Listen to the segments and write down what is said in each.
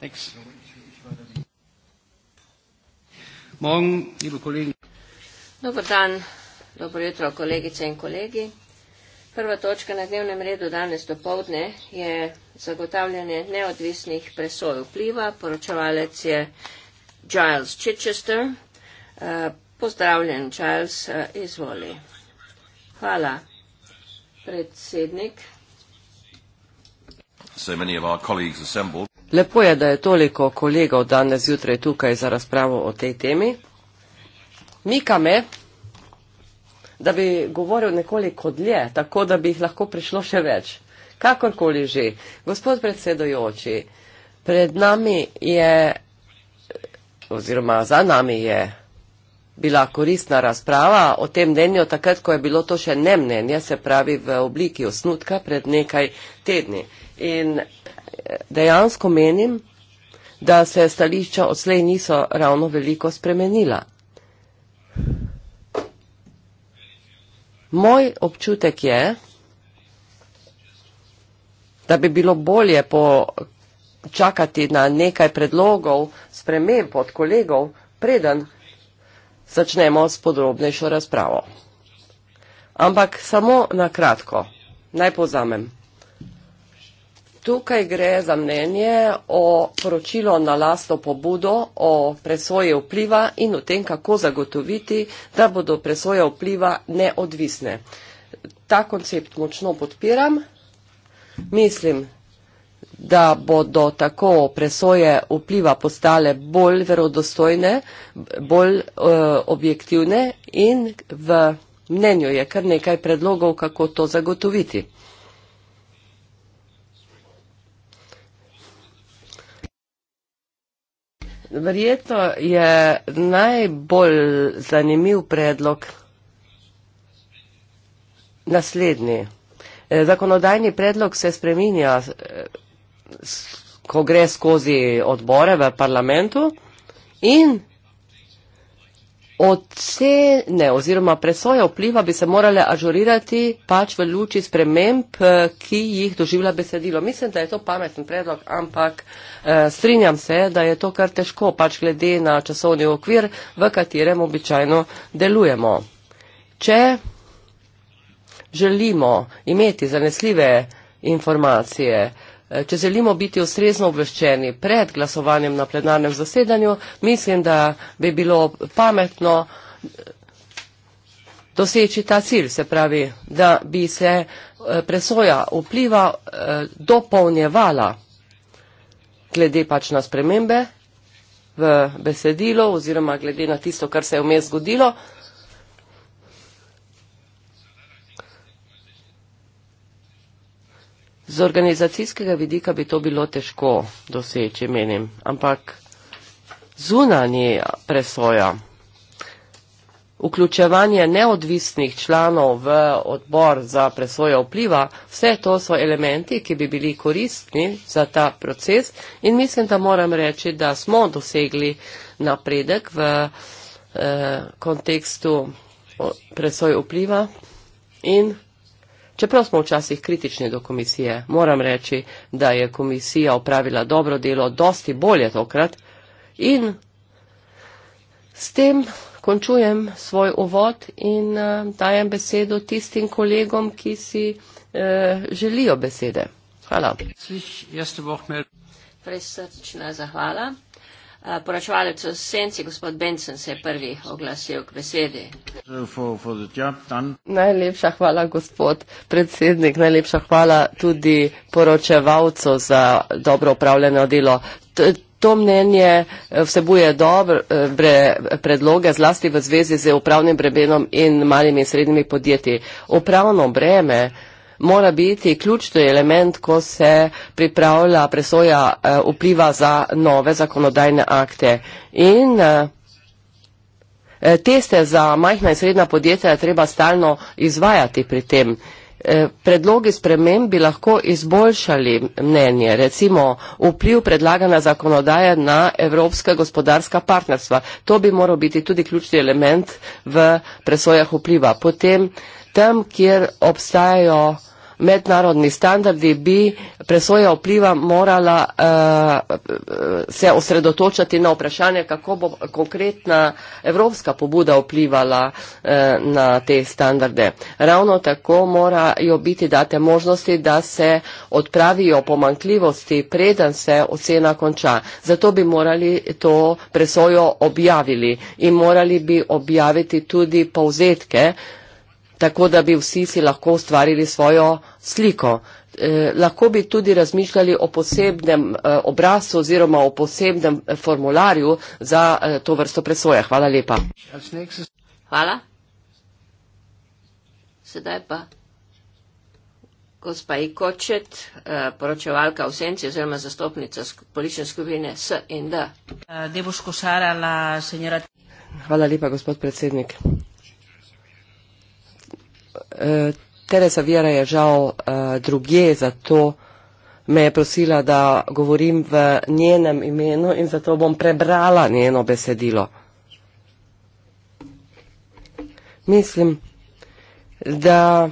Thanks. Morgen, liebe Kollegen. Dobro dan, dobro jutro, kolegice in kolegi. Prva točka na dnevnem redu danes do povdne je zagotavljanje neodvisnih presoj vpliva. Poročevalec je Giles Chichester. Eh, pozdravljen, Giles, eh, izvoli. Hvala, predsednik. So many of our colleagues assembled. Lepo je, da je toliko kolegov danes jutraj tukaj za razpravo o tej temi. Mika me, da bi govoril nekoliko dlje, tako da bi jih lahko prišlo še več. Kakorkoli že. Gospod predsedojoči, pred nami je, oziroma za nami je bila koristna razprava o tem mnenju, takrat, ko je bilo to še ne mnenje, se pravi v obliki osnutka pred nekaj tedni. In dejansko menim, da se stališča odslej niso ravno veliko spremenila. Moj občutek je, da bi bilo bolje počakati na nekaj predlogov, sprememb od kolegov, preden začnemo s podrobnejšo razpravo. Ampak samo na kratko, naj povzamem. Tukaj gre za mnenje o poročilo na lastno pobudo o presoje vpliva in o tem, kako zagotoviti, da bodo presoje vpliva neodvisne. Ta koncept močno podpiram. Mislim, da bodo tako presoje vpliva postale bolj verodostojne, bolj uh, objektivne in v mnenju je kar nekaj predlogov, kako to zagotoviti. Verjetno je najbolj zanimiv predlog naslednji. Eh, zakonodajni predlog se spreminja, eh, ko gre skozi odbore v parlamentu in ocene oziroma presoje vpliva bi se morale ažurirati pač v luči sprememb, eh, ki jih doživlja besedilo. Mislim, da je to pameten predlog, ampak eh, strinjam se, da je to kar težko pač glede na časovni okvir, v katerem običajno delujemo. Če želimo imeti zanesljive informacije, eh, Eh, če želimo biti ustrezno obveščeni pred glasovanjem na plenarnem zasedanju, mislim, da bi bilo pametno eh, doseči ta cilj, se pravi, da bi se eh, presoja vpliva dopolnjevala glede pač na spremembe v besedilo oziroma glede na tisto, kar se je vmes zgodilo. Z organizacijskega vidika bi to bilo težko doseči, menim, ampak zunanje presoja, vključevanje neodvisnih članov v odbor za presojo vpliva, vse to so elementi, ki bi bili koristni za ta proces in mislim, da moram reči, da smo dosegli napredek v eh, kontekstu presoj vpliva in Čeprav smo včasih kritični do komisije, moram reči, da je komisija opravila dobro delo, dosti bolje tokrat in s tem končujem svoj uvod in uh, dajem besedo tistim kolegom, ki si uh, želijo besede. Hvala. Prisrčna zahvala. Eh, poročevalec v senci, gospod Benson, se je prvi oglasil k besedi. For, for job, najlepša hvala, gospod predsednik, najlepša hvala tudi poročevalcu za dobro upravljeno delo. T To mnenje eh, vsebuje dobre eh, predloge, zlasti v zvezi z upravnim bremenom in malimi in srednjimi podjetji. Upravno breme mora biti ključni element, ko se pripravlja presoja eh, vpliva za nove zakonodajne akte. In eh, eh, teste za majhna in srednja podjetja je treba stalno izvajati pri tem. Predlogi sprememb bi lahko izboljšali mnenje, recimo vpliv predlagane zakonodaje na evropska gospodarska partnerstva. To bi moral biti tudi ključni element v presojah vpliva. Potem eh, tam, kjer obstajajo mednarodni standardi, bi presoja vpliva morala uh, se osredotočati na vprašanje, kako bo konkretna evropska pobuda vplivala uh, na te standarde. Ravno tako morajo biti date možnosti, da se odpravijo pomankljivosti, preden se ocena konča. Zato bi morali to presojo objavili in morali bi objaviti tudi povzetke, tako da bi vsi si lahko ustvarili svojo sliko. Eh, lahko bi tudi razmišljali o posebnem eh, obrazu oziroma o posebnem eh, formularju za to vrsto presoje. Hvala lepa. Hvala. Sedaj pa gospa Ikočet, poročevalka v senci oziroma zastopnica politične skupine S in D. Hvala lepa, gospod predsednik. Eh, Teresa Vjera je žal uh, eh, druge, zato me je prosila, da govorim v njenem imenu in zato bom prebrala njeno besedilo. Mislim, da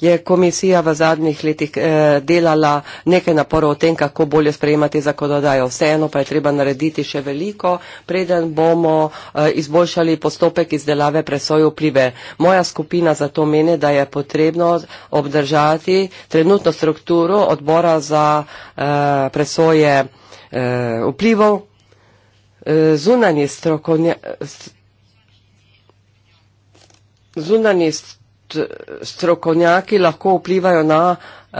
Je komisija v zadnjih letih eh, delala nekaj naporov o tem, kako bolje sprejemati zakonodajo. Vseeno pa je treba narediti še veliko, preden bomo eh, izboljšali postopek izdelave presoje vplive. Moja skupina zato meni, da je potrebno obdržati trenutno strukturo odbora za eh, presoje eh, vplivov. Eh, Zunanji strokovnjaki. Zunanji strokovnjaki. Eh, strokovnjaki lahko vplivajo na uh,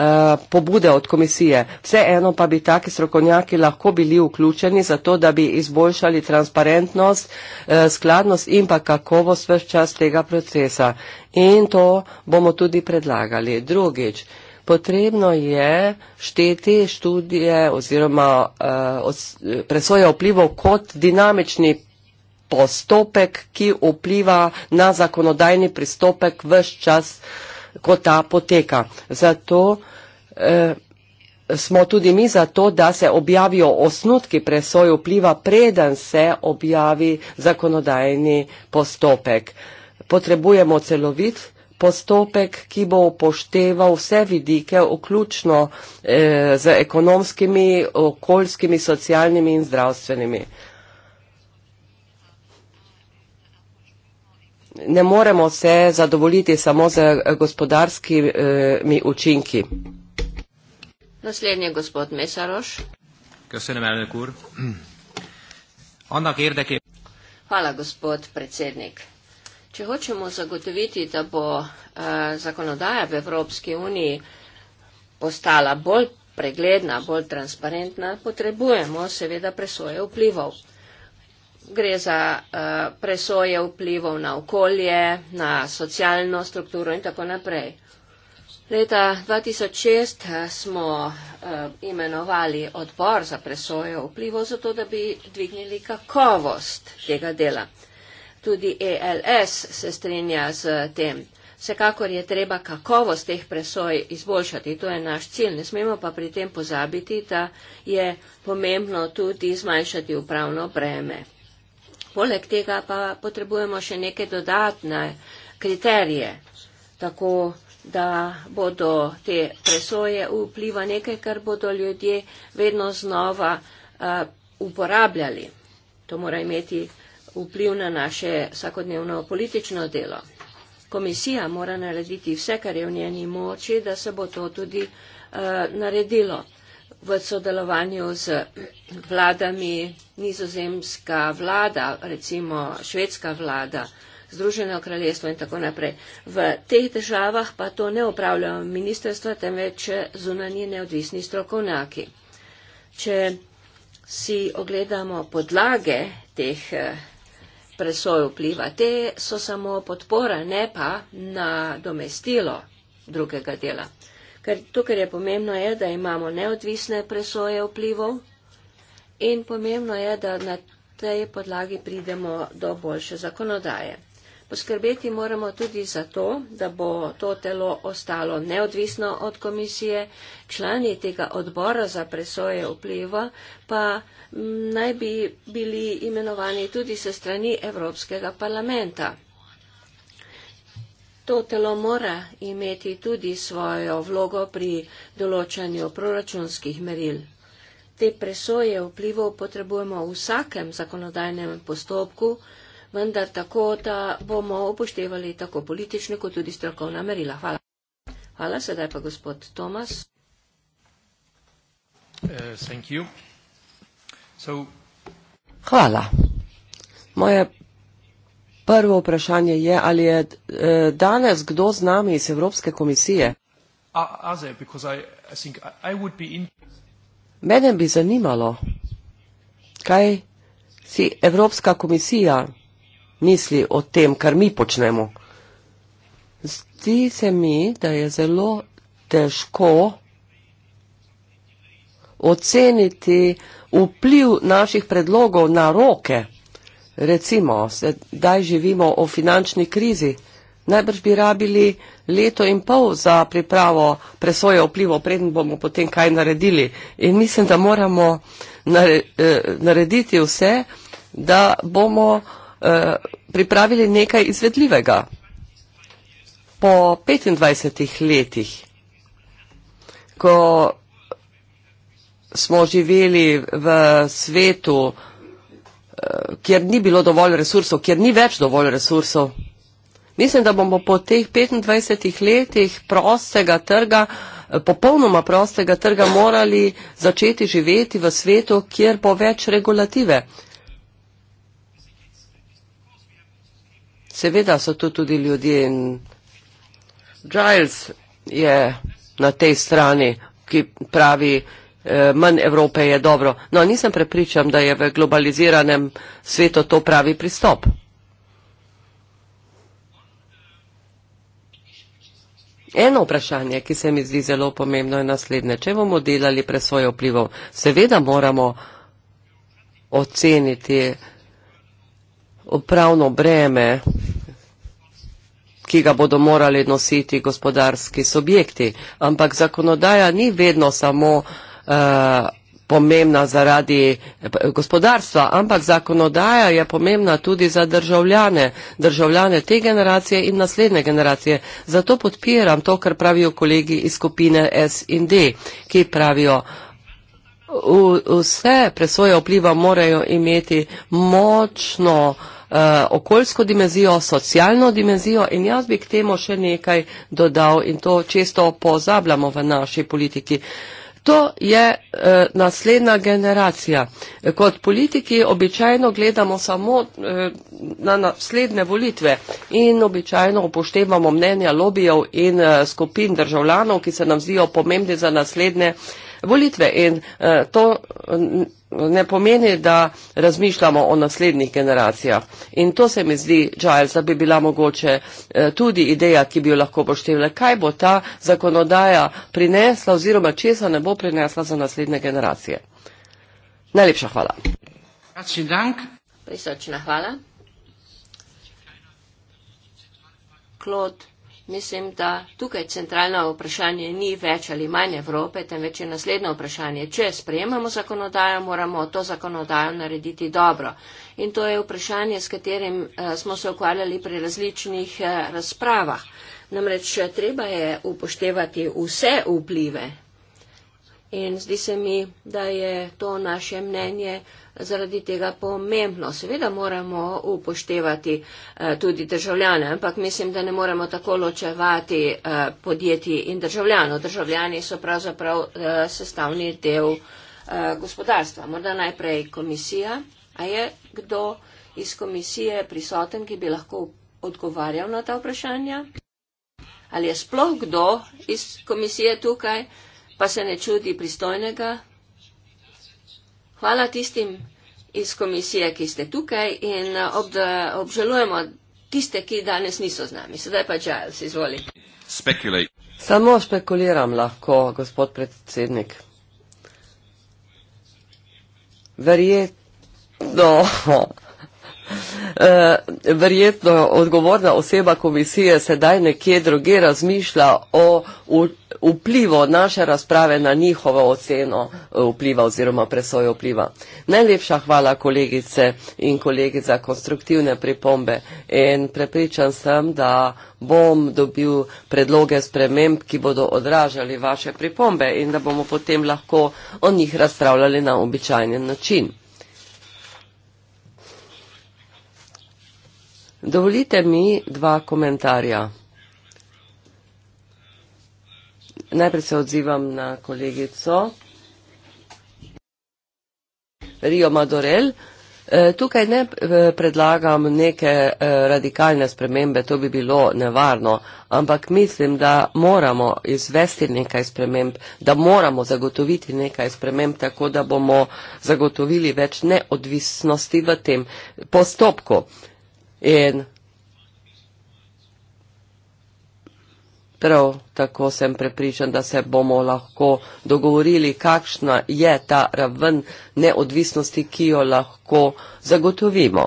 pobude od komisije. Vseeno pa bi taki strokovnjaki lahko bili vključeni za to, da bi izboljšali transparentnost, uh, skladnost in pa kakovost vse čas tega procesa. In to bomo tudi predlagali. Drugič, potrebno je šteti študije oziroma uh, presoje vplivov kot dinamični postopek, ki vpliva na zakonodajni pristopek vse čas, ko ta poteka. Zato eh, smo tudi mi za to, da se objavijo osnutki presoje vpliva, preden se objavi zakonodajni postopek. Potrebujemo celovit postopek, ki bo upošteval vse vidike, vključno eh, z ekonomskimi, okoljskimi, socialnimi in zdravstvenimi. ne moremo se zadovoljiti samo z gospodarskimi eh, učinki. Naslednji je gospod Mesaroš. Köszönöm, Annak érdeke... Hvala, gospod predsednik. Če hočemo zagotoviti, da bo eh, zakonodaja v Evropski uniji postala bolj pregledna, bolj transparentna, potrebujemo seveda presoje vplivov gre za uh, presoje vplivov na okolje, na socialno strukturo in tako naprej. Leta 2006 eh, smo uh, imenovali odbor za presoje vplivov, zato da bi dvignili kakovost tega dela. Tudi ALS e se strinja z tem. Vsekakor je treba kakovost teh presoj izboljšati, to je naš cilj. Ne smemo pa pri tem pozabiti, da je pomembno tudi zmanjšati upravno breme. Poleg tega pa potrebujemo še neke dodatne kriterije, tako da bodo te presoje vpliva nekaj, kar bodo ljudje vedno znova uh, uporabljali. To mora imeti vpliv na naše vsakodnevno politično delo. Komisija mora narediti vse, kar je v njeni moči, da se bo to tudi uh, naredilo v sodelovanju z vladami, nizozemska vlada, recimo švedska vlada, Združeno kraljestvo in tako naprej. V teh državah pa to ne upravljajo ministrstva, temveč zunanji neodvisni strokovnjaki. Če si ogledamo podlage teh eh, presoj vpliva, te so samo podpora, ne pa na domestilo drugega dela. Ker to, kar je pomembno, je, da imamo neodvisne presoje vplivov in pomembno je, da na tej podlagi pridemo do boljše zakonodaje. Poskrbeti moramo tudi za to, da bo to telo ostalo neodvisno od komisije, člani tega odbora za presoje vpliva pa mm, naj bi bili imenovani tudi se strani Evropskega parlamenta to telo mora imeti tudi svojo vlogo pri določanju proračunskih meril. Te presoje vplivov potrebujemo v vsakem zakonodajnem postopku, vendar tako, da bomo upoštevali tako politične kot tudi strokovna merila. Hvala. Hvala, sedaj pa gospod Tomas. Uh, Hvala. Moje Prvo vprašanje je, ali je eh, danes kdo z nami iz Evropske komisije? Mene bi zanimalo, kaj si Evropska komisija misli o tem, kar mi počnemo. Zdi se mi, da je zelo težko oceniti vpliv naših predlogov na roke recimo, zdaj živimo v finančni krizi, najbrž bi rabili leto in pol za pripravo presoje vplivo, preden bomo potem kaj naredili. In mislim, da moramo eh, narediti vse, da bomo eh, pripravili nekaj izvedljivega. Po 25 letih, ko smo živeli v svetu, kjer ni bilo dovolj resursov, kjer ni več dovolj resursov. Mislim, da bomo po teh 25 letih prostega trga, popolnoma prostega trga, morali začeti živeti v svetu, kjer bo več regulative. Seveda so tu tudi ljudje in Giles je na tej strani, ki pravi, Eh, manj Evrope je dobro. No, nisem prepričan, da je v globaliziranem svetu to pravi pristop. Eno vprašanje, ki se mi zdi zelo pomembno, je naslednje. Če bomo delali presojo vplivov, seveda moramo oceniti upravno breme, ki ga bodo morali nositi gospodarski subjekti. Ampak zakonodaja ni vedno samo uh, Eh, pomembna zaradi gospodarstva, ampak zakonodaja je pomembna tudi za državljane, državljane te generacije in naslednje generacije. Zato podpiram to, kar pravijo kolegi iz skupine S in D, ki pravijo, v, vse presoje vpliva morajo imeti močno uh, okoljsko dimenzijo, socialno dimenzijo in jaz bi k temu še nekaj dodal in to često pozabljamo v naši politiki. Uh, To je e, naslednja generacija. E, kot politiki običajno gledamo samo e, na naslednje volitve in običajno upoštevamo mnenja lobijev in e, skupin državljanov, ki se nam zdijo pomembni za naslednje volitve volitve. In uh, to ne pomeni, da razmišljamo o naslednjih generacijah. In to se mi zdi, Giles, da bi bila mogoče uh, tudi ideja, ki bi jo lahko poštevila, kaj bo ta zakonodaja prinesla oziroma česa ne bo prinesla za naslednje generacije. Najlepša hvala. Prisočna hvala. Claude. Mislim, da tukaj centralno vprašanje ni več ali manj Evrope, temveč je naslednje vprašanje. Če sprejemamo zakonodajo, moramo to zakonodajo narediti dobro. In to je vprašanje, s katerim eh, smo se ukvarjali pri različnih eh, razpravah. Namreč eh, treba je upoštevati vse vplive. In zdi se mi, da je to naše mnenje zaradi tega pomembno. Seveda moramo upoštevati eh, tudi državljane, ampak mislim, da ne moramo tako ločevati eh, podjetij in državljanov. Državljani so pravzaprav eh, sestavni del gospodarstva. Morda najprej komisija. A je kdo iz komisije prisoten, ki bi lahko odgovarjal na ta vprašanja? Ali je sploh kdo iz komisije tukaj, pa se ne čudi pristojnega Hvala tistim iz komisije, ki ste tukaj in eh, obda, eh, obžalujemo tiste, ki danes niso z nami. Sedaj pa Giles, izvoli. Speculate. Samo špekuliram lahko, gospod predsednik. Verjetno, eh, verjetno odgovorna oseba komisije sedaj nekje druge razmišlja o vplivo naše razprave na njihovo oceno eh, vpliva oziroma presojo vpliva. Najlepša hvala kolegice in kolegi za konstruktivne pripombe in prepričan sem, da bom dobil predloge sprememb, ki bodo odražali vaše pripombe in da bomo potem lahko o njih razpravljali na običajen način. Dovolite mi dva komentarja. Najprej se odzivam na kolegico Rio Madorel. E, tukaj ne e, predlagam neke e, radikalne spremembe, to bi bilo nevarno, ampak mislim, da moramo izvesti nekaj sprememb, da moramo zagotoviti nekaj sprememb, tako da bomo zagotovili več neodvisnosti v tem postopku. In Prav tako sem prepričan, da se bomo lahko dogovorili, kakšna je ta raven neodvisnosti, ki jo lahko zagotovimo.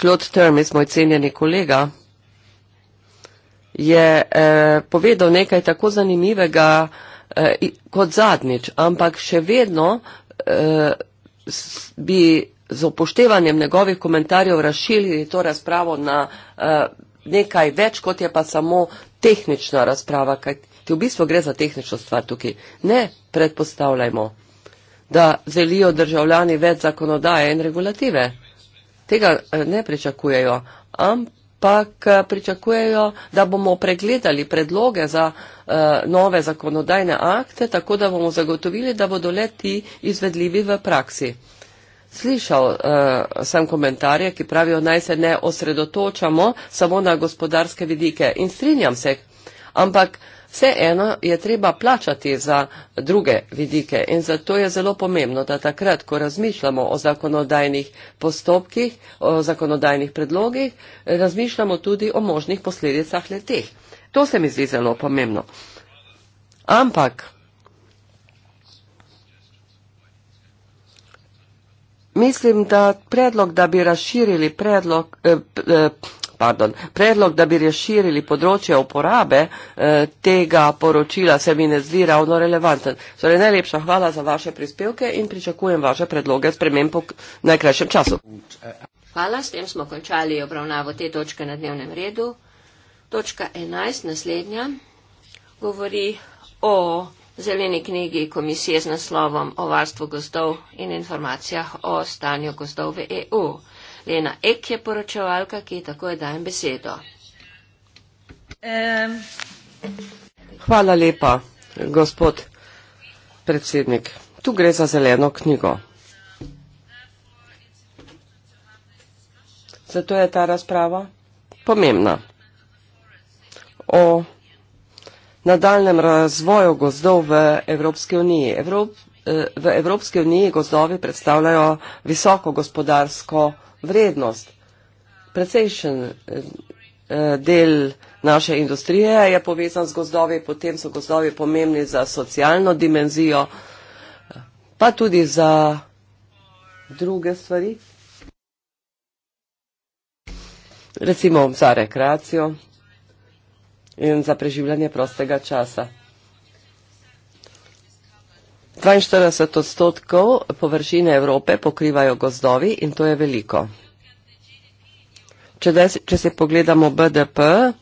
Claude Termis, moj cenjeni kolega, je eh, povedal nekaj tako zanimivega eh, kot zadnjič, ampak še vedno eh, bi z upoštevanjem njegovih komentarjev razširili to razpravo na uh, nekaj več, kot je pa samo tehnična razprava, kajti v bistvu gre za tehnično stvar tukaj. Ne predpostavljajmo, da želijo državljani več zakonodaje in regulative. Tega uh, ne pričakujejo, ampak uh, pričakujejo, da bomo pregledali predloge za uh, nove zakonodajne akte, tako da bomo zagotovili, da bodo leti izvedljivi v praksi. Slišal uh, sem komentarje, ki pravijo, naj se ne osredotočamo samo na gospodarske vidike in strinjam se, ampak vseeno je treba plačati za druge vidike in zato je zelo pomembno, da takrat, ko razmišljamo o zakonodajnih postopkih, o zakonodajnih predlogih, razmišljamo tudi o možnih posledicah leteh. To se mi zdi zelo pomembno. Ampak Mislim, da predlog, da bi razširili predlog, eh, eh, pardon, predlog, da bi razširili področje uporabe eh, tega poročila, se mi ne zdi ravno relevanten. Torej, najlepša hvala za vaše prispevke in pričakujem vaše predloge spremem po najkrajšem času. Hvala, s tem smo končali obravnavo te točke na dnevnem redu. Točka 11, naslednja, govori o zeleni knjigi komisije z naslovom o varstvu gozdov in informacijah o stanju gozdov v EU. Lena Ek je poročevalka, ki takoj dajem besedo. Hvala lepa, gospod predsednik. Tu gre za zeleno knjigo. Zato je ta razprava pomembna o nadaljem razvoju gozdov v Evropski uniji. Evrop, eh, v Evropski uniji gozdovi predstavljajo visoko gospodarsko vrednost. Precejšen eh, eh, del naše industrije je povezan z gozdovi, potem so gozdovi pomembni za socialno dimenzijo, pa tudi za druge stvari. Recimo za rekreacijo in za preživljanje prostega časa. 42 odstotkov površine Evrope pokrivajo gozdovi in to je veliko. Če, des, če se pogledamo BDP,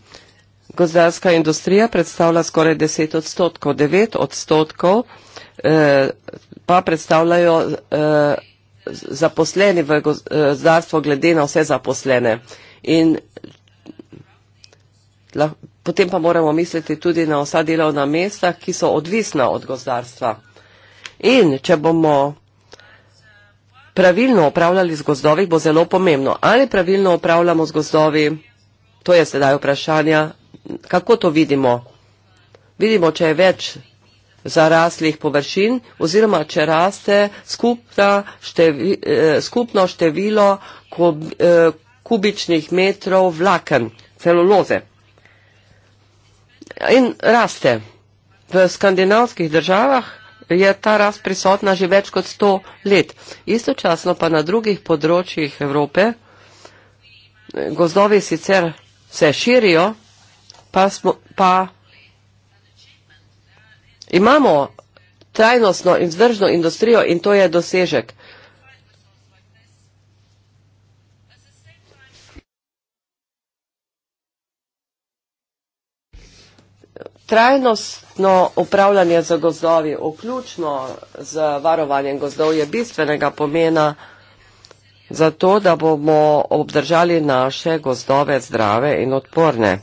gozdarska industrija predstavlja skoraj 10 odstotkov, 9 odstotkov eh, pa predstavljajo eh, zaposleni v eh, gozdarstvo glede na vse zaposlene. In, lah, Potem pa moramo misliti tudi na vsa delovna mesta, ki so odvisna od gozdarstva. In če bomo pravilno upravljali z gozdovi, bo zelo pomembno. Ali pravilno upravljamo z gozdovi, to je sedaj vprašanje, kako to vidimo. Vidimo, če je več zaraslih površin oziroma če raste števi, eh, skupno število eh, kubičnih metrov vlaken, celuloze in raste. V skandinavskih državah je ta rast prisotna že več kot 100 let. Istočasno pa na drugih področjih Evrope gozdovi sicer se širijo, pa, smo, pa imamo trajnostno in vzdržno industrijo in to je dosežek. Trajnostno upravljanje z gozdovi, vključno z varovanjem gozdov, je bistvenega pomena za to, da bomo obdržali naše gozdove zdrave in odporne.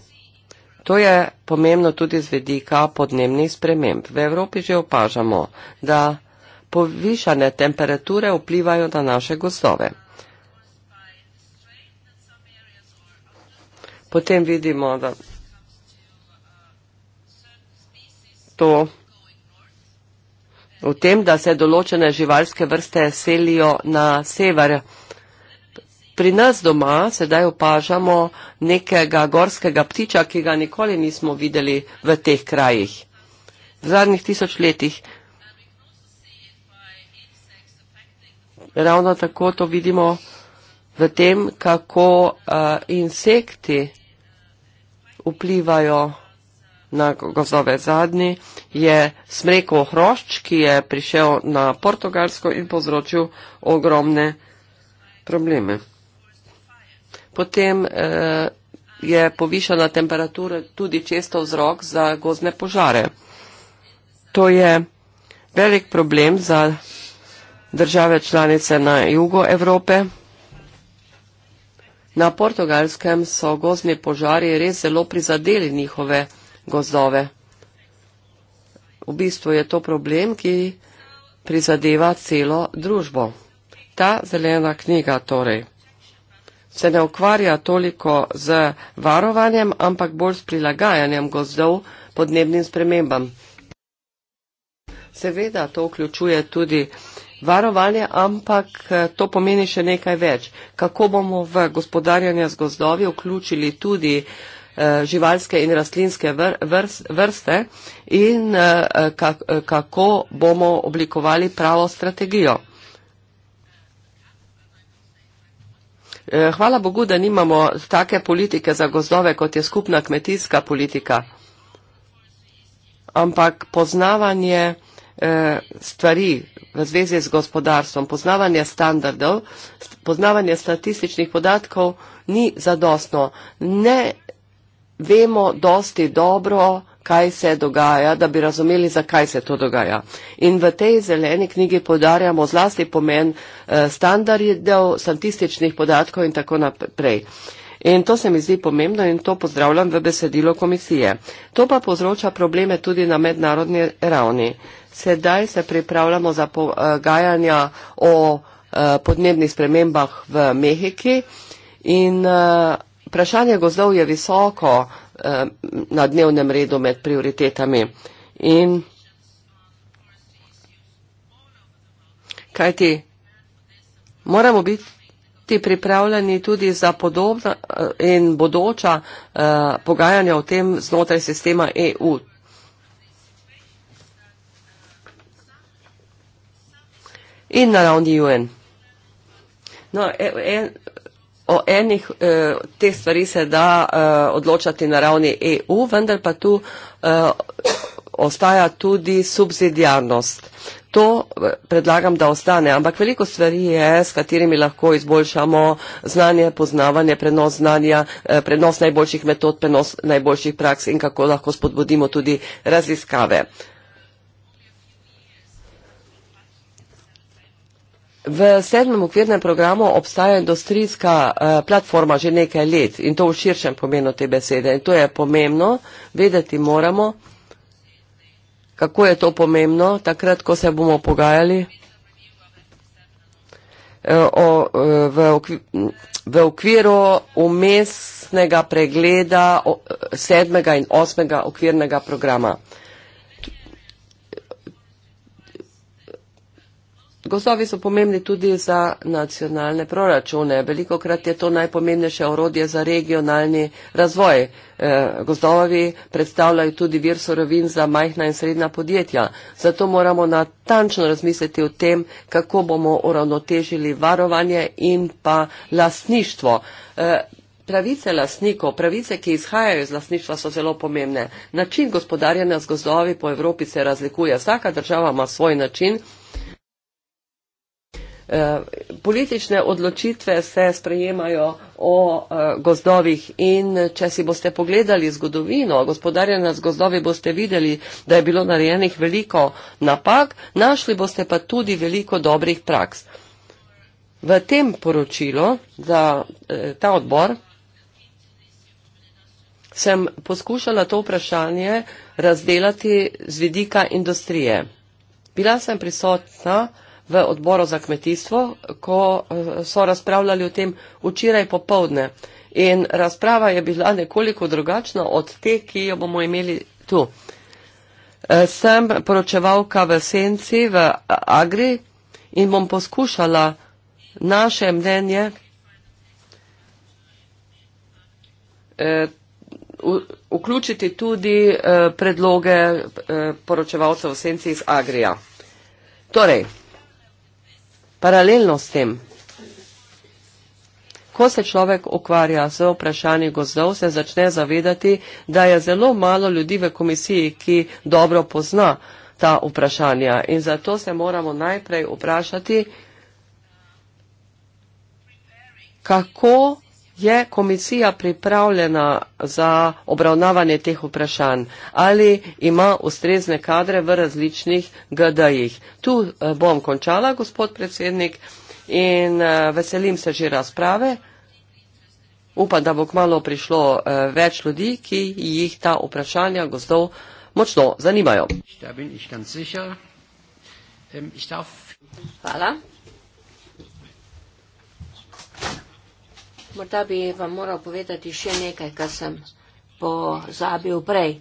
To je pomembno tudi z vedika podnebnih sprememb. V Evropi že opažamo, da povišane temperature vplivajo na naše gozdove. Potem vidimo, da to v tem, da se določene živalske vrste selijo na sever. Pri nas doma sedaj opažamo nekega gorskega ptiča, ki ga nikoli nismo videli v teh krajih. V zadnjih tisoč letih. Ravno tako to vidimo v tem, kako uh, insekti vplivajo na gozove zadnji, je smrekov hrošč, ki je prišel na Portugalsko in povzročil ogromne probleme. Potem eh, je povišana temperatura tudi često vzrok za gozne požare. To je velik problem za države članice na jugo Evrope. Na portugalskem so gozni požari res zelo prizadeli njihove gozdove. V bistvu je to problem, ki prizadeva celo družbo. Ta zelena knjiga torej se ne ukvarja toliko z varovanjem, ampak bolj s prilagajanjem gozdov podnebnim spremembam. Seveda to vključuje tudi varovanje, ampak eh, to pomeni še nekaj več. Kako bomo v gospodarjanje z gozdovi vključili tudi uh, Eh, živalske in rastlinske vrste in eh, kako bomo oblikovali pravo strategijo. Eh, hvala Bogu, da nimamo take politike za gozdove, kot je skupna kmetijska politika, ampak poznavanje stvari v zvezi z gospodarstvom, poznavanje standardov, poznavanje statističnih podatkov ni zadostno. Ne vemo dosti dobro, kaj se dogaja, da bi razumeli, zakaj se to dogaja. In v tej zeleni knjigi podarjamo zlasti pomen eh, standardov, statističnih podatkov in tako naprej. In to se mi zdi pomembno in to pozdravljam v besedilo komisije. To pa povzroča probleme tudi na mednarodni ravni. Sedaj se pripravljamo za pogajanja o eh, podnebnih spremembah v Mehiki in eh, vprašanje gozdov je visoko eh, na dnevnem redu med prioritetami. In kajti moramo biti pripravljeni tudi za podobna eh, in bodoča eh, pogajanja o tem znotraj sistema EU. In na ravni UN. No, e, en, o enih eh, teh stvari se da eh, odločati na ravni EU, vendar pa tu eh, ostaja tudi subsidijarnost. To eh, predlagam, da ostane, ampak veliko stvari je, s katerimi lahko izboljšamo znanje, poznavanje, prenos znanja, eh, prenos najboljših metod, prenos najboljših praks in kako lahko spodbudimo tudi raziskave. V sedmem okvirnem programu obstaja industrijska eh, platforma že nekaj let in to v širšem pomenu te besede. In to je pomembno, vedeti moramo, kako je to pomembno, takrat, ko se bomo pogajali eh, o, eh, v, okvi, v okviru umestnega pregleda o, eh, sedmega in osmega okvirnega programa. Gozdovi so pomembni tudi za nacionalne proračune. Veliko krat je to najpomembnejše orodje za regionalni razvoj. Eh, gozdovi predstavljajo tudi vir sorovin za majhna in srednja podjetja. Zato moramo natančno razmisliti o tem, kako bomo uravnotežili varovanje in pa lastništvo. Eh, pravice lasnikov, pravice, ki izhajajo iz lasništva, so zelo pomembne. Način gospodarjanja z gozdovi po Evropi se razlikuje. Vsaka država ima svoj način. Eh, politične odločitve se sprejemajo o eh, gozdovih in če si boste pogledali zgodovino, gospodarjena z gozdovi, boste videli, da je bilo narejenih veliko napak, našli boste pa tudi veliko dobrih praks. V tem poročilu za eh, ta odbor sem poskušala to vprašanje razdelati z vidika industrije. Bila sem prisotna, v odboru za kmetijstvo, ko eh, so razpravljali o tem včeraj popovdne. In razprava je bila nekoliko drugačna od te, ki jo bomo imeli tu. Eh, sem poročevalka v Senci, v Agri in bom poskušala naše mnenje eh, vključiti tudi predloge poročevalcev v Senci iz Agrija. Torej, Paralelno s tem, ko se človek ukvarja z vprašanji gozdov, se začne zavedati, da je zelo malo ljudi v komisiji, ki dobro pozna ta vprašanja. In zato se moramo najprej vprašati, kako je komisija pripravljena za obravnavanje teh vprašanj ali ima ustrezne kadre v različnih GD-jih. Tu eh, bom končala, gospod predsednik, in eh, veselim se že razprave. Upam, da bo kmalo prišlo eh, več ljudi, ki jih ta vprašanja gozdov močno zanimajo. Ähm, Hvala. Morda bi vam moral povedati še nekaj, kar sem pozabil prej.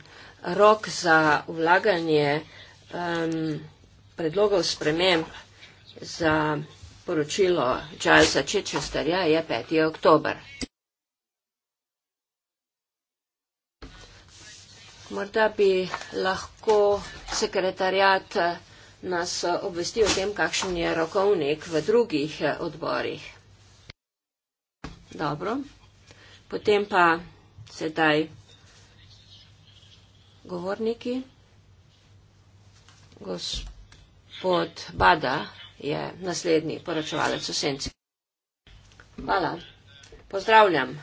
Rok za vlaganje um, predlogov sprememb za poročilo Čajsa Čečestarja je 5. oktober. Morda bi lahko sekretarjat eh, nas obvestil o tem, kakšen je rokovnik v drugih eh, odborih. Dobro. Potem pa sedaj govorniki. Gospod Bada je naslednji poročevalec v senci. Hvala. Pozdravljam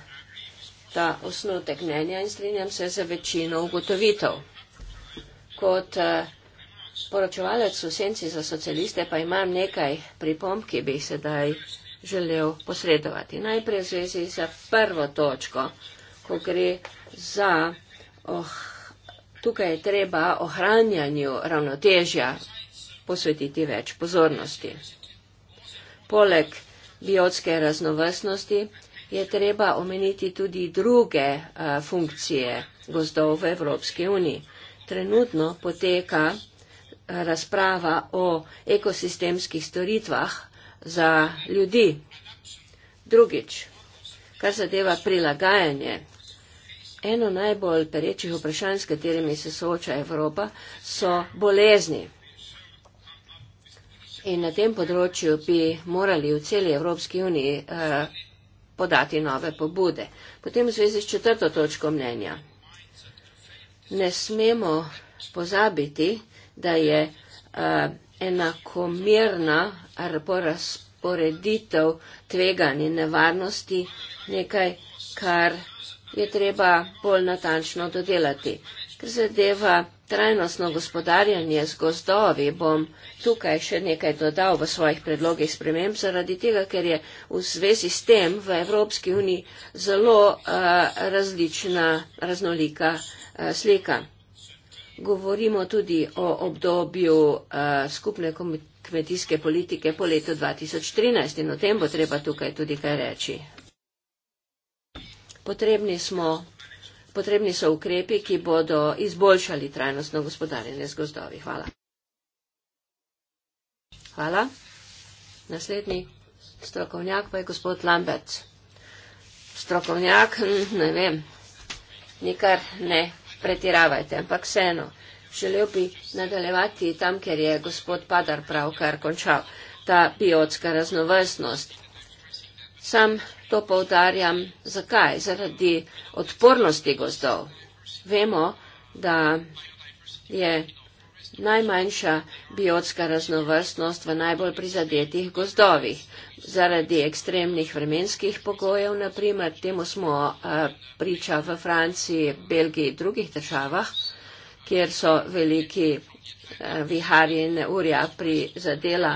ta osnutek mnenja in strinjam se za večino ugotovitev. Kot eh, poročevalec v senci za socialiste pa imam nekaj pripomb, ki bi jih sedaj želel posredovati. Najprej v zvezi z prvo točko, ko gre za, oh, tukaj je treba ohranjanju ravnotežja posvetiti več pozornosti. Poleg biotske raznovrstnosti je treba omeniti tudi druge a, eh, funkcije gozdov v Evropski uniji. Trenutno poteka eh, razprava o ekosistemskih storitvah za ljudi. Drugič, kar zadeva prilagajanje. Eno najbolj perečih vprašanj, s katerimi se sooča Evropa, so bolezni. In na tem področju bi morali v celi Evropski uniji eh, podati nove pobude. Potem v zvezi s četrto točko mnenja. Ne smemo pozabiti, da je eh, enakomerna razporeditev tveganj in nevarnosti nekaj, kar je treba bolj natančno dodelati. Ker zadeva trajnostno gospodarjanje z gozdovi, bom tukaj še nekaj dodal v svojih predlogih sprememb, zaradi tega, ker je v zvezi s tem v Evropski uniji zelo uh, različna, raznolika uh, slika. Govorimo tudi o obdobju uh, skupne kmetijske politike po letu 2013 in o tem bo treba tukaj tudi kaj reči. Potrebni, smo, potrebni so ukrepi, ki bodo izboljšali trajnostno gospodarjenje z gozdovi. Hvala. Hvala. Naslednji strokovnjak pa je gospod Lambec. Strokovnjak, hm, ne vem, nikar ne pretiravajte, ampak vseeno, želel bi nadaljevati tam, ker je gospod Padar pravkar končal ta biotska raznovrstnost. Sam to povdarjam, zakaj? Zaradi odpornosti gozdov. Vemo, da je najmanjša biotska raznovrstnost v najbolj prizadetih gozdovih zaradi ekstremnih vremenskih pogojev, naprimer temu smo eh, priča v Franciji, Belgiji in drugih državah, kjer so veliki eh, viharji in urja prizadela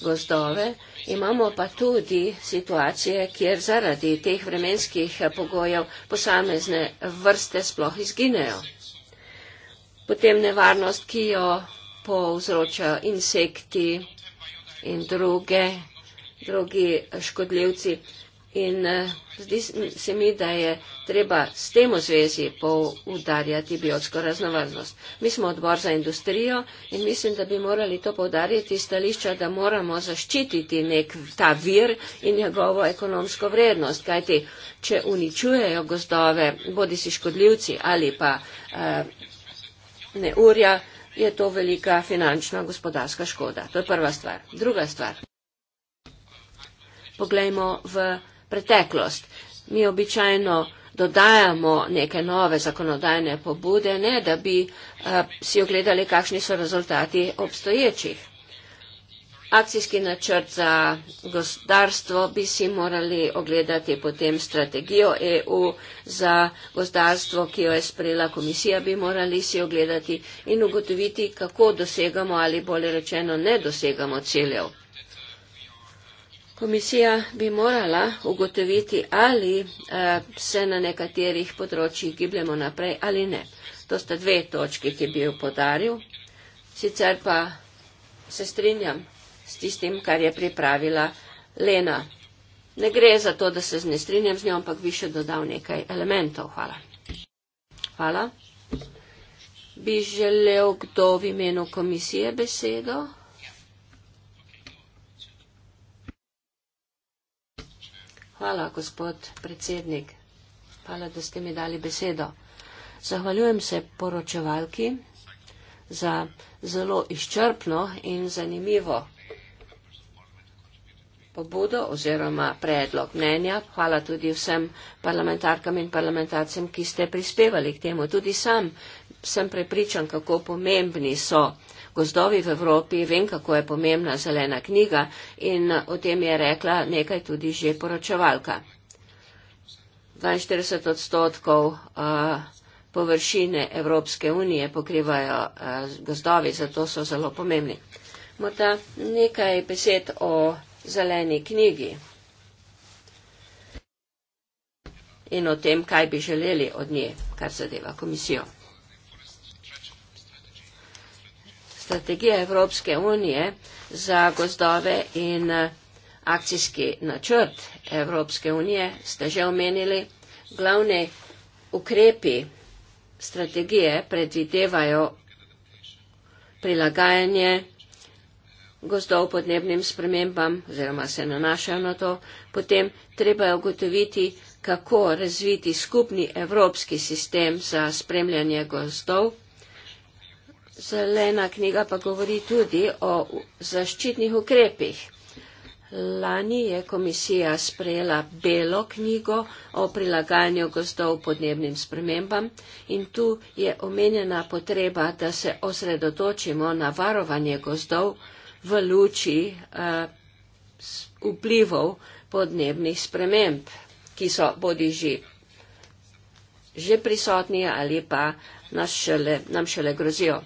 gozdove. Imamo pa tudi situacije, kjer zaradi teh vremenskih eh, pogojev posamezne vrste sploh izginejo. Potem nevarnost, ki jo povzročajo insekti in druge drugi škodljivci. In uh, zdi se mi, da je treba s tem v zvezi poudarjati biotsko raznovrstnost. Mi smo odbor za industrijo in mislim, da bi morali to poudarjati stališča, da moramo zaščititi nek ta vir in njegovo ekonomsko vrednost. Kajti, če uničujejo gozdove, bodi si škodljivci ali pa uh, neurja, je to velika finančna gospodarska škoda. To je prva stvar. Druga stvar poglejmo v preteklost. Mi običajno dodajamo neke nove zakonodajne pobude, ne da bi a, eh, si ogledali, kakšni so rezultati obstoječih. Akcijski načrt za gospodarstvo bi si morali ogledati potem strategijo EU za gospodarstvo, ki jo je sprejela komisija, bi morali si ogledati in ugotoviti, kako dosegamo ali bolje rečeno ne dosegamo ciljev. Komisija bi morala ugotoviti, ali eh, se na nekaterih področjih gibljemo naprej ali ne. To sta dve točki, ki bi jo podaril. Sicer pa se strinjam s tistim, kar je pripravila Lena. Ne gre za to, da se ne strinjam z njo, ampak bi še dodal nekaj elementov. Hvala. Hvala. Bi želel kdo v imenu komisije besedo? Hvala, gospod predsednik. Hvala, da ste mi dali besedo. Zahvaljujem se poročevalki za zelo izčrpno in zanimivo pobudo oziroma predlog mnenja. Hvala tudi vsem parlamentarkam in parlamentarcem, ki ste prispevali k temu. Tudi sam sem prepričan, kako pomembni so gozdovi v Evropi, vem, kako je pomembna zelena knjiga in o tem je rekla nekaj tudi že poročevalka. 42 odstotkov uh, površine Evropske unije pokrivajo uh, gozdovi, zato so zelo pomembni. Morda nekaj besed o zeleni knjigi in o tem, kaj bi želeli od nje, kar zadeva komisijo. strategija Evropske unije za gozdove in eh, akcijski načrt Evropske unije ste že omenili. Glavni ukrepi strategije predvidevajo prilagajanje gozdov podnebnim spremembam oziroma se nanašajo na to. Potem treba je ugotoviti, kako razviti skupni evropski sistem za spremljanje gozdov. Zelena knjiga pa govori tudi o zaščitnih ukrepih. Lani je komisija sprejela belo knjigo o prilagajanju gozdov podnebnim spremembam in tu je omenjena potreba, da se osredotočimo na varovanje gozdov v luči uh, vplivov podnebnih sprememb, ki so bodi že, že prisotni ali pa šele, nam šele grozijo.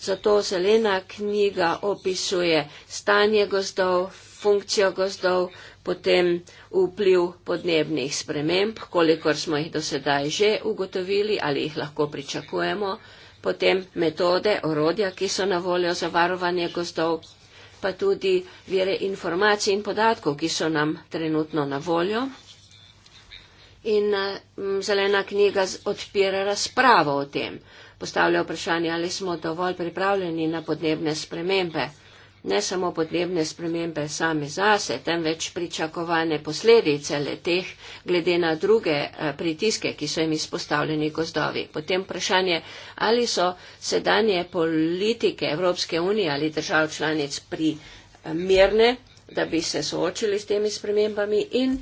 Zato zelena knjiga opisuje stanje gozdov, funkcijo gozdov, potem vpliv podnebnih sprememb, kolikor smo jih do sedaj že ugotovili ali jih lahko pričakujemo, potem metode, orodja, ki so na voljo za varovanje gozdov, pa tudi vire informacij in podatkov, ki so nam trenutno na voljo. In mm, zelena knjiga odpira razpravo o tem postavlja vprašanje, ali smo dovolj pripravljeni na podnebne spremembe. Ne samo podnebne spremembe sami zase, temveč pričakovane posledice le teh, glede na druge eh, pritiske, ki so jim izpostavljeni gozdovi. Potem vprašanje, ali so sedanje politike Evropske unije ali držav članic primerne, eh, da bi se soočili s temi spremembami in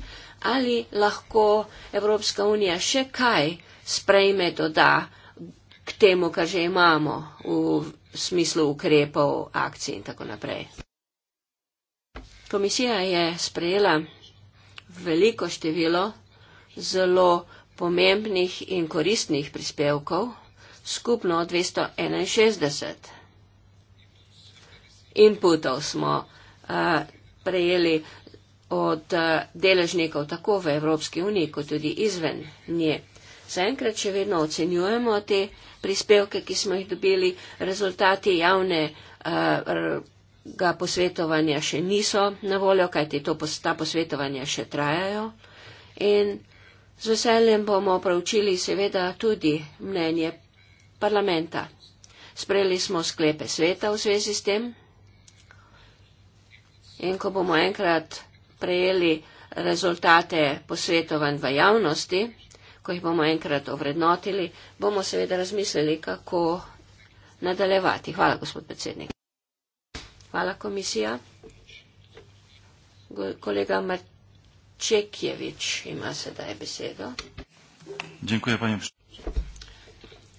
ali lahko Evropska unija še kaj sprejme, doda k temu, kar že imamo v smislu ukrepov, akcij in tako naprej. Komisija je sprejela veliko število zelo pomembnih in koristnih prispevkov, skupno 261 inputov smo uh, prejeli od uh, deležnikov tako v Evropski uniji, kot tudi izven nje zaenkrat še vedno ocenjujemo te prispevke, ki smo jih dobili. Rezultati javnega eh, posvetovanja še niso na voljo, kajti ta posvetovanja še trajajo. In z veseljem bomo pravčili seveda tudi mnenje parlamenta. Sprejeli smo sklepe sveta v zvezi s tem. In ko bomo enkrat prejeli rezultate posvetovanj v javnosti, ko jih bomo enkrat ovrednotili, bomo seveda razmislili, kako nadaljevati. Hvala, gospod predsednik. Hvala, komisija. Kolega Marčekjevič ima sedaj besedo. Dziękuję,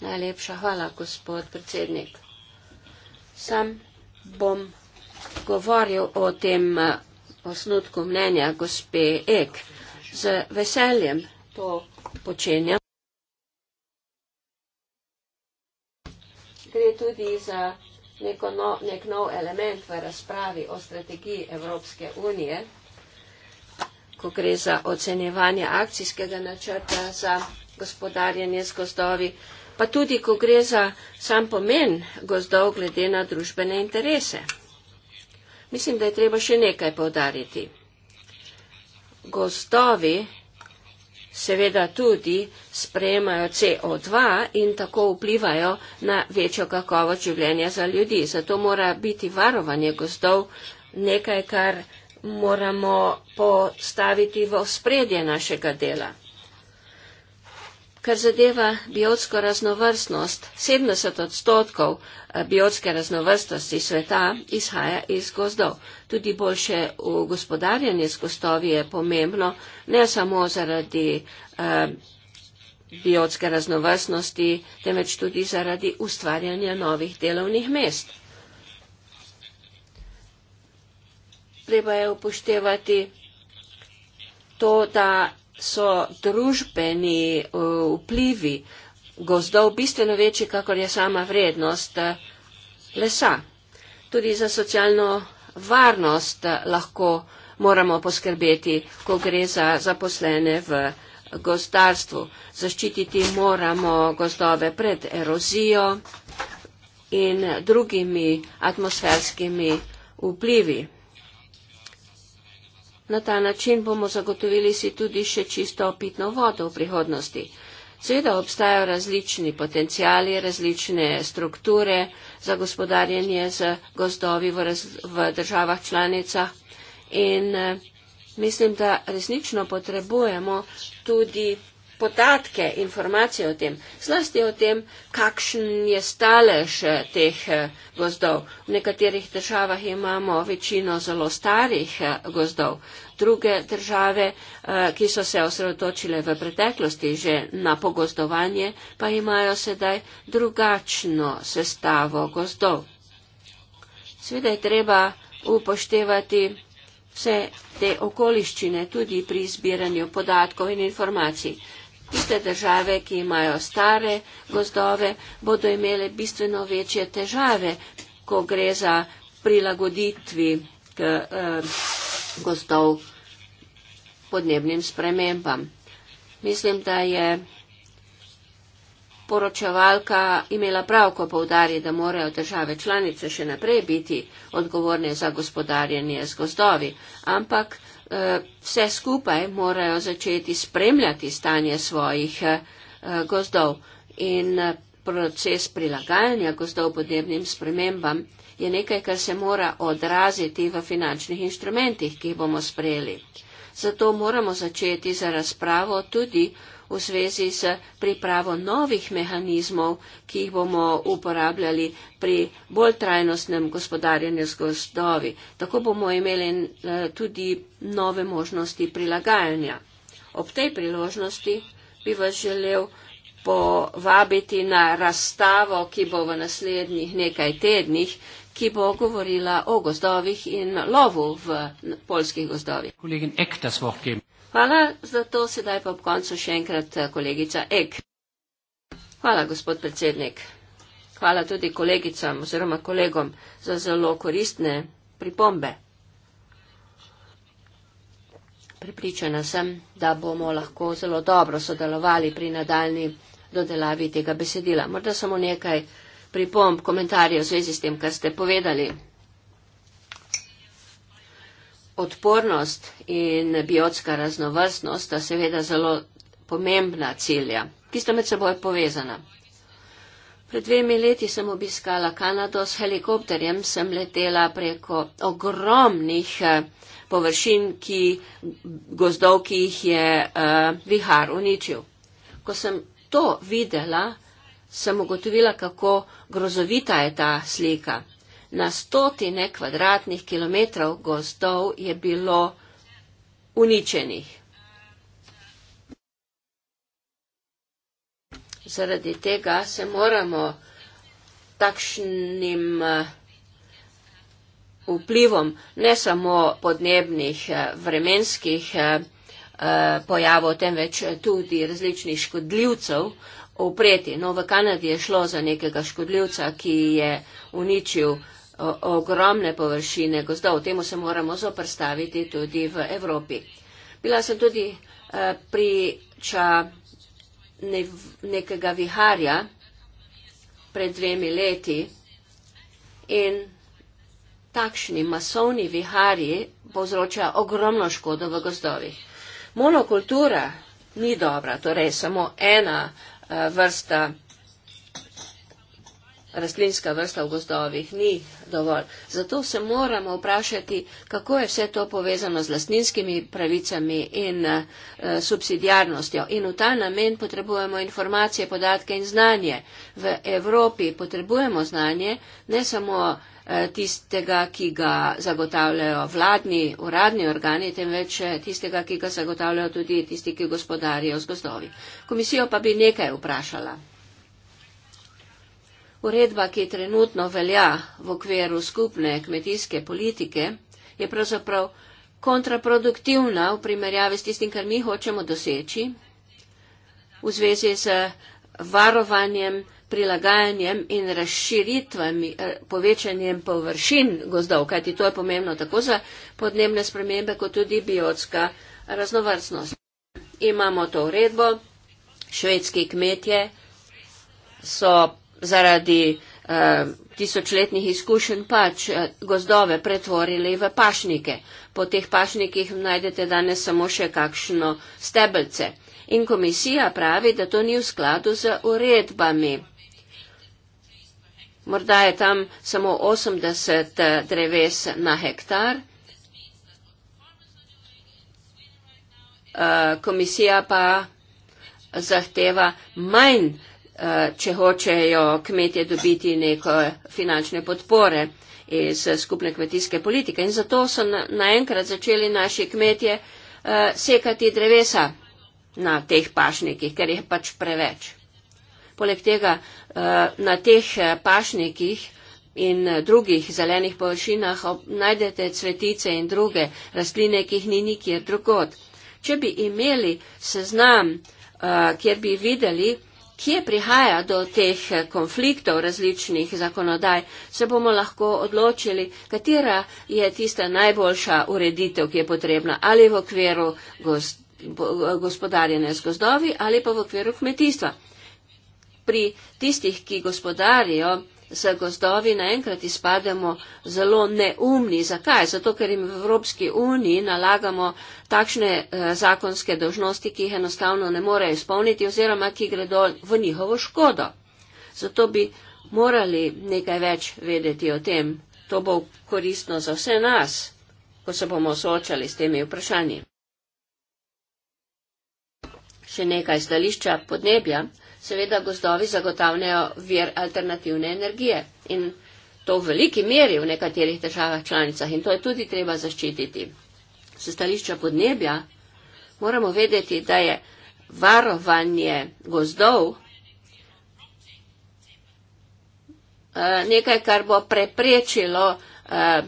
Najlepša hvala, gospod predsednik. Sam bom govoril o tem eh, osnutku mnenja gospe Ek. Z veseljem to počenjam. Gre tudi za no, nek nov element v razpravi o strategiji Evropske unije, ko gre za ocenjevanje akcijskega načrta za gospodarjenje z gozdovi, pa tudi ko gre za sam pomen gozdov glede na družbene interese. Mislim, da je treba še nekaj povdariti. Gozdovi seveda tudi sprejemajo CO2 in tako vplivajo na večjo kakovost življenja za ljudi. Zato mora biti varovanje gozdov nekaj, kar moramo postaviti v spredje našega dela kar zadeva biotsko raznovrstnost, 70 odstotkov eh, biotske raznovrstnosti sveta izhaja iz gozdov. Tudi boljše gospodarjanje z gostovi je pomembno, ne samo zaradi eh, biotske raznovrstnosti, temveč tudi zaradi ustvarjanja novih delovnih mest. Treba je upoštevati to, da so družbeni uh, vplivi gozdov bistveno večji, kakor je sama vrednost uh, lesa. Tudi za socialno varnost uh, lahko moramo poskrbeti, ko gre za zaposlene v gozdarstvu. Zaščititi moramo gozdove pred erozijo in drugimi atmosferskimi vplivi. Na ta način bomo zagotovili si tudi še čisto pitno vodo v prihodnosti. Seveda obstajajo različni potencijali, različne strukture za gospodarjenje z gozdovi v, raz, v državah članicah in eh, mislim, da resnično potrebujemo tudi podatke, informacije o tem, zlasti o tem, kakšen je stalež eh, teh eh, gozdov. V nekaterih državah imamo večino zelo starih eh, gozdov. Druge države, ki so se osredotočile v preteklosti že na pogozdovanje, pa imajo sedaj drugačno sestavo gozdov. Sveda je treba upoštevati vse te okoliščine tudi pri zbiranju podatkov in informacij. Tiste države, ki imajo stare gozdove, bodo imele bistveno večje težave, ko gre za prilagoditvi k, eh, gozdov podnebnim spremembam. Mislim, da je poročevalka imela prav, ko povdari, da morajo države članice še naprej biti odgovorne za gospodarjenje z gozdovi, ampak eh, vse skupaj morajo začeti spremljati stanje svojih eh, gozdov in eh, proces prilagajanja gozdov podnebnim spremembam je nekaj, kar se mora odraziti v finančnih inštrumentih, ki jih bomo sprejeli. Zato moramo začeti za razpravo tudi v zvezi s pripravo novih mehanizmov, ki jih bomo uporabljali pri bolj trajnostnem gospodarjenju z gozdovi. Tako bomo imeli eh, tudi nove možnosti prilagajanja. Ob tej priložnosti bi vas želel povabiti na razstavo, ki bo v naslednjih nekaj tednih, ki bo govorila o gozdovih in lovu v polskih gozdovih. Kolegin Ek, da svoh gem. Hvala za to, sedaj pa ob koncu še enkrat eh, kolegica Ek. Hvala, gospod predsednik. Hvala tudi kolegicam oziroma kolegom za zelo koristne pripombe. Pripričana sem, da bomo lahko zelo dobro sodelovali pri nadaljni dodelavi tega besedila. Morda samo nekaj pripomb, komentarjev v zvezi s tem, kar ste povedali odpornost in biotska raznovrstnost sta seveda zelo pomembna cilja, ki sta med seboj povezana. Pred dvemi leti sem obiskala Kanado s helikopterjem, sem letela preko ogromnih eh, površin, ki gozdov, ki jih je uh, vihar uničil. Ko sem to videla, sem ugotovila, kako grozovita je ta slika na stotine kvadratnih kilometrov gozdov je bilo uničenih. Zaradi tega se moramo takšnim eh, vplivom ne samo podnebnih eh, vremenskih eh, pojavov, temveč tudi različnih škodljivcev upreti. No, v Kanadi je šlo za nekega škodljivca, ki je uničil ogromne površine gozdov. Temu se moramo zoprstaviti tudi v Evropi. Bila sem tudi eh, priča nekega viharja pred dvemi leti in takšni masovni viharji povzroča ogromno škodo v gozdovih. Monokultura ni dobra, torej samo ena eh, vrsta rastlinska vrsta v gozdovih ni dovolj. Zato se moramo vprašati, kako je vse to povezano z lastninskimi pravicami in uh, eh, subsidijarnostjo. In v ta namen potrebujemo informacije, podatke in znanje. V Evropi potrebujemo znanje, ne samo eh, tistega, ki ga zagotavljajo vladni, uradni organi, temveč eh, tistega, ki ga zagotavljajo tudi tisti, ki gospodarijo z gozdovi. Komisijo pa bi nekaj vprašala. Uredba, ki trenutno velja v okviru skupne kmetijske politike, je pravzaprav kontraproduktivna v primerjavi s tistim, kar mi hočemo doseči v zvezi z varovanjem, prilagajanjem in razširitvami, eh, povečanjem površin gozdov, kajti to je pomembno tako za podnebne spremembe, kot tudi biotska raznovrstnost. Imamo to uredbo, švedski kmetje so zaradi eh, tisočletnih izkušenj pač eh, gozdove pretvorili v pašnike. Po teh pašnikih najdete danes samo še kakšno stebelce. In komisija pravi, da to ni v skladu z uredbami. Morda je tam samo 80 eh, dreves na hektar. Eh, komisija pa zahteva manj če hočejo kmetje dobiti neko finančne podpore iz skupne kmetijske politike. In zato so naenkrat začeli naši kmetje eh, sekati drevesa na teh pašnikih, ker jih pač preveč. Poleg tega eh, na teh eh, pašnikih in drugih zelenih površinah najdete cvetice in druge rastline, ki jih ni nikjer drugod. Če bi imeli seznam, kjer bi videli, kje prihaja do teh eh, konfliktov različnih zakonodaj, se bomo lahko odločili, katera je tista najboljša ureditev, ki je potrebna ali v okviru eh, gospodarjene z gozdovi ali pa v okviru kmetijstva. Pri tistih, ki gospodarijo z gozdovi, naenkrat izpademo zelo neumni. Zakaj? Zato, ker jim v Evropski uniji nalagamo takšne eh, zakonske dožnosti, ki jih enostavno ne morejo izpolniti oziroma ki gredo v njihovo škodo. Zato bi morali nekaj več vedeti o tem. To bo koristno za vse nas, ko se bomo soočali s temi vprašanji. Še nekaj stališča podnebja. Seveda gozdovi zagotavljajo vir alternativne energije in to v veliki meri v nekaterih državah članicah in to je tudi treba zaščititi se stališča podnebja, moramo vedeti, da je varovanje gozdov eh, nekaj, kar bo preprečilo eh,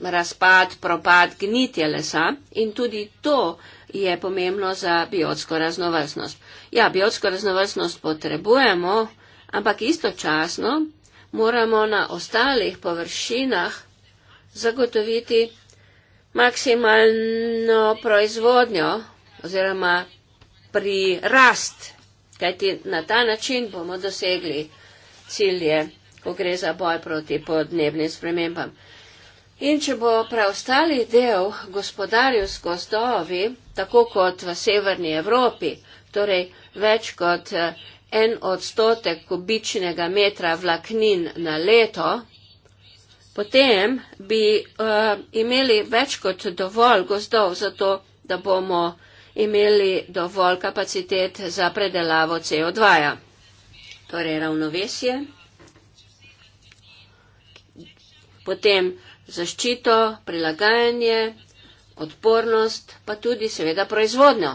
razpad, propad, gnitje lesa in tudi to je pomembno za biotsko raznovrstnost. Ja, biotsko raznovrstnost potrebujemo, ampak istočasno moramo na ostalih površinah zagotoviti maksimalno proizvodnjo oziroma pri rast, kajti na ta način bomo dosegli cilje, ko gre za boj proti podnebnim spremembam. In če bo preostali del gospodaril s gostovi, tako kot v severni Evropi, torej več kot eh, en odstotek kubičnega metra vlaknin na leto, potem bi uh, imeli več kot dovolj gozdov za to, da bomo imeli dovolj kapacitet za predelavo CO2. -ja. Torej ravnovesje, potem zaščito, prilagajanje, odpornost, pa tudi seveda proizvodnjo.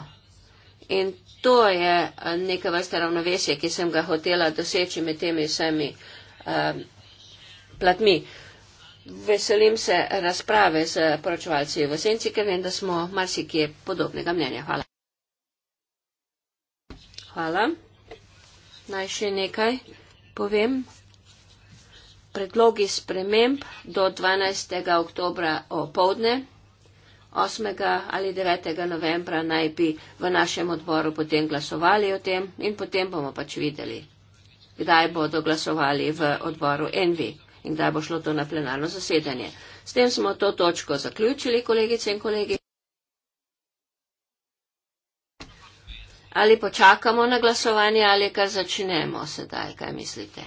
In to je eh, neka vrsta ravnovesja, ki sem ga hotela doseči med temi vsemi uh, platmi. Uh, veselim se razprave z poročevalci v senci, ker vem, da smo marsikje podobnega mnenja. Hvala. Hvala. Naj še nekaj povem. Predlogi sprememb do 12. oktobra o povdne, 8. ali 9. novembra naj bi v našem odboru potem glasovali o tem in potem bomo pač videli, kdaj bodo glasovali v odboru Envi in da bo šlo to na plenarno zasedanje. S tem smo to točko zaključili, kolegice in kolegi. Ali počakamo na glasovanje ali kar začnemo sedaj, kaj mislite?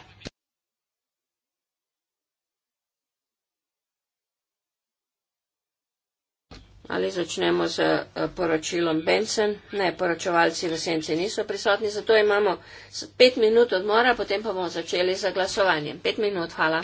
ali začnemo z eh, poročilom Benson. Ne, poročevalci v senci niso prisotni, zato imamo pet minut odmora, potem pa bomo začeli z glasovanjem. Pet minut, hvala.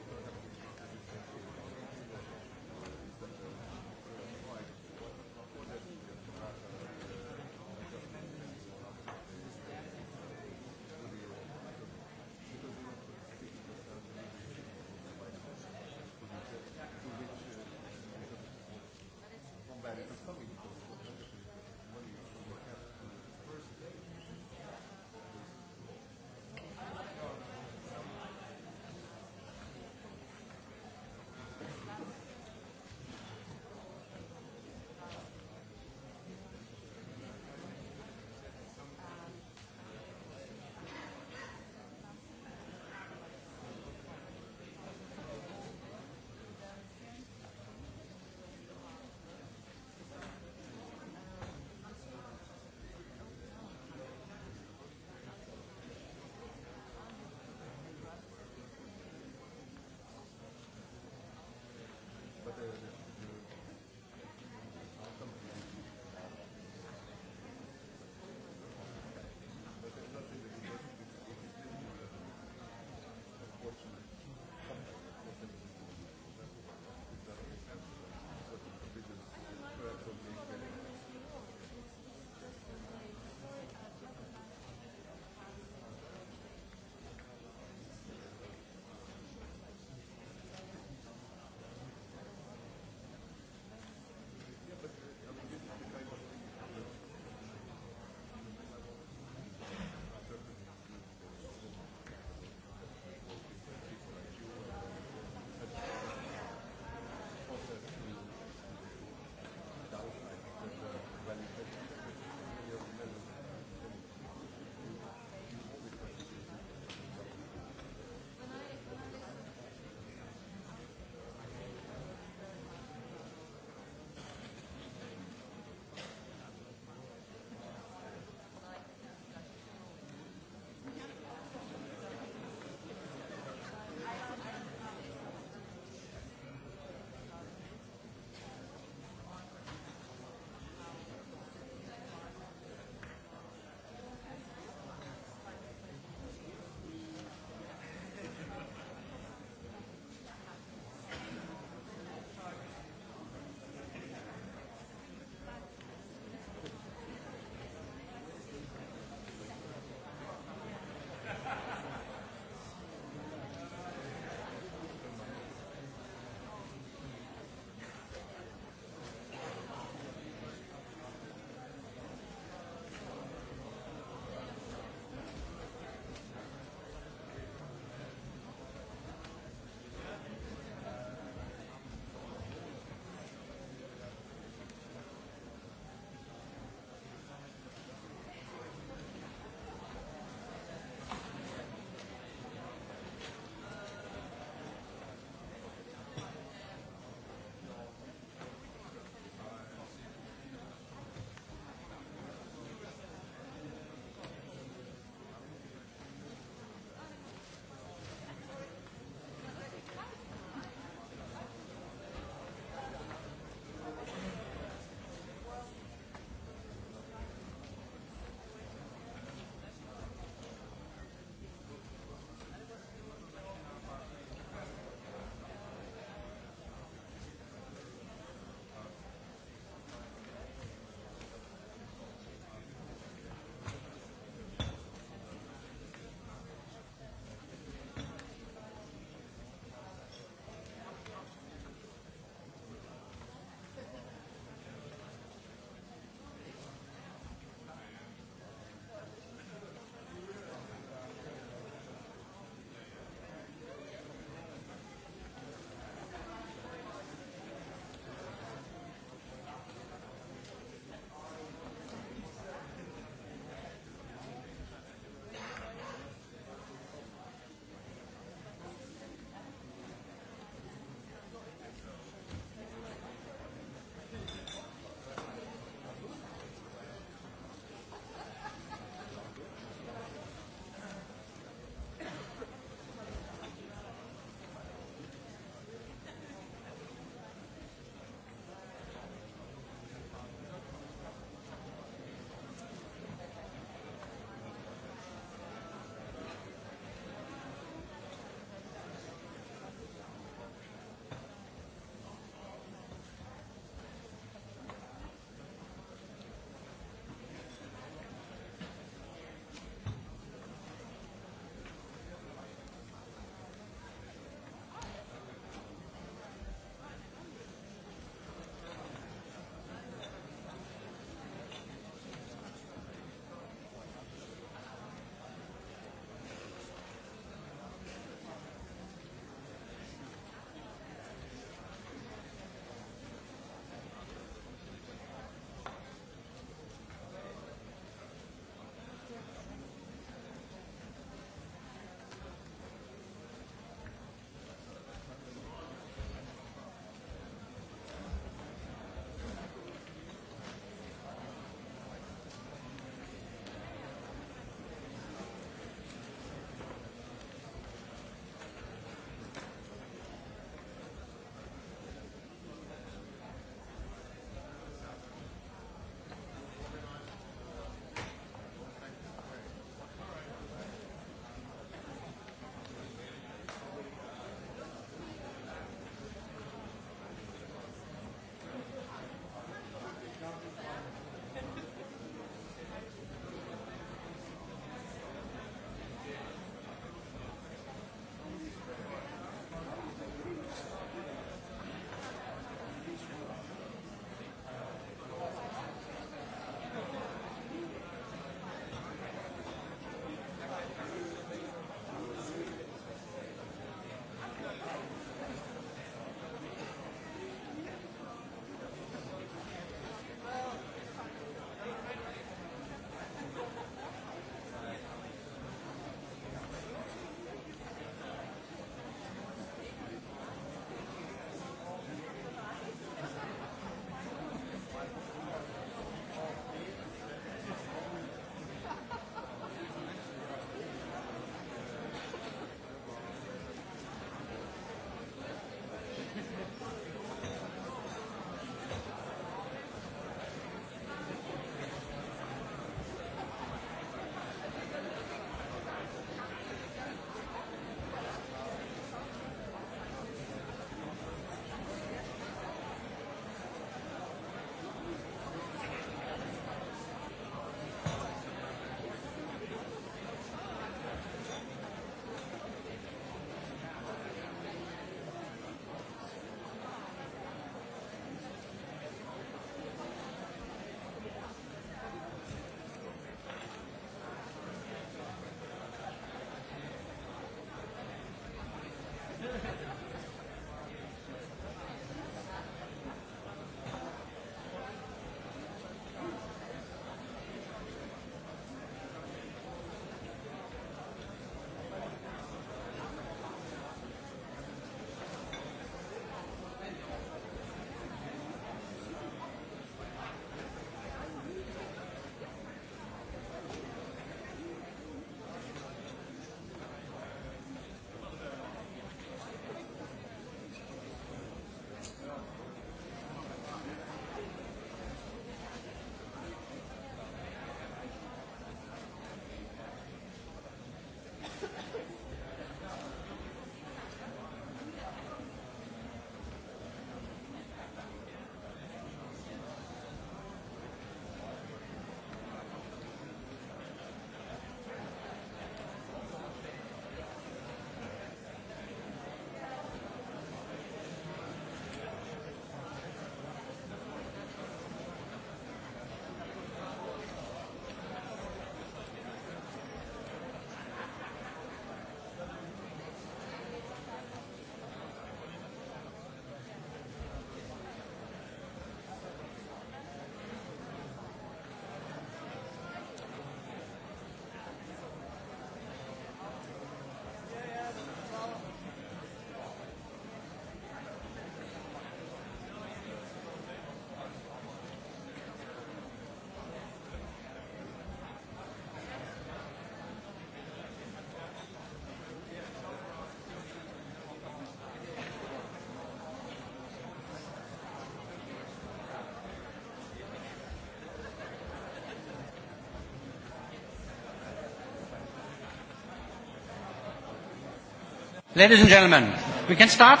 Ladies and gentlemen, we can start.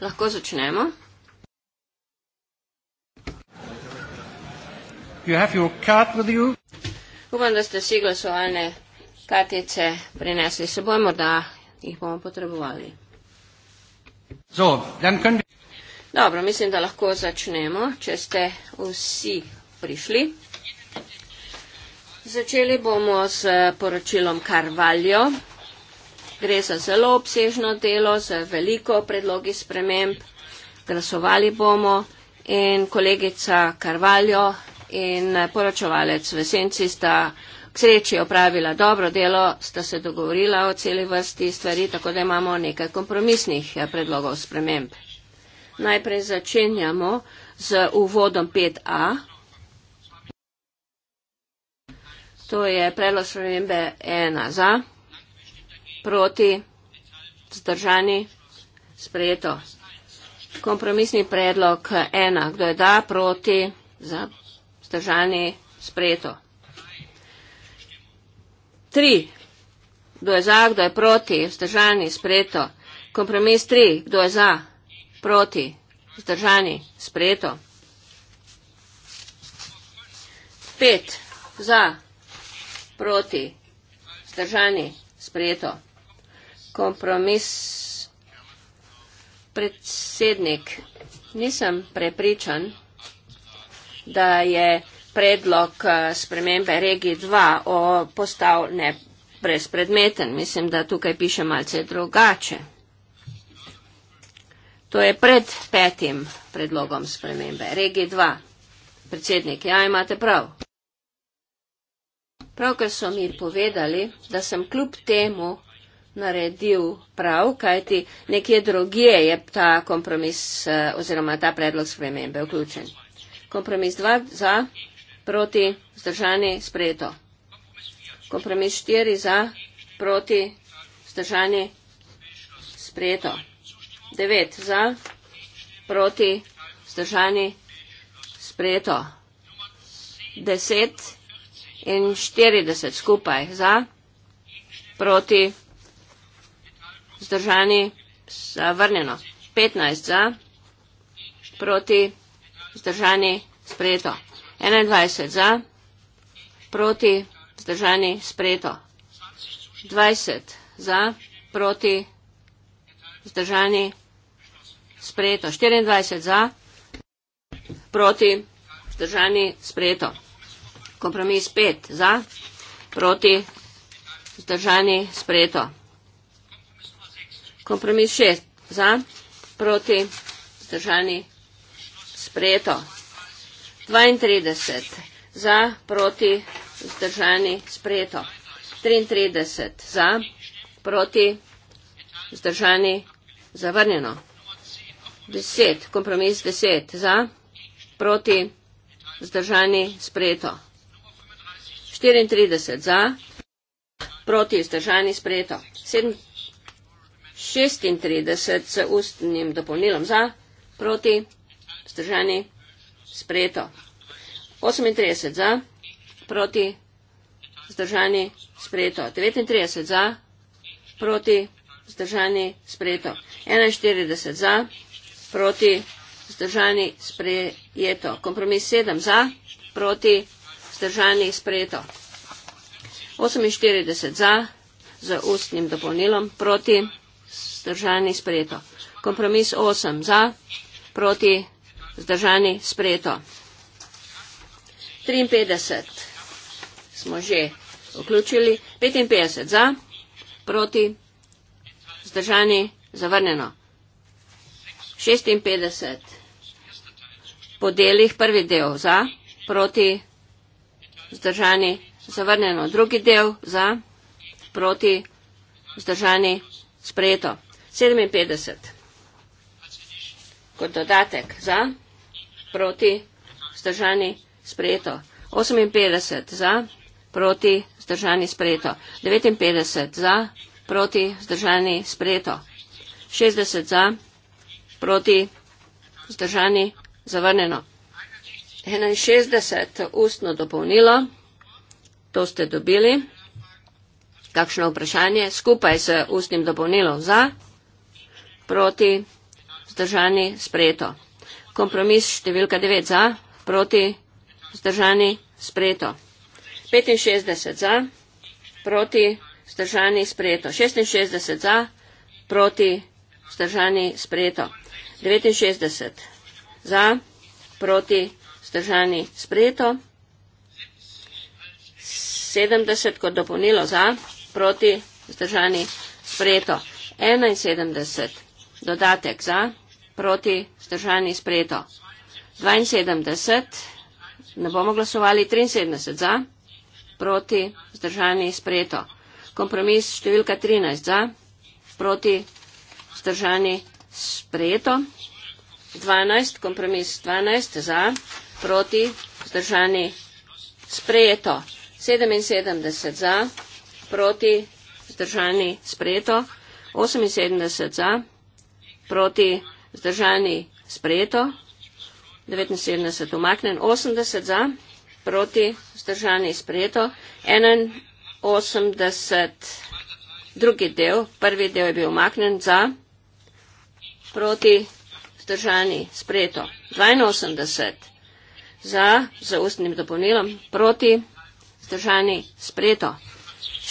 Lahko začnemo. You have your card with you? Upam, da ste si glasovalne kartice prinesli s seboj, morda jih bomo potrebovali. So, then can we... Dobro, mislim, da lahko začnemo, če ste vsi prišli. Začeli bomo s poročilom Carvalho gre za zelo obsežno delo, za veliko predlogi sprememb. Glasovali bomo in kolegica Karvaljo in poročevalec v senci sta k sreči opravila dobro delo, sta se dogovorila o celi vrsti stvari, tako da imamo nekaj kompromisnih eh, predlogov sprememb. Najprej začenjamo z uvodom 5a. To je predlog spremembe 1 za proti, zdržani, sprejeto. Kompromisni predlog ena, kdo je da, proti, za, zdržani, sprejeto. Tri, kdo je za, kdo je proti, zdržani, sprejeto. Kompromis tri, kdo je za, proti, zdržani, sprejeto. Pet, za, proti, zdržani, sprejeto kompromis predsednik. Nisem prepričan, da je predlog eh, spremembe regije 2 postal ne brezpredmeten. Mislim, da tukaj piše malce drugače. To je pred petim predlogom spremembe regije 2. Predsednik, ja, imate prav. Pravkar so mi povedali, da sem kljub temu naredil prav, kajti nekje drugje je ta kompromis eh, oziroma ta predlog spremembe vključen. Kompromis 2 za, proti, zdržani, sprejeto. Kompromis 4 za, proti, zdržani, sprejeto. 9 za, proti, zdržani, sprejeto. 10 in 40 skupaj za, proti, zdržani zavrnjeno. 15 za, proti zdržani sprejeto. 21 za, proti zdržani sprejeto. 20 za, proti zdržani sprejeto. 24 za, proti zdržani sprejeto. Kompromis 5 za, proti zdržani sprejeto. Kompromis šest. Za, proti, zdržani, sprejeto. 32. Za, proti, zdržani, sprejeto. 33. Za, proti, zdržani, zavrnjeno. 10. Kompromis 10. Za, proti, zdržani, sprejeto. 34. Za, proti, zdržani, sprejeto. 37. 36 s ustnim dopolnilom za, proti, vzdržani, sprejeto. 38 za, proti, vzdržani, sprejeto. 39 za, proti, vzdržani, sprejeto. 41 za, proti, vzdržani, sprejeto. Kompromis 7 za, proti, vzdržani, sprejeto. 48 za, z ustnim dopolnilom, proti, vzdržani, sprejeto zdržani sprejeto. Kompromis 8 za, proti zdržani sprejeto. 53 smo že vključili, 55 za, proti zdržani zavrnjeno. 56 po delih prvi del za, proti zdržani zavrnjeno. Drugi del za, proti zdržani sprejeto. 57. Kot dodatek za, proti, zdržani, sprejeto. 58 za, proti, zdržani, sprejeto. 59 za, proti, zdržani, sprejeto. 60 za, proti, zdržani, zavrnjeno. 61 ustno dopolnilo, to ste dobili. Kakšno vprašanje? Skupaj s ustnim dopolnilom za proti, vzdržani, sprejeto. Kompromis številka 9 za, proti, vzdržani, sprejeto. 65 za, proti, vzdržani, sprejeto. 66 za, proti, vzdržani, sprejeto. 69 za, proti, vzdržani, sprejeto. 70 kot dopolnilo za, proti, vzdržani, sprejeto. 71 dodatek za, proti, zdržani, sprejeto. 72, ne bomo glasovali, 73 za, proti, zdržani, sprejeto. Kompromis številka 13 za, proti, zdržani, sprejeto. 12, kompromis 12 za, proti, zdržani, sprejeto. 77 za, proti, zdržani, sprejeto. 78 za, proti zdržani sprejeto, 79 umaknen, 80 za, proti zdržani sprejeto, 81 drugi del, prvi del je bil umaknen za, proti zdržani sprejeto, 82 za, za ustnim dopolnilom, proti zdržani sprejeto,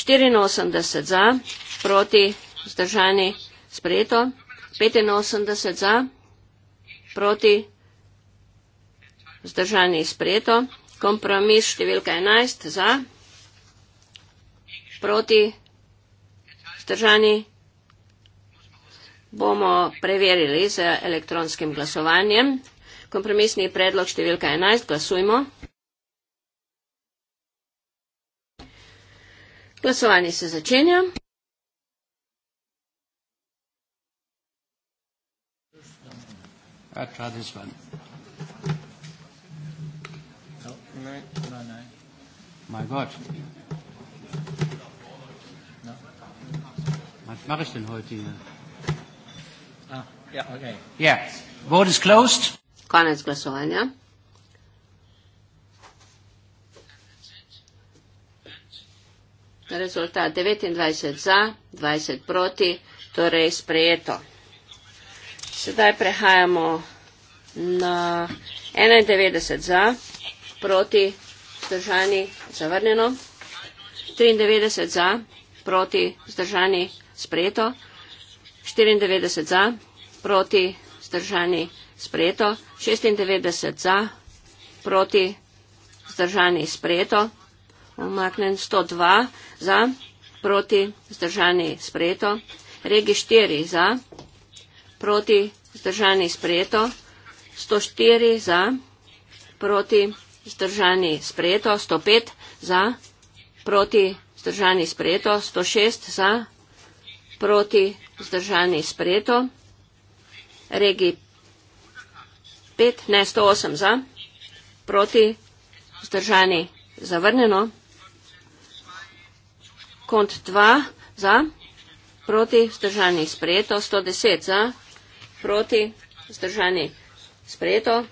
84 za, proti zdržani sprejeto. 85 za, proti, zdržani sprejeto, kompromis številka 11 za, proti, zdržani, bomo preverili z elektronskim glasovanjem. Kompromisni predlog številka 11, glasujmo. Glasovanje se začenja. I try this one. Oh, nine, no, nine, no, nine. No. My God. No. Was mache ich denn heute hier? Ah, ja, okay. Yeah. Vote is closed. Konec glasovanja. Rezultat 29 za, 20 proti, torej sprejeto. Sedaj prehajamo na 91 za, proti, zdržani, zavrnjeno, 93 za, proti, zdržani, sprejeto, 94 za, proti, zdržani, sprejeto, 96 za, proti, zdržani, sprejeto, omaknen 102 za, proti, zdržani, sprejeto, regi 4 za, proti zdržani sprejeto, 104 za, proti zdržani sprejeto, 105 za, proti zdržani sprejeto, 106 za, proti zdržani sprejeto, regi 5, ne 108 za, proti zdržani zavrnjeno, kont 2 za, proti zdržani sprejeto, 110 za, proti, vzdržani sprejeto.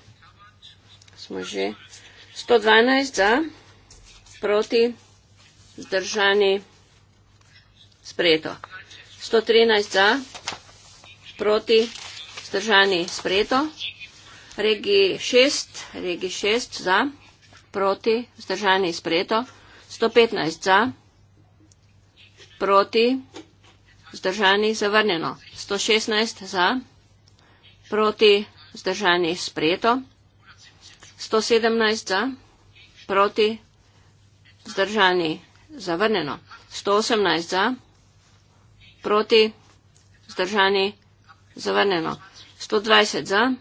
Smo že 112 za, proti, vzdržani sprejeto. 113 za, proti, vzdržani sprejeto. Regi 6, regi 6 za, proti, vzdržani sprejeto. 115 za, proti, vzdržani zavrnjeno. 116 za, proti, vzdržani zavrnjeno proti zdržanih sprejeto, 117 za, proti zdržani zavrnjeno, 118 za, proti zdržani zavrnjeno, 120 za,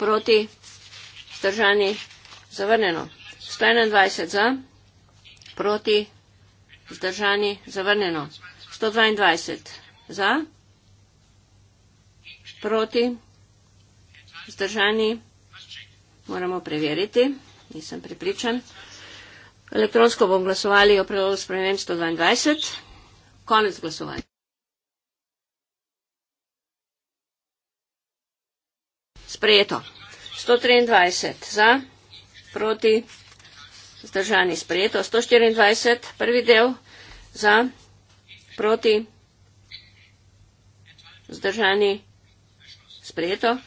proti zdržani zavrnjeno, 121 za, proti zdržani zavrnjeno, 122 za, Proti. Zdržani. Moramo preveriti. Nisem pripričan. Elektronsko bom glasovali o predlogu spremenjen 122. Konec glasovanja. Sprejeto. 123 za, proti, zdržani sprejeto. 124, prvi del, za, proti, zdržani sprejeto sprejeto.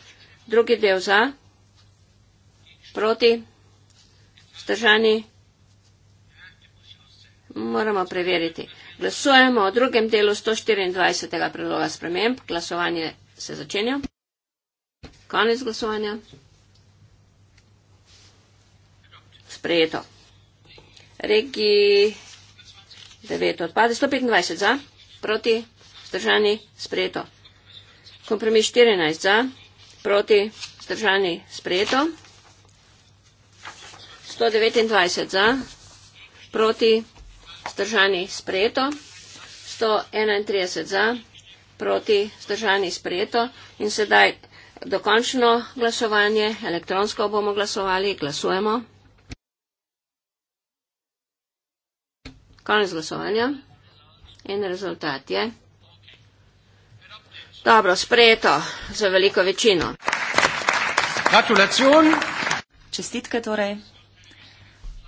Drugi del za, proti, vzdržani. Moramo preveriti. Glasujemo o drugem delu 124. predloga sprememb. Glasovanje se začenja. Konec glasovanja. Sprejeto. Regi 9 odpade 125 za, proti, vzdržani, sprejeto kompromis 14 za, proti zdržani sprejeto, 129 za, proti zdržani sprejeto, 131 za, proti zdržani sprejeto in sedaj dokončno glasovanje, elektronsko bomo glasovali, glasujemo. Konec glasovanja in rezultat je. Dobro, sprejeto za veliko večino. Gratulacijon. Čestitke torej.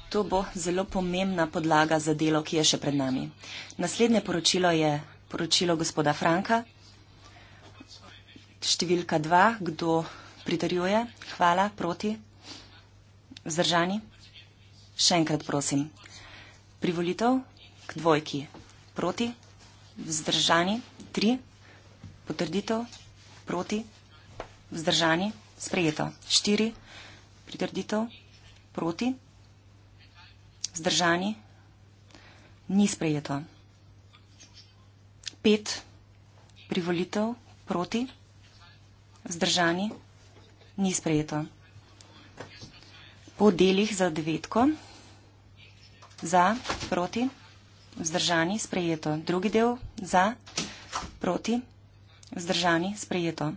To bo zelo pomembna podlaga za delo, ki je še pred nami. Naslednje poročilo je poročilo gospoda Franka. Številka dva, kdo pritarjuje? Hvala, proti. Zdržani. Še enkrat prosim. Privolitev k dvojki. Proti. Zdržani. Tri. Potrditev? Proti? Vzdržani? Sprejeto. Štiri. Pritrditev? Proti? Vzdržani? Ni sprejeto. Pet. Privolitev? Proti? Vzdržani? Ni sprejeto. Po delih za devetko. Za, proti, vzdržani, sprejeto. Drugi del, za, proti, vzdržani. Zdržani, sprejeto.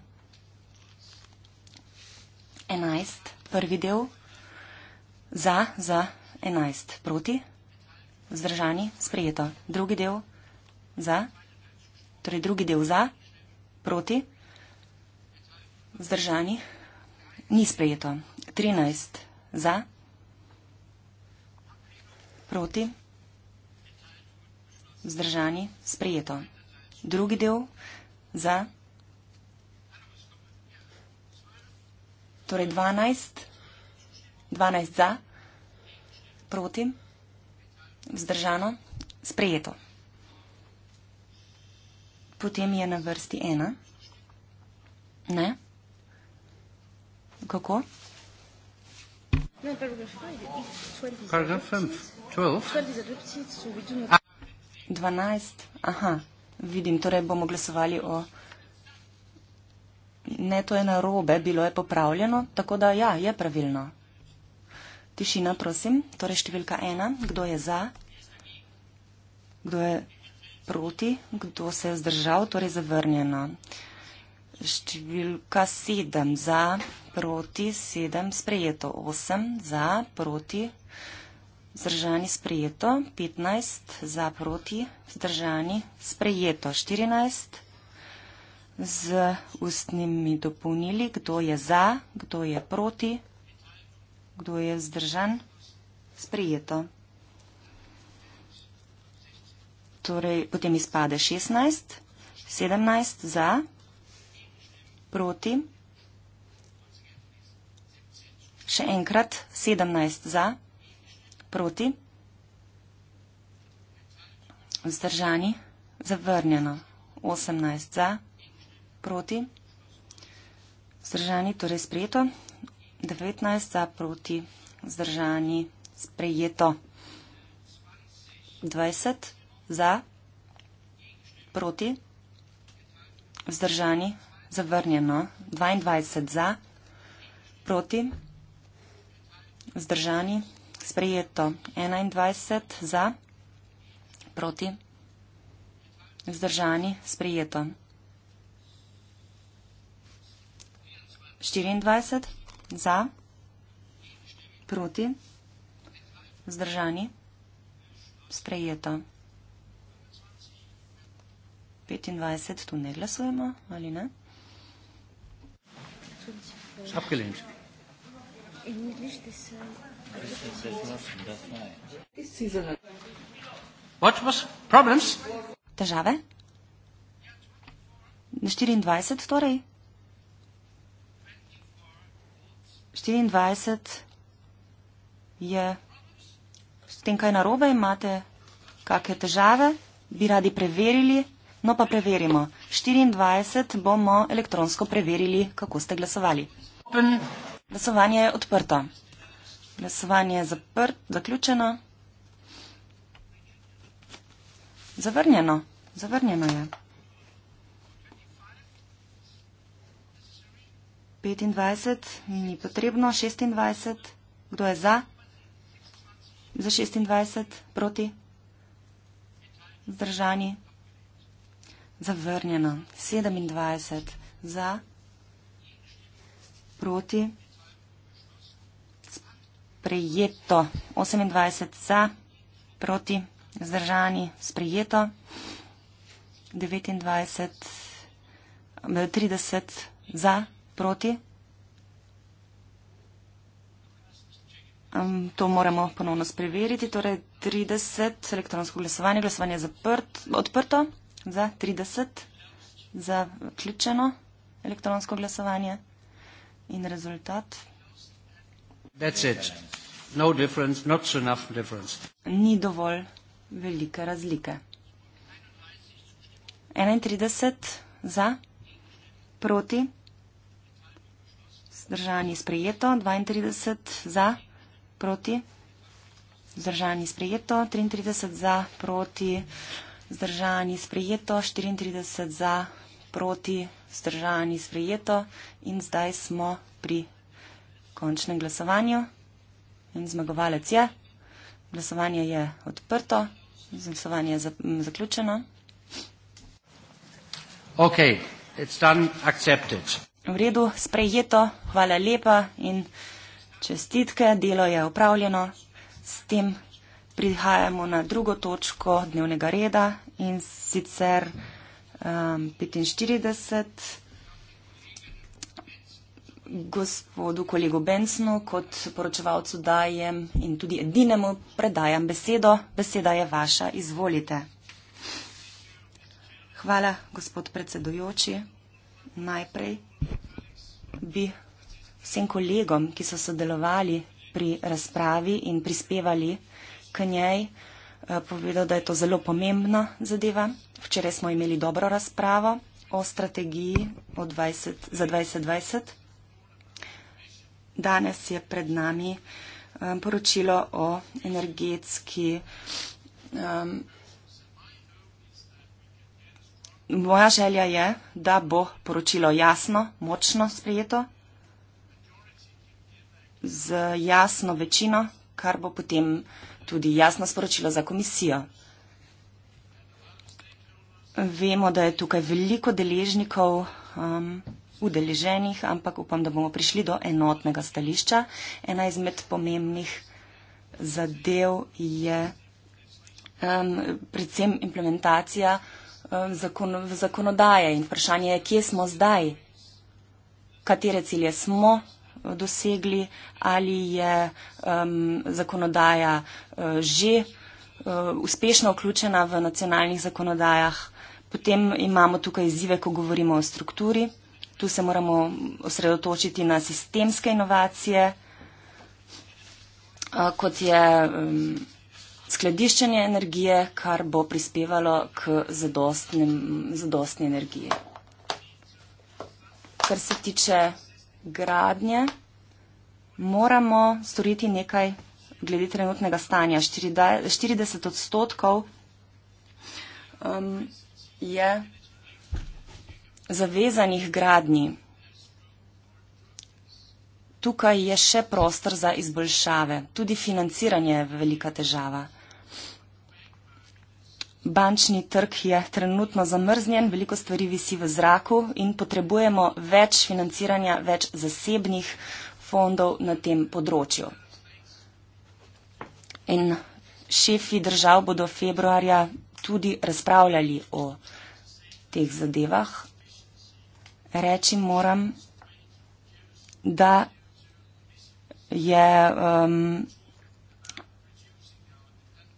Enajst, prvi del. Za, za, enajst, proti. Zdržani, sprejeto. Drugi del, za. Torej, drugi del za, proti. Zdržani, ni sprejeto. Trinajst, za. Proti. Zdržani, sprejeto. Drugi del, za za? Torej, dvanajst, dvanajst za, proti, vzdržano, sprejeto. Potem je na vrsti ena. Ne? Kako? Dvanajst, aha. Vidim, torej bomo glasovali o. Ne, to je narobe, bilo je popravljeno, tako da ja, je pravilno. Tišina, prosim. Torej, številka ena, kdo je za, kdo je proti, kdo se je zdržal, torej zavrnjeno. Številka sedem, za, proti, sedem, sprejeto, osem, za, proti. Zdržani sprejeto. 15 za proti. Zdržani sprejeto. 14 z ustnimi dopolnili. Kdo je za, kdo je proti, kdo je zdržan. Sprejeto. Torej, potem izpade 16, 17 za, proti, še enkrat 17 za, proti. Proti? Vzdržani? Zavrnjeno. 18 za. Proti? Vzdržani, torej sprejeto. 19 za proti. Vzdržani, sprejeto. 20 za. Proti? Vzdržani, zavrnjeno. 22 za. Proti? Vzdržani, sprejeto. 21 za, proti, vzdržani, sprejeto. 24 za, proti, vzdržani, sprejeto. 25, tu ne glasujemo, ali ne? Abgelehnt. In die Liste ist. Težave? Na 24 torej? 24 je s tem, kaj narobe imate, kakšne težave, bi radi preverili, no pa preverimo. 24 bomo elektronsko preverili, kako ste glasovali. Glasovanje je odprto. Glasovanje je zaprt, zaključeno. Zavrnjeno, zavrnjeno je. 25, ni potrebno, 26, kdo je za? Za 26, proti? Zdržani? Zavrnjeno, 27, za? Proti? sprejeto. 28 za, proti, zdržani, sprejeto. 29, 30 eh, za, proti. To moramo ponovno spreveriti. Torej 30, elektronsko glasovanje, glasovanje je odprto. Za 30, za vključeno elektronsko glasovanje. In rezultat That's it. No difference, not enough difference. Ni dovolj velike razlike. 31 za, proti, zdržani sprejeto, 32 za, proti, zdržani sprejeto, 33 za, proti, zdržani sprejeto, 34 za, proti, zdržani sprejeto in zdaj smo pri končnem glasovanju in zmagovalec je. Glasovanje je odprto, glasovanje je zaključeno. Ok, it's done, accepted. V redu, sprejeto, hvala lepa in čestitke, delo je upravljeno. S tem prihajamo na drugo točko dnevnega reda in sicer um, 45 gospodu kolegu Bensnu kot poročevalcu dajem in tudi edinemu predajam besedo. Beseda je vaša, izvolite. Hvala, gospod predsedujoči. Najprej bi vsem kolegom, ki so sodelovali pri razpravi in prispevali k njej, eh, povedal, da je to zelo pomembna zadeva. Včeraj smo imeli dobro razpravo o strategiji o 20, za 2020 danes je pred nami um, poročilo o energetski. Um, moja želja je, da bo poročilo jasno, močno sprejeto, z jasno večino, kar bo potem tudi jasno sporočilo za komisijo. Vemo, da je tukaj veliko deležnikov. Um, udeleženih, ampak upam, da bomo prišli do enotnega stališča. Ena izmed pomembnih zadev je um, predvsem implementacija um, zakon v zakonodaje in vprašanje je, kje smo zdaj, katere cilje smo eh, dosegli, ali je um, zakonodaja uh, že uh, uspešno vključena v nacionalnih zakonodajah. Potem imamo tukaj izzive, ko govorimo o strukturi. Tu se moramo osredotočiti na sistemske inovacije, kot je skladiščenje energije, kar bo prispevalo k zadostni energiji. Kar se tiče gradnje, moramo storiti nekaj glede trenutnega stanja. 40 odstotkov je vsega, zavezanih gradnji. Tukaj je še prostor za izboljšave. Tudi financiranje je velika težava. Bančni trg je trenutno zamrznjen, veliko stvari visi v zraku in potrebujemo več financiranja, več zasebnih fondov na tem področju. In šefi držav bodo februarja tudi razpravljali o teh zadevah reči moram, da je. Um,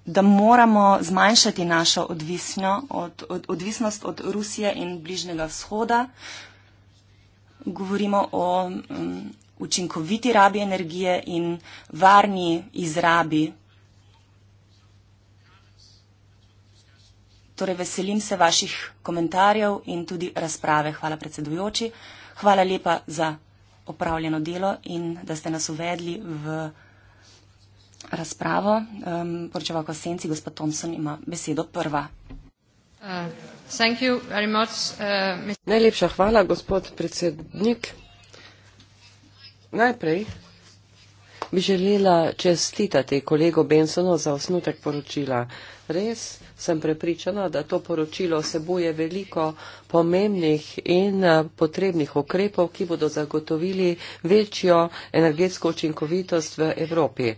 Da moramo zmanjšati našo odvisno, od, od, odvisnost od Rusije in Bližnjega vzhoda. Govorimo o um, učinkoviti rabi energije in varni izrabi Torej, veselim se vaših komentarjev in tudi razprave. Hvala predsedujoči. Hvala lepa za opravljeno delo in da ste nas uvedli v razpravo. Um, Poročeval ko senci, gospod Thompson ima besedo prva. Uh, much, uh, Najlepša hvala, gospod predsednik. Najprej bi želela čestitati kolego Bensono za osnutek poročila. Res sem prepričana, da to poročilo vsebuje veliko pomembnih in eh, potrebnih ukrepov, ki bodo zagotovili večjo energetsko učinkovitost v Evropi.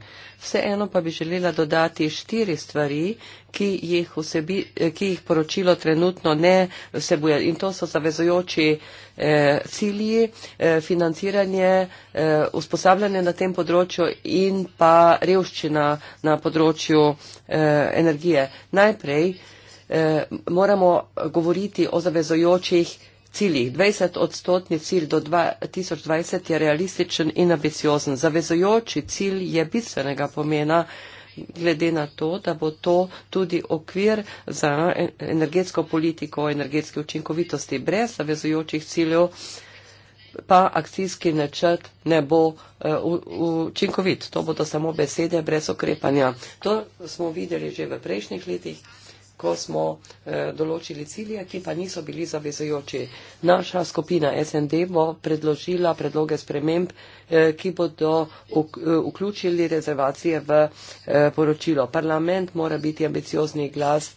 Vseeno pa bi želela dodati štiri stvari, ki jih, vsebi, eh, ki jih poročilo trenutno ne vsebuje. In to so zavezojoči eh, cilji, eh, financiranje, eh, usposabljanje na tem področju in pa revščina na področju eh, energije. Najprej eh, moramo govoriti o zavezojočih. Ciljih. 20 odstotni cilj do 2020 je realističen in ambiciozen. Zavezojoči cilj je bistvenega pomena, eh, glede na to, da bo to tudi okvir za energetsko politiko o energetski učinkovitosti brez zavezujočih ciljev pa akcijski načrt ne bo uh, učinkovit. To bodo samo besede brez okrepanja. To smo videli že v prejšnjih letih ko smo eh, določili cilje, ki pa niso bili zavezajoči. Naša skupina SND bo predložila predloge sprememb, eh, ki bodo eh, vključili rezervacije v poročilo. Parlament mora biti ambiciozni glas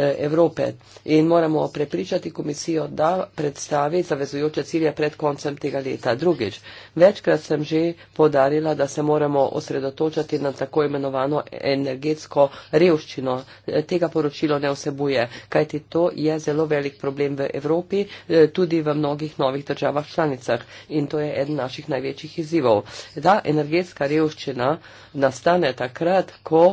Eh, Evrope. In moramo prepričati komisijo, da predstavi zavezujoče cilje pred koncem tega leta. Drugič, večkrat sem že podarila, da se moramo osredotočati na tako imenovano energetsko revščino. Eh, tega poročilo ne vsebuje, kajti to je zelo velik problem v Evropi, eh, tudi v mnogih novih državah članicah. In to je eden naših največjih izzivov. Da, energetska revščina nastane takrat, ko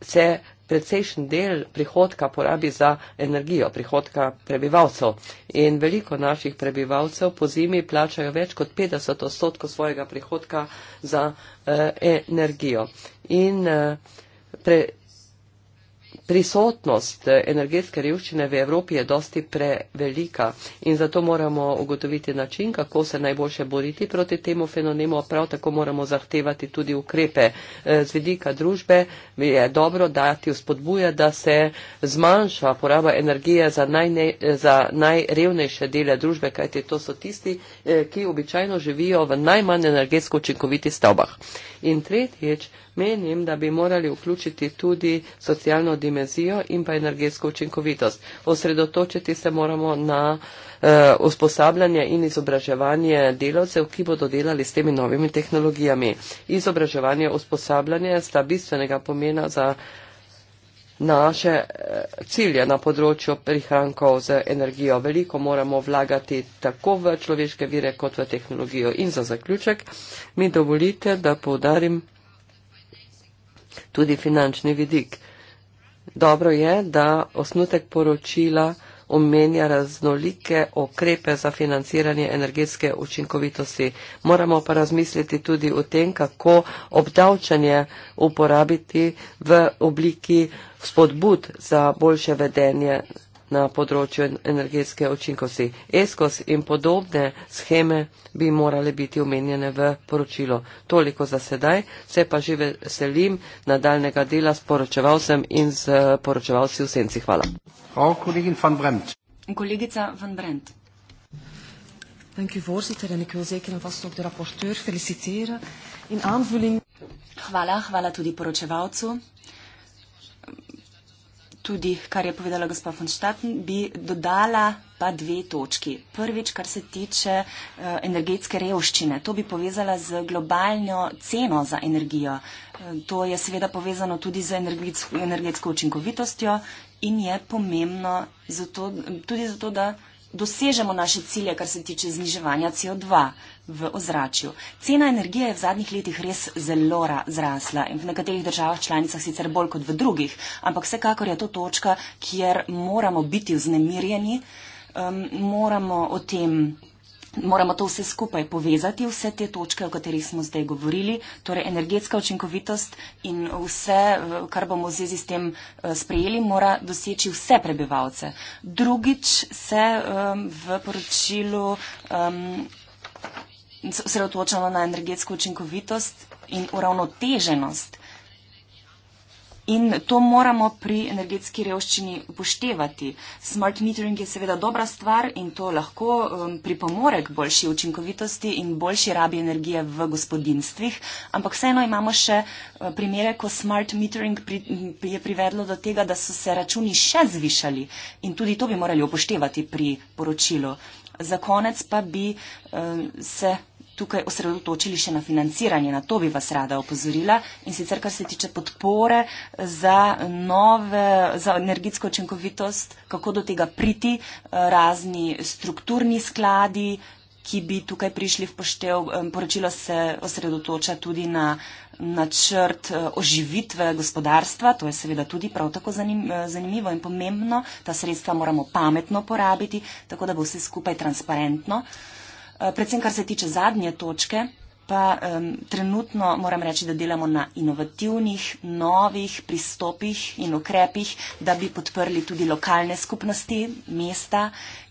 se precejšen del prihodka porabi za energijo, prihodka prebivalcev. In veliko naših prebivalcev po zimi plačajo več kot 50 odstotkov svojega prihodka za eh, energijo. In eh, pre, prisotnost eh, energetske revščine v Evropi je dosti prevelika in zato moramo ugotoviti način, kako se najboljše boriti proti temu fenomenu, prav tako moramo zahtevati tudi ukrepe eh, z vidika družbe. Je dobro dati vzpodbuje, da se zmanjša poraba energije za, najne, eh, za najrevnejše dele družbe, kajte to so tisti, ki običajno živijo v najmanj energetsko učinkovitih stavbah. In tretjič, Menim, da bi morali vključiti tudi socialno dimenzijo in pa energetsko učinkovitost. Osredotočiti se moramo na eh, usposabljanje in izobraževanje delavcev, ki bodo delali s temi novimi tehnologijami. Izobraževanje in usposabljanje sta bistvenega pomena za naše eh, cilje na področju prihrankov z energijo. Veliko moramo vlagati tako v človeške vire kot v tehnologijo. In za zaključek mi dovolite, da povdarim tudi finančni vidik. Dobro je, da osnutek poročila omenja raznolike okrepe za financiranje energetske učinkovitosti. Moramo pa razmisliti tudi o tem, kako obdavčanje uporabiti v obliki spodbud za boljše vedenje na področju energetske očinkosti. ESKOS in podobne scheme bi morale biti omenjene v poročilo. Toliko za sedaj, se pa že veselim nadaljnega dela s poročevalcem in z poročevalci v senci. Hvala. Frau Kollegin van Brent. Kolegica van Brent. Hvala, hvala tudi poročevalcu tudi, kar je povedala gospa von Štapen, bi dodala pa dve točki. Prvič, kar se tiče uh, energetske revščine, to bi povezala z globalno ceno za energijo. Uh, to je seveda povezano tudi z energetsko, energetsko učinkovitostjo in je pomembno zato, tudi zato, da dosežemo naše cilje, kar se tiče zniževanja CO2 v ozračju. Cena energije je v zadnjih letih res zelo razrasla in v nekaterih državah članicah sicer bolj kot v drugih, ampak vsekakor je to točka, kjer moramo biti vznemirjeni, um, moramo o tem moramo to vse skupaj povezati, vse te točke, o katerih smo zdaj govorili, torej energetska učinkovitost in vse, kar bomo v zvezi s tem eh, sprejeli, mora doseči vse prebivalce. Drugič se um, v poročilu osredotočamo um, na energetsko učinkovitost in uravnoteženost In to moramo pri energetski revščini upoštevati. Smart metering je seveda dobra stvar in to lahko um, pripomore k boljši učinkovitosti in boljši rabi energije v gospodinstvih. Ampak vseeno imamo še uh, primere, ko smart metering pri, je privedlo do tega, da so se računi še zvišali in tudi to bi morali upoštevati pri poročilu. Za konec pa bi uh, se tukaj osredotočili še na financiranje. Na to bi vas rada opozorila. In sicer, kar se tiče podpore za, nove, za energetsko učinkovitost, kako do tega priti, razni strukturni skladi, ki bi tukaj prišli v poštev. Poročilo se osredotoča tudi na načrt e, oživitve gospodarstva. To je seveda tudi prav tako e, zanimivo in pomembno. Ta sredstva moramo pametno porabiti, tako da bo vse skupaj transparentno. Eh, predvsem kar se tiče zadnje točke, pa um, trenutno moram reči, da delamo na inovativnih, novih pristopih in ukrepih, da bi podprli tudi lokalne skupnosti, mesta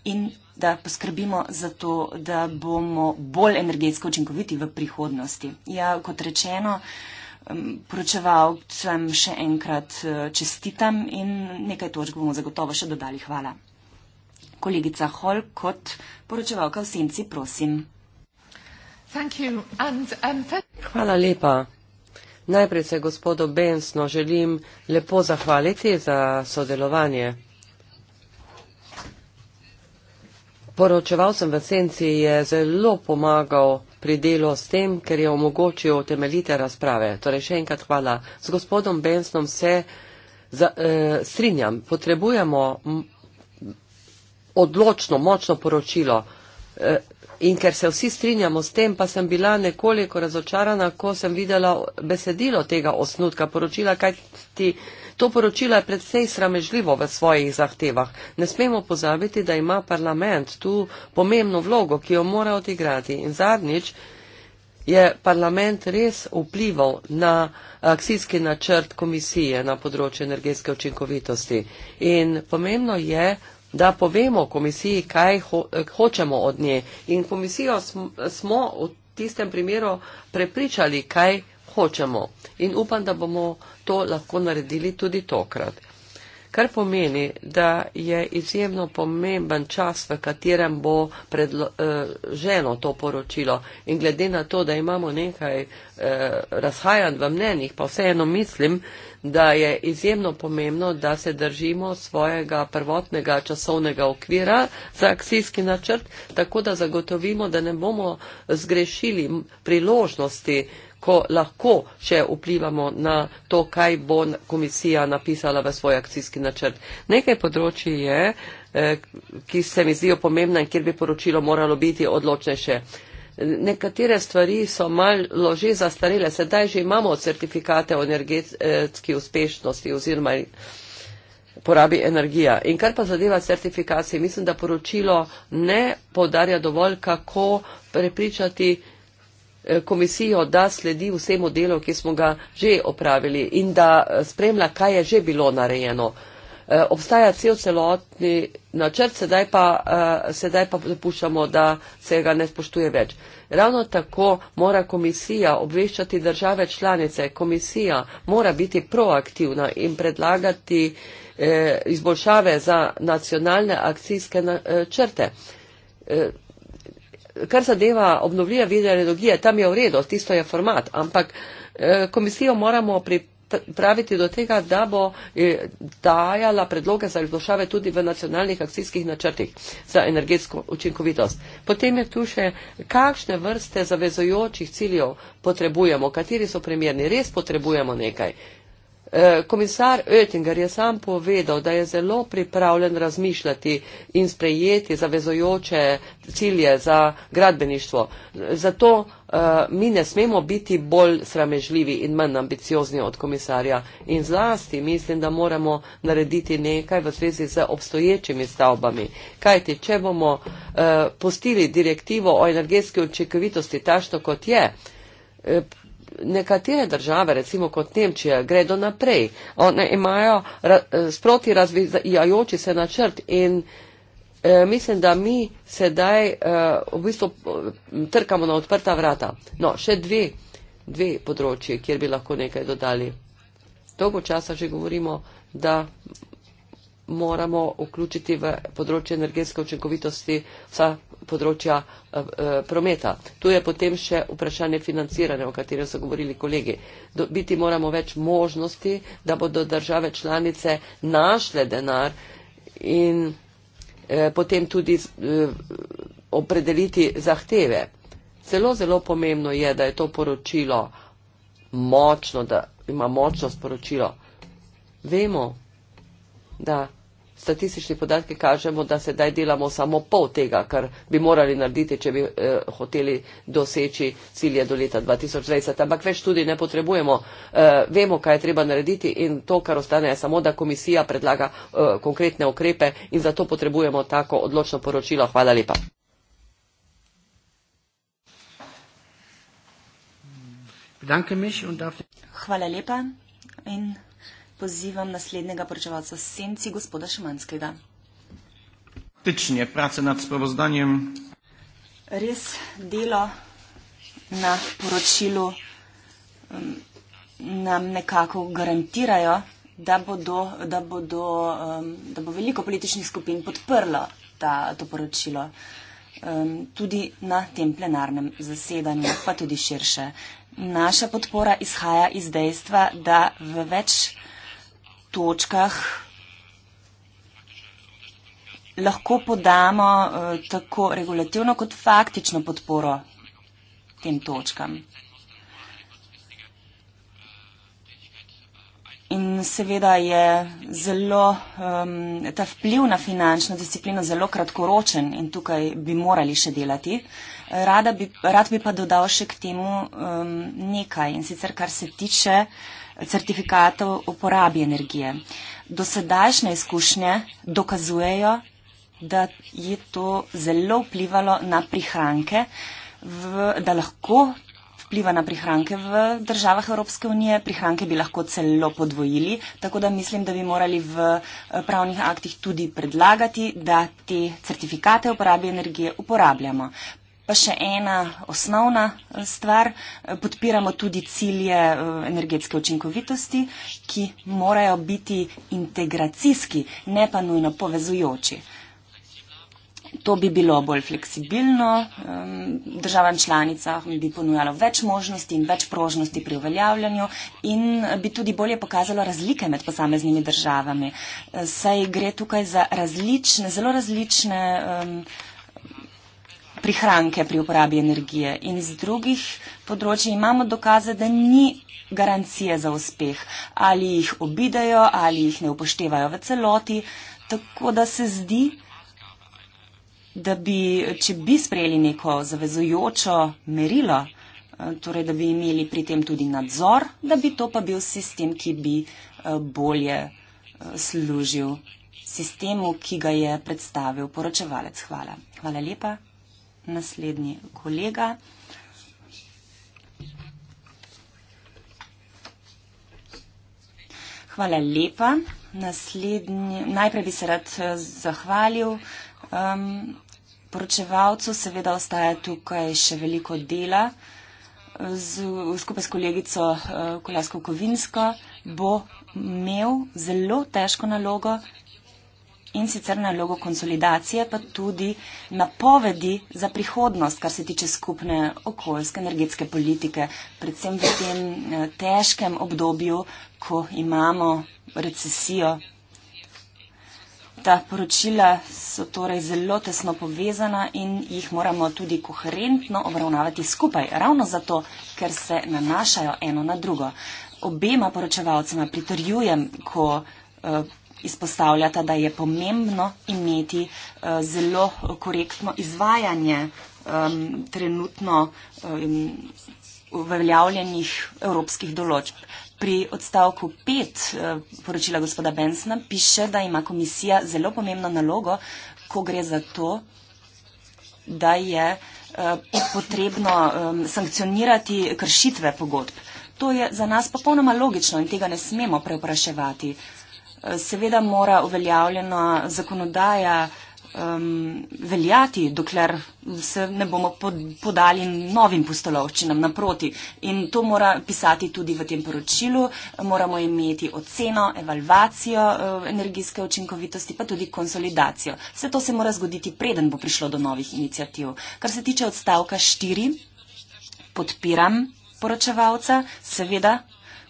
in da poskrbimo za to, da bomo bolj energetsko učinkoviti v prihodnosti. Ja, kot rečeno, poročevalcem še enkrat eh, čestitam in nekaj točk bomo zagotovo še dodali. Hvala. Kolegica Hol kot poročevalka v senci, prosim. Um, hvala lepa. Najprej se gospodu Bensno želim lepo zahvaliti za sodelovanje. Poročeval sem v senci je zelo pomagal pri delu s tem, ker je omogočil temeljite razprave. Torej še enkrat hvala. Z gospodom Bensnom se za, eh, strinjam. Potrebujemo odločno, močno poročilo. Eh, in ker se vsi strinjamo s tem, pa sem bila nekoliko razočarana, ko sem videla besedilo tega osnutka poročila, kaj ti to poročilo je predvsej sramežljivo v svojih zahtevah. Ne smemo pozabiti, da ima parlament tu pomembno vlogo, ki jo mora odigrati. In zadnjič je parlament res vplival na akcijski načrt komisije na področju energetske učinkovitosti. In pomembno je, da povemo komisiji, kaj ho, hočemo od nje. In komisijo smo, smo v tistem primeru prepričali, kaj hočemo. In upam, da bomo to lahko naredili tudi tokrat kar pomeni, da je izjemno pomemben čas, v katerem bo predloženo eh, to poročilo. In glede na to, da imamo nekaj eh, razhajanj v mnenjih, pa vseeno mislim, da je izjemno pomembno, da se držimo svojega prvotnega časovnega okvira za akcijski načrt, tako da zagotovimo, da ne bomo zgrešili priložnosti, ko lahko še vplivamo na to, kaj bo komisija napisala v svoj akcijski načrt. Nekaj področji je, eh, ki se mi zdijo pomembna in kjer bi poročilo moralo biti odločnejše. Nekatere stvari so malo že zastarele, sedaj že imamo certifikate o energetski uspešnosti oziroma porabi energija. In kar pa zadeva certifikacije, mislim, da poročilo ne podarja dovolj, kako prepričati komisijo, da sledi vsemu delu, ki smo ga že opravili in da eh, spremlja, kaj je že bilo narejeno. Eh, obstaja cel celotni načrt, sedaj pa, eh, sedaj pa dopuščamo, da se ga ne spoštuje več. Ravno tako mora komisija obveščati države članice. Komisija mora biti proaktivna in predlagati izboljšave za nacionalne akcijske črte kar zadeva obnovljive vire energije, tam je v redu, tisto je format, ampak eh, komisijo moramo pripraviti do tega, da bo eh, dajala predloge za izboljšave tudi v nacionalnih akcijskih načrtih za energetsko učinkovitost. Potem je tu še, kakšne vrste zavezojočih ciljev potrebujemo, kateri so primerni, res potrebujemo nekaj. Eh, komisar Oettinger je sam povedal, da je zelo pripravljen razmišljati in sprejeti zavezojoče cilje za gradbeništvo. Zato eh, mi ne smemo biti bolj sramežljivi in manj ambiciozni od komisarja. In zlasti mislim, da moramo narediti nekaj v zvezi z obstoječimi stavbami. Kajti, če bomo eh, pustili direktivo o energetski očekovitosti tašno kot je, nekatere države, recimo kot Nemčija, gredo naprej. One imajo ra eh, sproti razvijajoči se načrt in e, mislim, da mi sedaj e, v bistvu trkamo na odprta vrata. No, še dve, dve področji, kjer bi lahko nekaj dodali. Dolgo časa že govorimo, da moramo vključiti v področje energetske učinkovitosti vsa področja eh, eh, prometa. Tu je potem še vprašanje financiranja, o katerem so govorili kolegi. Do, biti moramo več možnosti, da bodo države članice našle denar in eh, potem tudi eh, opredeliti zahteve. Zelo, zelo pomembno je, da je to poročilo močno, da ima močno sporočilo. Vemo, da statistični podatki kažemo, da sedaj delamo samo pol tega, kar bi morali narediti, če bi eh, hoteli doseči cilje do leta 2020. Ampak več tudi ne potrebujemo. Eh, vemo, kaj je treba narediti in to, kar ostane, je samo, da komisija predlaga eh, konkretne ukrepe in zato potrebujemo tako odločno poročilo. Hvala lepa. Hvala lepa. In pozivam naslednjega poročevalca Senci, gospoda Šumanskega. Tečnje prace nad spravozdanjem. Res delo na poročilu um, nam nekako garantirajo, da, bodo, da, bodo, um, da bo veliko političnih skupin podprlo ta, to poročilo. Um, tudi na tem plenarnem zasedanju, pa tudi širše. Naša podpora izhaja iz dejstva, da v več točkah lahko podamo eh, tako regulativno kot faktično podporo tem točkam. In seveda je zelo, um, ta vpliv na finančno disciplino zelo kratkoročen in tukaj bi morali še delati. Rada bi, rad bi pa dodal še k temu um, nekaj in sicer kar se tiče uh, certifikatov uporabi energije. Dosedajšnje izkušnje dokazujejo, da je to zelo vplivalo na prihranke, v, da lahko vpliva na prihranke v državah Evropske unije. Prihranke bi lahko celo podvojili, tako da mislim, da bi morali v eh, pravnih aktih tudi predlagati, da te certifikate uporabi energije uporabljamo. Pa še ena osnovna eh, stvar. Eh, podpiramo tudi cilje eh, energetske učinkovitosti, ki morajo biti integracijski, ne pa nujno povezujoči. To bi bilo bolj fleksibilno, ehm, državam članicah bi ponujalo več možnosti in več prožnosti pri uveljavljanju in bi tudi bolje pokazalo razlike med posameznimi državami. Saj gre tukaj za različne, zelo različne. Um, prihranke pri uporabi energije. In iz drugih področji imamo dokaze, da ni garancije za uspeh. Ali jih obidejo, ali jih ne upoštevajo v celoti. Tako da se zdi, da bi, če bi sprejeli neko zavezujočo merilo, eh, torej da bi imeli pri tem tudi nadzor, da bi to pa bil sistem, ki bi eh, bolje eh, služil sistemu, ki ga je predstavil poročevalec. Hvala. Hvala lepa naslednji kolega. Hvala lepa. Naslednji, najprej bi se rad eh, zahvalil. Um, poročevalcu seveda ostaja tukaj še veliko dela. Z, skupaj s kolegico uh, eh, Kolasko Kovinsko bo imel zelo težko nalogo, in sicer nalogo konsolidacije, pa tudi napovedi za prihodnost, kar se tiče skupne okoljske energetske politike, predvsem v tem eh, težkem obdobju, ko imamo recesijo. Ta poročila so torej zelo tesno povezana in jih moramo tudi koherentno obravnavati skupaj, ravno zato, ker se nanašajo eno na drugo. Obema poročevalcema pritrjujem, ko eh, izpostavljata, da je pomembno imeti uh, zelo korektno izvajanje um, trenutno uveljavljenih um, evropskih določb. Pri odstavku 5 uh, eh, poročila gospoda Bensna piše, da ima komisija zelo pomembno nalogo, ko gre za to, da je uh, potrebno um, sankcionirati kršitve pogodb. To je za nas popolnoma logično in tega ne smemo preopraševati. Uh, seveda mora uveljavljena zakonodaja um, veljati, dokler se ne bomo podali novim pustolovčinam naproti. In to mora pisati tudi v tem poročilu. Moramo imeti oceno, evalvacijo uh, energijske učinkovitosti, pa tudi konsolidacijo. Vse to se mora zgoditi, preden bo prišlo do novih inicijativ. Kar se tiče odstavka 4, podpiram poročevalca, seveda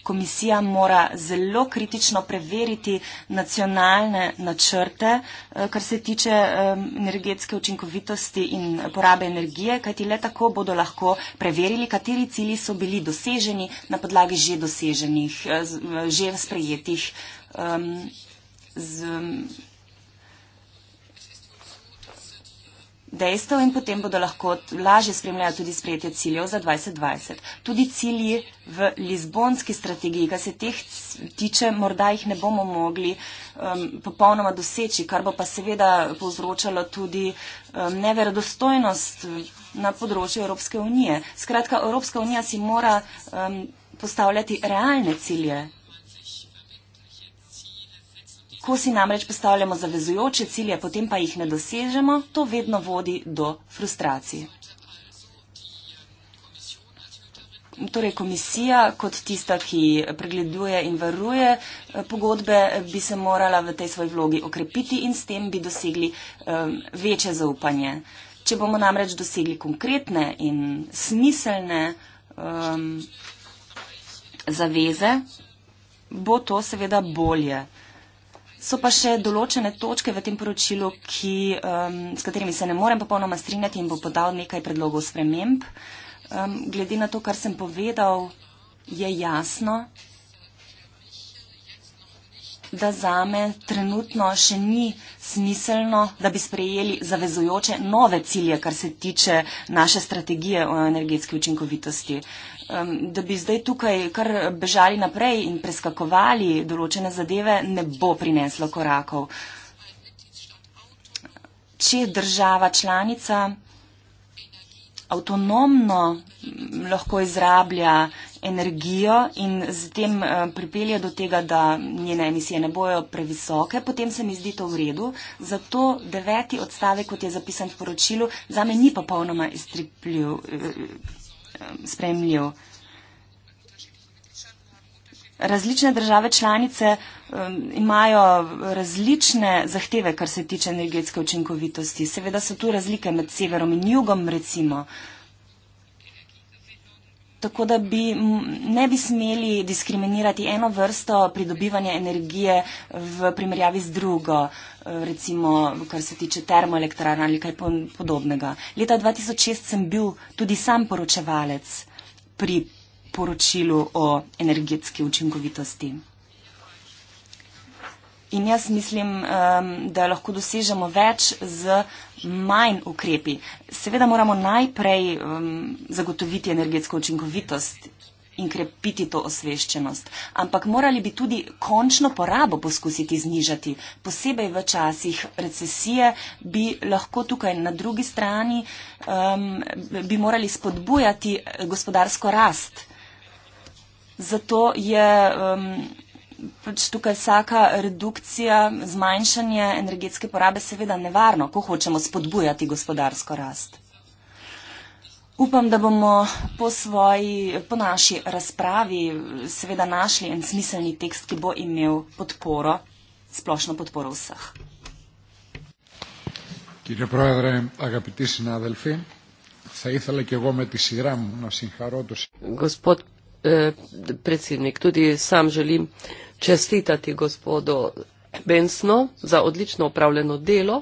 komisija mora zelo kritično preveriti nacionalne načrte, eh, kar se tiče energetske učinkovitosti in porabe energije, kajti le tako bodo lahko preverili, kateri cilji so bili doseženi na podlagi že doseženih, eh, eh, že sprejetih. Um, z, um, dejstev in potem bodo lahko lažje spremljali tudi sprejetje ciljev za 2020. Tudi cilji v Lizbonski strategiji, kar se teh tiče, morda jih ne bomo mogli um, popolnoma doseči, kar bo pa seveda povzročalo tudi um, neverodostojnost uh, na področju Evropske unije. Skratka, Evropska unija si mora um, postavljati realne cilje Ko si namreč postavljamo zavezujoče cilje, potem pa jih ne dosežemo, to vedno vodi do frustracij. Torej, komisija kot tista, ki pregleduje in varuje eh, pogodbe, eh, bi se morala v tej svoji vlogi okrepiti in s tem bi dosegli um, večje zaupanje. Če bomo namreč dosegli konkretne in smiselne um, zaveze, bo to seveda bolje. So pa še določene točke v tem poročilu, ki, um, s katerimi se ne morem popolnoma strinjati in bo podal nekaj predlogov sprememb. Um, glede na to, kar sem povedal, je jasno, da za me trenutno še ni smiselno, da bi sprejeli zavezujoče nove cilje, kar se tiče naše strategije o energetski učinkovitosti. Da bi zdaj tukaj kar bežali naprej in preskakovali določene zadeve, ne bo prineslo korakov. Če država članica avtonomno lahko izrablja energijo in z tem eh, pripelje do tega, da njene emisije ne bojo previsoke, potem se mi zdi to v redu. Zato deveti odstavek, kot je zapisan v poročilu, za me ni popolnoma iztrepljiv, eh, eh, spremljiv. Različne države članice um, imajo različne zahteve, kar se tiče energetske učinkovitosti. Seveda so tu razlike med severom in jugom, recimo. Uh, Tako da bi, ne bi smeli diskriminirati eno vrsto pridobivanja energije v primerjavi z drugo, eh, recimo, kar se tiče termoelektrarna ali kaj podobnega. Leta 2006 sem bil tudi sam poročevalec pri poročilu o energetski učinkovitosti. In jaz mislim, da lahko dosežemo več z manj ukrepi. Seveda moramo najprej zagotoviti energetsko učinkovitost in krepiti to osveščenost, ampak morali bi tudi končno porabo poskusiti znižati. Posebej v časih recesije bi lahko tukaj na drugi strani bi morali spodbujati gospodarsko rast. Zato je pač tukaj vsaka redukcija, zmanjšanje energetske porabe seveda nevarno, ko hočemo spodbujati gospodarsko rast. Upam, da bomo po, svoji, po naši razpravi seveda našli en smiselni tekst, ki bo imel podporo, splošno podporo vseh. Κύριε Πρόεδρε, αγαπητοί συνάδελφοι, θα ήθελα και εγώ με τη σειρά μου να συγχαρώ το συγχαρώ. Γοσπότ, πρέτσινικ, τούτι σαμ ζελίμ, čestitati gospodu Bensno za odlično upravljeno delo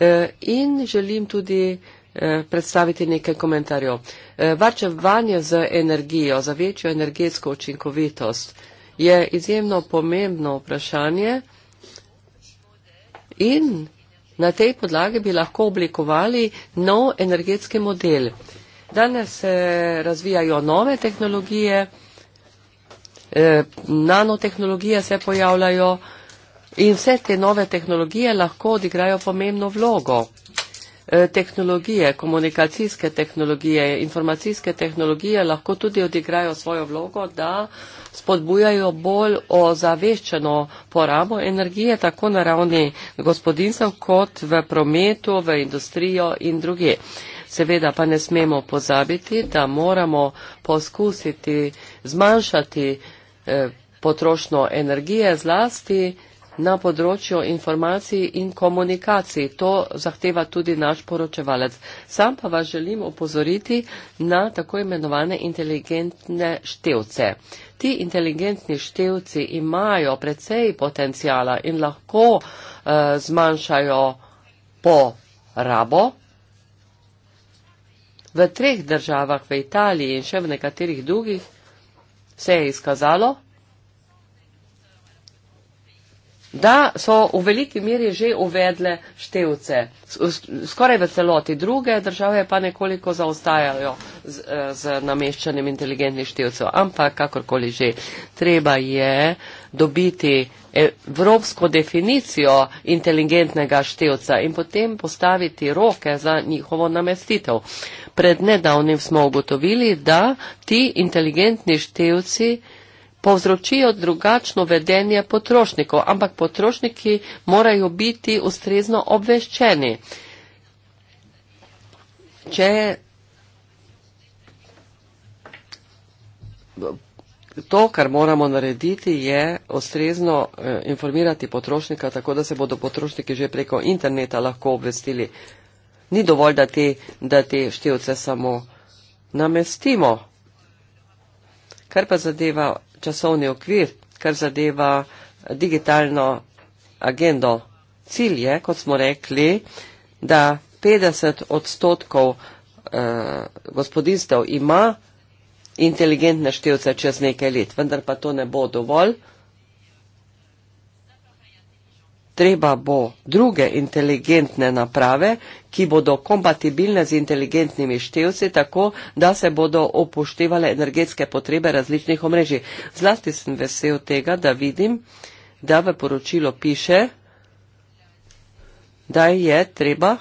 eh, in želim tudi eh, predstaviti nekaj komentarjev. Eh, varčevanje z energijo, za večjo energetsko učinkovitost je izjemno pomembno vprašanje in na tej podlagi bi lahko oblikovali nov energetski model. Danes se razvijajo nove tehnologije, Eh, nanotehnologije se pojavljajo in vse te nove tehnologije lahko odigrajo pomembno vlogo. Eh, tehnologije, komunikacijske tehnologije, informacijske tehnologije lahko tudi odigrajo svojo vlogo, da spodbujajo bolj ozaveščeno porabo energije, tako na ravni gospodinstv, kot v prometu, v industrijo in druge. Seveda pa ne smemo pozabiti, da moramo poskusiti zmanjšati Eh, potrošnjo energije, zlasti na področju informacij in komunikacij. To zahteva tudi naš poročevalec. Sam pa vas želim opozoriti na tako imenovane inteligentne števce. Ti inteligentni števci imajo precej potencijala in lahko eh, zmanjšajo porabo. V treh državah, v Italiji in še v nekaterih drugih, se je izkazalo, da so v veliki meri že uvedle števce, skoraj v celoti druge države pa nekoliko zaostajajo z, eh, z nameščanjem inteligentnih števcev, ampak kakorkoli že treba je uh, dobiti evropsko definicijo inteligentnega števca in potem postaviti roke za njihovo namestitev. Pred nedavnim smo ugotovili, da ti inteligentni števci povzročijo drugačno vedenje potrošnikov, ampak potrošniki morajo biti ustrezno obveščeni. Če To, kar moramo narediti, je ustrezno eh, informirati potrošnika, tako da se bodo potrošniki že preko interneta lahko obvestili. Ni dovolj, da te, da te števce samo namestimo. Kar pa zadeva časovni okvir, kar zadeva digitalno agendo, cilj je, kot smo rekli, da 50 odstotkov eh, gospodinstev ima inteligentna števca čez nekaj let, vendar pa to ne bo dovolj. Treba bo druge inteligentne naprave, ki bodo kompatibilne z inteligentnimi števci, tako da se bodo upoštevale energetske potrebe različnih omrežij. Zlasti sem vesel tega, da vidim, da v poročilo piše, da je treba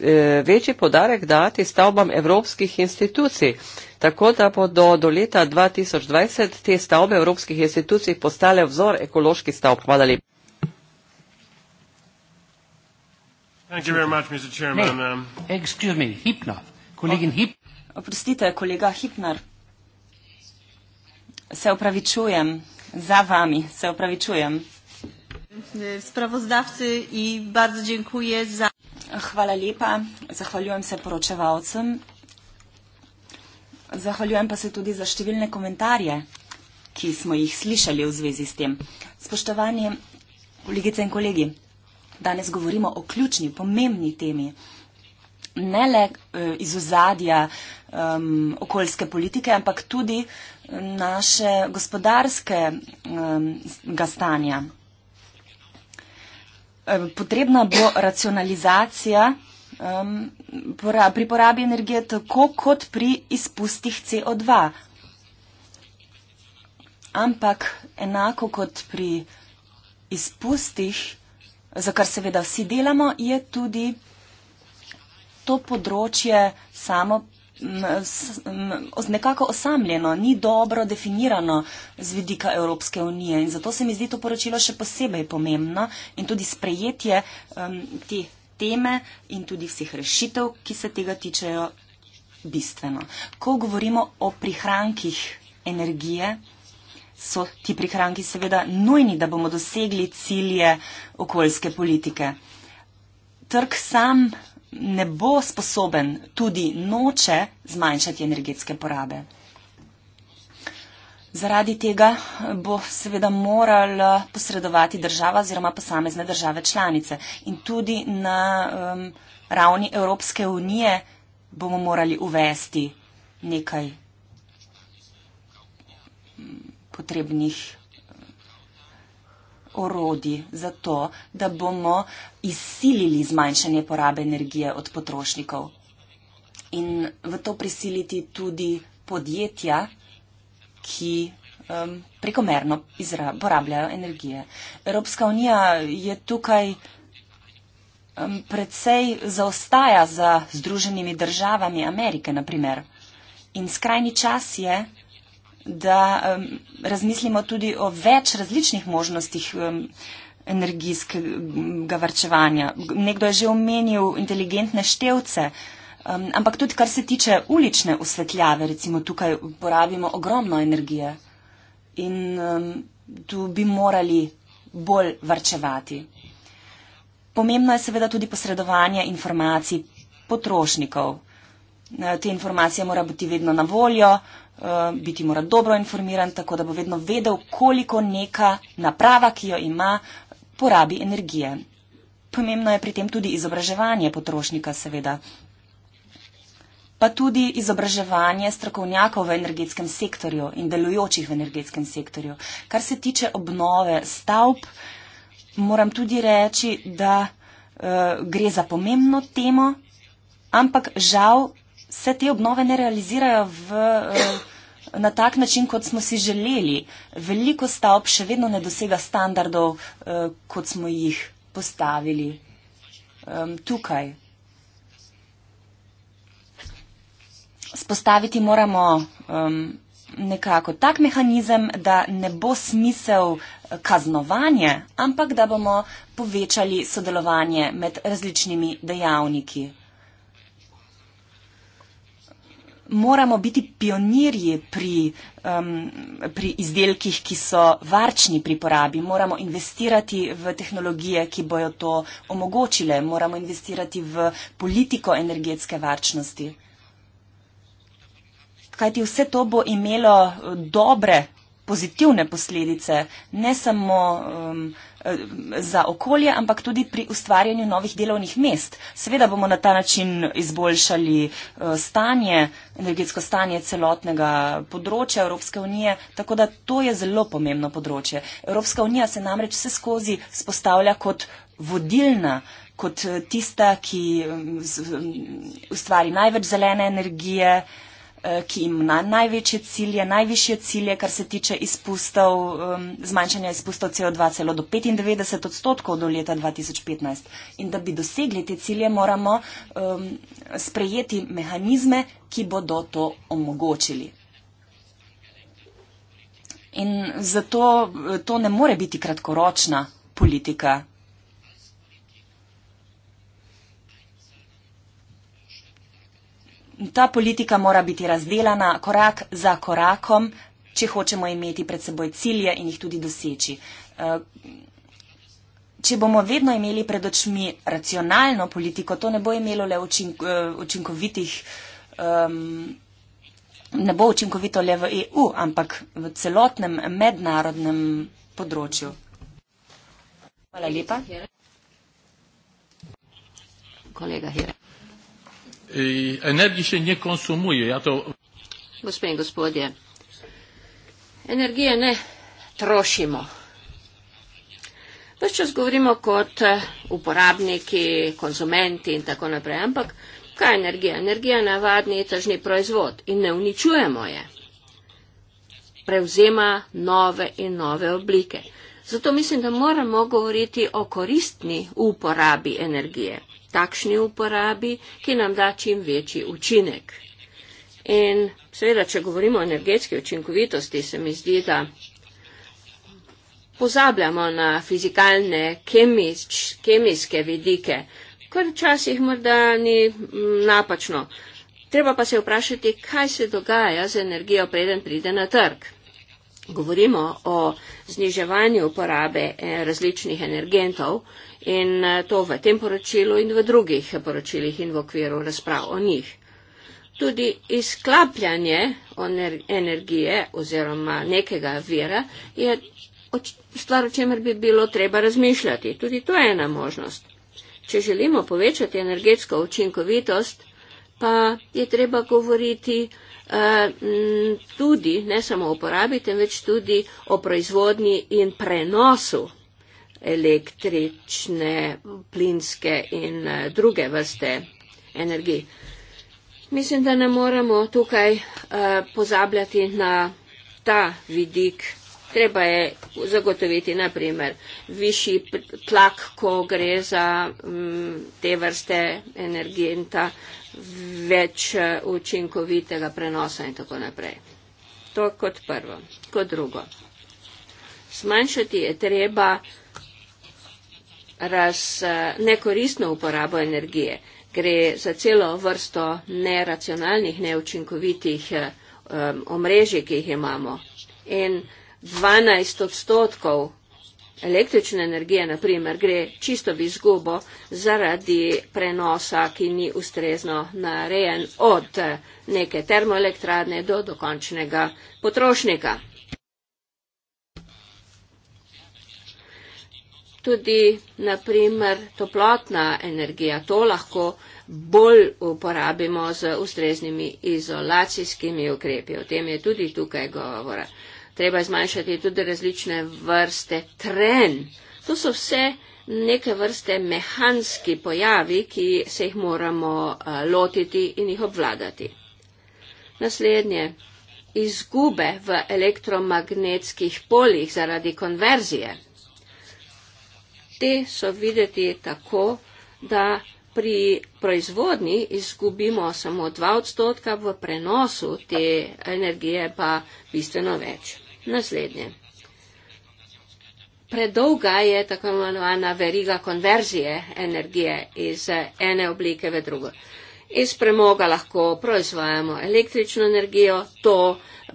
Eh, večji podarek dati stavbam evropskih institucij, tako da bodo do leta 2020 te stavbe evropskih institucij postale vzor ekoloških stavb. Hvala lepa. Thank you very much, Mr. Chairman. Ne, um, excuse me, Hipnar. Kolegin oh. Hipnar. Oprostite, kolega Hipnar. Se opravičujem. Za vami se opravičujem. Spravozdavci i bardzo dziękuję za... Hvala lepa. Zahvaljujem se poročevalcem. Zahvaljujem pa se tudi za številne komentarje, ki smo jih slišali v zvezi s tem. Spoštovanje, kolegice in kolegi, danes govorimo o ključni, pomembni temi. Ne le eh, iz ozadja um, okoljske politike, ampak tudi naše gospodarske um, stanja. Eh, potrebna bo racionalizacija um, pri porabi energije, tako kot pri izpustih CO2. Ampak enako kot pri izpustih, za kar seveda vsi delamo, je tudi to področje samo nekako osamljeno, ni dobro definirano z vidika Evropske unije. In zato se mi zdi to poročilo še posebej pomembno in tudi sprejetje um, te teme in tudi vseh rešitev, ki se tega tičejo, bistveno. Ko govorimo o prihrankih energije, so ti prihranki seveda nujni, da bomo dosegli cilje okoljske politike. Trg sam ne bo sposoben, tudi noče zmanjšati energetske porabe. Zaradi tega bo seveda morala posredovati država oziroma posamezne države članice in tudi na um, ravni Evropske unije bomo morali uvesti nekaj mm, potrebnih uh, orodij za to, da bomo izsilili zmanjšanje porabe energije od potrošnikov in v to prisiliti tudi podjetja, ki um, prekomerno porabljajo energije. Evropska unija je tukaj um, predvsej zaostaja za združenimi državami Amerike, naprimer. In skrajni čas je, da um, razmislimo tudi o več različnih možnostih. Um, energijskega vrčevanja. Nekdo je že omenil inteligentne števce, um, ampak tudi kar se tiče ulične osvetljave, recimo tukaj porabimo ogromno energije in um, tu bi morali bolj vrčevati. Pomembno je seveda tudi posredovanje informacij potrošnikov. Te informacije mora biti vedno na voljo, uh, biti mora dobro informiran, tako da bo vedno vedel, koliko neka naprava, ki jo ima, porabi energije. Pomembno je pri tem tudi izobraževanje potrošnika, seveda. Pa tudi izobraževanje strokovnjakov v energetskem sektorju in delujočih v energetskem sektorju. Kar se tiče obnove stavb, moram tudi reči, da uh, gre za pomembno temo, ampak žal se te obnove ne realizirajo v. Uh, na tak način, kot smo si želeli. Veliko stavb še vedno ne dosega standardov, eh, kot smo jih postavili ehm, tukaj. Spostaviti moramo ehm, nekako tak mehanizem, da ne bo smisel kaznovanje, ampak da bomo povečali sodelovanje med različnimi dejavniki. moramo biti pionirji pri, um, pri izdelkih, ki so varčni pri porabi. Moramo investirati v tehnologije, ki bojo to omogočile. Moramo investirati v politiko energetske varčnosti. Kajti vse to bo imelo dobre pozitivne posledice, ne samo um, eh, za okolje, ampak tudi pri ustvarjanju novih delovnih mest. Seveda bomo na ta način izboljšali eh, stanje, energetsko stanje celotnega področja Evropske unije, tako da to je zelo pomembno področje. Evropska unija se namreč vse skozi spostavlja kot vodilna kot eh, tista, ki ustvari največ zelene energije, Eh, ki jim na največje cilje, najvišje cilje, kar se tiče izpustov, um, zmanjšanja izpustov CO2 celo do 95 odstotkov do leta 2015. In da bi dosegli te cilje, moramo um, sprejeti mehanizme, ki bodo to omogočili. In zato to ne more biti kratkoročna politika ta politika mora biti razdelana korak za korakom, če hočemo imeti pred seboj cilje in jih tudi doseči. Eh, če bomo vedno imeli pred očmi racionalno politiko, to ne bo imelo le eh, učinkovitih, ne bo učinkovito le v EU, ampak v celotnem mednarodnem področju. Hvala lepa. Kolega Hira energije se ne konsumuje. Ja to... Gospe in gospodje, energije ne trošimo. Ves čas govorimo kot eh, uporabniki, konzumenti in tako naprej, ampak kaj je energija? Energija je navadni tržni proizvod in ne uničujemo je. Prevzema nove in nove oblike. Zato mislim, da moramo govoriti o koristni uporabi energije takšni uporabi, ki nam da čim večji učinek. In seveda, če govorimo o energetski učinkovitosti, se mi zdi, da pozabljamo na fizikalne, kemič, kemijske vidike, kar včasih morda ni mm, napačno. Treba pa se vprašati, kaj se dogaja z energijo, preden pride na trg. Govorimo o zniževanju uporabe eh, različnih energentov in eh, to v tem poročilu in v drugih poročilih in v okviru razprav o njih. Tudi izklapljanje energije oziroma nekega vira je stvar, o čemer bi bilo treba razmišljati. Tudi to je ena možnost. Če želimo povečati energetsko učinkovitost, pa je treba govoriti uh, tudi, ne samo o uporabi, temveč tudi o proizvodnji in prenosu električne, plinske in eh, druge vrste energij. Mislim, da ne moramo tukaj eh, pozabljati na ta vidik. Treba je zagotoviti, naprimer, višji tlak, ko gre za mm, te vrste energenta, več eh, učinkovitega prenosa in tako naprej. To kot prvo. Kot drugo. Smanjšati je treba uh, raz, eh, nekoristno uporabo energije. Gre za celo vrsto neracionalnih, neučinkovitih um, omrežij, ki jih imamo. In 12 odstotkov električne energije, naprimer, gre čisto v izgubo zaradi prenosa, ki ni ustrezno narejen od eh, neke termoelektrane do dokončnega potrošnika. tudi naprimer toplotna energija. To lahko bolj uporabimo z ustreznimi izolacijskimi ukrepi. O tem je tudi tukaj govora. Treba zmanjšati tudi različne vrste tren. To so vse neke vrste mehanski pojavi, ki se jih moramo eh, lotiti in jih obvladati. Naslednje. Izgube v elektromagnetskih poljih zaradi konverzije. Te so videti tako, da pri proizvodnji izgubimo samo 2 odstotka, v prenosu te energije pa bistveno več. Naslednje. Predolga je tako imenovana veriga konverzije energije iz ene oblike v drugo. Iz premoga lahko proizvajamo električno energijo, to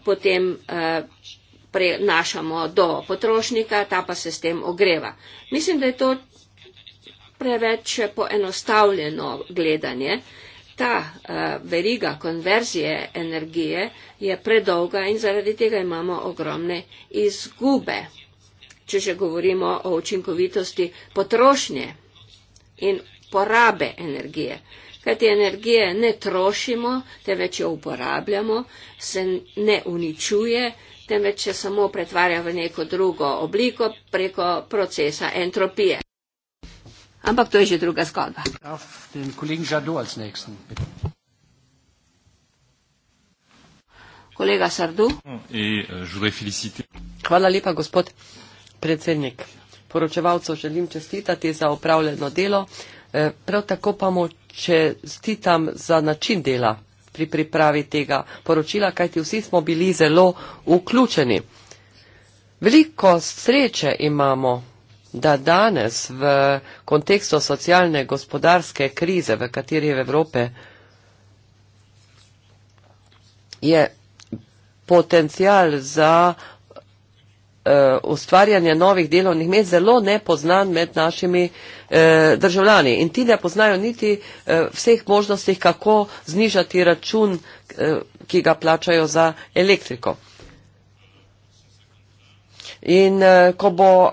potem. Eh, prenašamo do potrošnika, ta pa se s tem ogreva. Mislim, da je to preveč poenostavljeno gledanje. Ta uh, veriga konverzije energije je predolga in zaradi tega imamo ogromne izgube, če že govorimo o učinkovitosti potrošnje in porabe energije. Kaj te energije ne trošimo, te več jo uporabljamo, se ne uničuje, uh, temveč se samo pretvarja v neko drugo obliko preko procesa entropije. Ampak to je že druga zgodba. Kolega Sardu. Eh, eh, Hvala lepa, gospod predsednik. Poročevalcev želim čestitati za opravljeno delo, eh, prav tako pa mu čestitam za način dela pri pripravi tega poročila, kajti vsi smo bili zelo vključeni. Veliko sreče imamo, da danes v kontekstu socialne gospodarske krize, v kateri je v Evrope, je potencial za uh, ustvarjanja novih delovnih mest zelo nepoznan med našimi uh, državljani. In ti ne poznajo niti uh, vseh možnosti, kako znižati račun, uh, ki ga plačajo za elektriko. In uh, ko bo uh,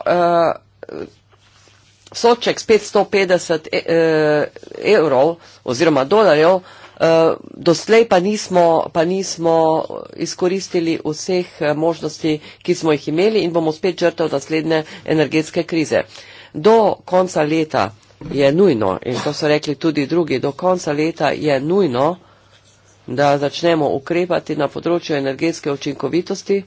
soček s 550 e, uh, evrov oziroma dolarjev, uh, Eh, doslej pa nismo, pa nismo izkoristili vseh eh, možnosti, ki smo jih imeli in bomo spet žrtev naslednje energetske krize. Do konca leta je nujno, in to so rekli tudi drugi, do konca leta je nujno, da začnemo ukrepati na področju energetske učinkovitosti.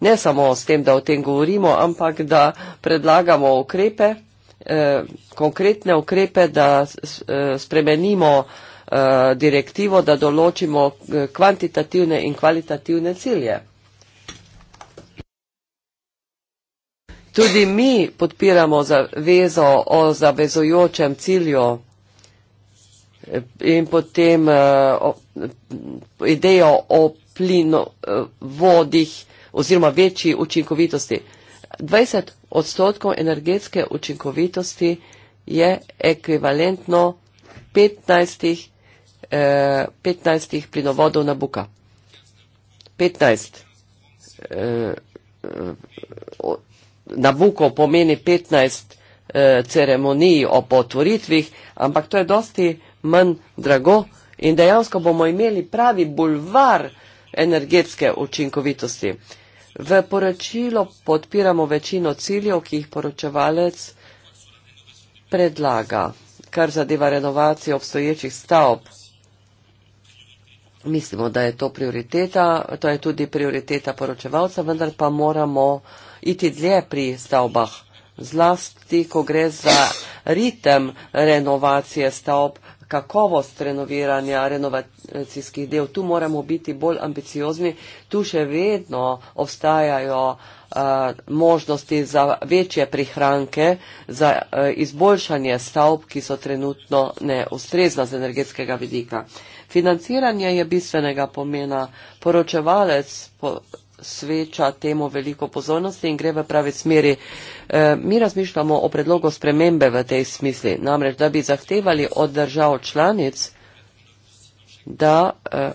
Ne samo s tem, da o tem govorimo, ampak da predlagamo ukrepe, eh, konkretne ukrepe, da eh, spremenimo eh, Eh, direktivo, da določimo eh, kvantitativne in kvalitativne cilje. Tudi mi podpiramo zavezo o zavezojočem cilju eh, in potem idejo o plinovodih oziroma večji učinkovitosti. 20 odstotkov energetske učinkovitosti je ekvivalentno 15 odstotkov 15 eh, plinovodov Nabuka. 15. Eh, eh, Nabuko pomeni 15 ceremonij ob otvoritvih, ampak to je dosti manj drago in dejansko bomo imeli pravi bulvar energetske učinkovitosti. V poročilo podpiramo večino ciljev, ki jih poročevalec predlaga, kar zadeva renovacijo obstoječih stavb mislimo, da je to prioriteta, to je tudi prioriteta poročevalca, vendar pa moramo iti dlje pri stavbah. Zlasti, ko gre za ritem renovacije stavb, kakovost renoviranja renovacijskih del, tu moramo biti bolj ambiciozni, tu še vedno obstajajo uh, možnosti za večje prihranke, za uh, izboljšanje stavb, ki so trenutno neustrezna z energetskega vidika. Uh, Financiranje je bistvenega pomena. Poročevalec po sveča temu veliko pozornosti in gre v pravi smeri. E, mi razmišljamo o predlogu spremembe v tej smisli, namreč, da bi zahtevali od držav članic, da e,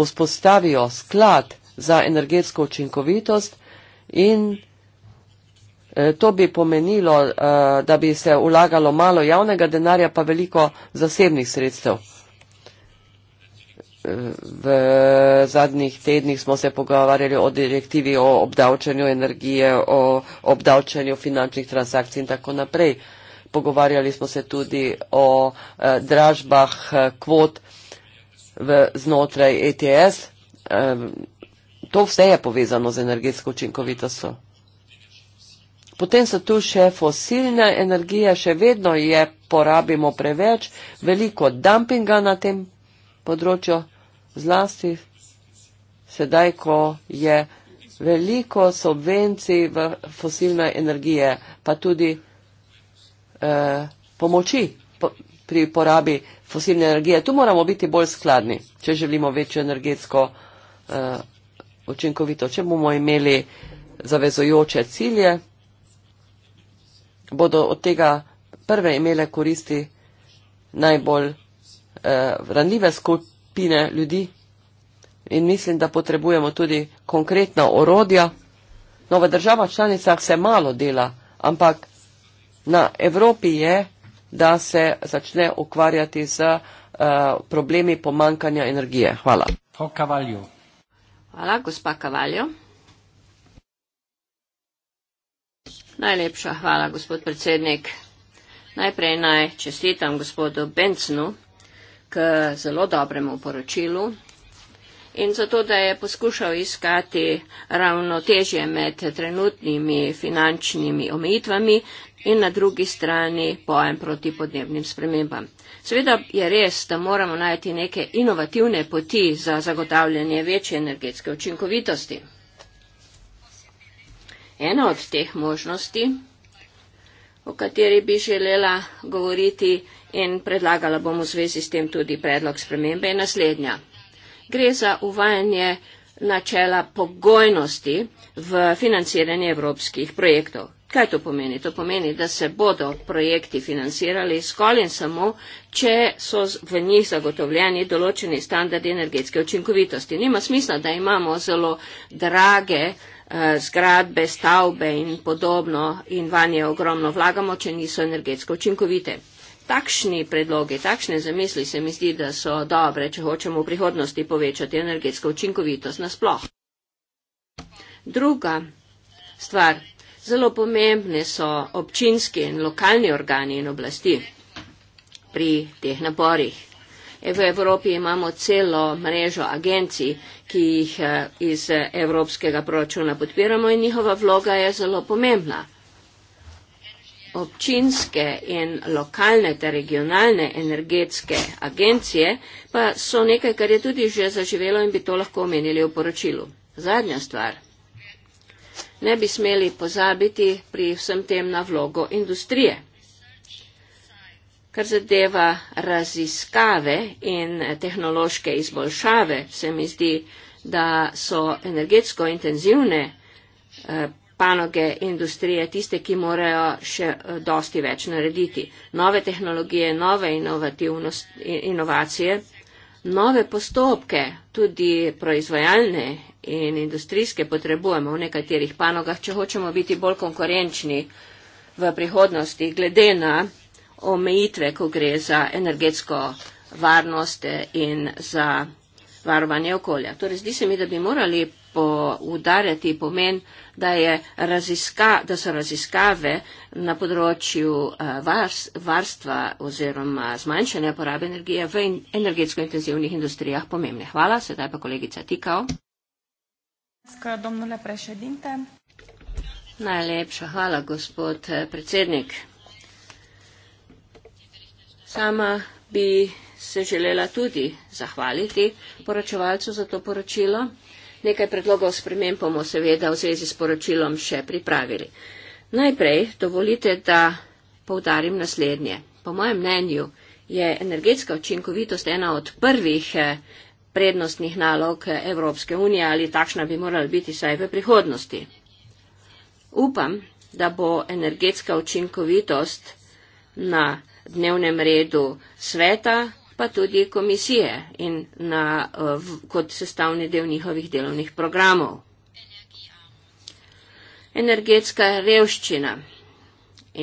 vzpostavijo sklad za energetsko učinkovitost in e, to bi pomenilo, e, da bi se ulagalo malo javnega denarja, pa veliko zasebnih sredstev v zadnjih tednih smo se pogovarjali o direktivi o obdavčanju energije, o obdavčanju finančnih transakcij in tako naprej. Pogovarjali smo se tudi o eh, dražbah eh, kvot v znotraj ETS. To vse je povezano z energetsko učinkovitostjo. Potem so tu še fosilne energije, še vedno je porabimo preveč, veliko dumpinga na tem področju zlasti sedaj, ko je veliko subvencij v fosilne energije, pa tudi eh, pomoči po, pri porabi fosilne energije. Tu moramo biti bolj skladni, če želimo večjo energetsko eh, učinkovito. Če bomo imeli zavezojoče cilje, bodo od tega prve imele koristi najbolj eh, ranljive skupine skupine ljudi. In mislim, da potrebujemo tudi konkretna orodja. No, v državah članicah se malo dela, ampak na Evropi je, da se začne ukvarjati z uh, problemi pomankanja energije. Hvala. Po kavalju. Hvala, gospa Kavaljo. Najlepša hvala, gospod predsednik. Najprej naj čestitam gospodu Bencnu k zelo dobremu poročilu in zato, da je poskušal iskati ravnotežje med trenutnimi finančnimi omejitvami in na drugi strani pojem proti podnebnim spremembam. Seveda je res, da moramo najti neke inovativne poti za zagotavljanje večje energetske učinkovitosti. Ena od teh možnosti, o kateri bi želela govoriti, in predlagala bom v zvezi s tem tudi predlog spremembe in naslednja. Gre za uvajanje načela pogojnosti v financiranje evropskih projektov. Kaj to pomeni? To pomeni, da se bodo projekti financirali skolj in samo, če so v njih zagotovljeni določeni standardi energetske učinkovitosti. Nima smisla, da imamo zelo drage eh, zgradbe, stavbe in podobno in vanje ogromno vlagamo, če niso energetsko učinkovite takšni predlogi, takšne zamisli se mi zdi, da so dobre, če hočemo v prihodnosti povečati energetsko učinkovitost nasploh. Druga stvar. Zelo pomembne so občinski in lokalni organi in oblasti pri teh naporih. E, v Evropi imamo celo mrežo agencij, ki jih eh, iz eh, evropskega proračuna podpiramo in njihova vloga je zelo pomembna občinske in lokalne ter regionalne energetske agencije pa so nekaj, kar je tudi že zaživelo in bi to lahko omenili v poročilu. Zadnja stvar. Ne bi smeli pozabiti pri vsem tem na vlogo industrije kar zadeva raziskave in tehnološke izboljšave, se mi zdi, da so energetsko intenzivne eh, panoge industrije, tiste, ki morajo še eh, dosti več narediti. Nove tehnologije, nove inovacije, nove postopke, tudi proizvajalne in industrijske potrebujemo v nekaterih panogah, če hočemo biti bolj konkurenčni v prihodnosti, glede na omejitve, ko gre za energetsko varnost eh, in za varovanje okolja. Torej, zdi se mi, da bi morali poudarjati pomen, da, raziska, da so raziskave na področju eh, varstva oziroma zmanjšanja porabe energije v energetsko intenzivnih industrijah pomembne. Hvala, sedaj pa kolegica Tikao. Najlepša hvala, gospod eh, predsednik. Sama bi se želela tudi zahvaliti poročevalcu za to poročilo. Nekaj predlogov sprememb bomo seveda v zvezi s poročilom še pripravili. Najprej dovolite, da povdarim naslednje. Po mojem mnenju je energetska učinkovitost ena od prvih eh, prednostnih nalog Evropske unije ali takšna bi morala biti saj v prihodnosti. Upam, da bo energetska učinkovitost na dnevnem redu sveta pa tudi komisije in na, eh, v, kot sestavni del njihovih delovnih programov. Energetska revščina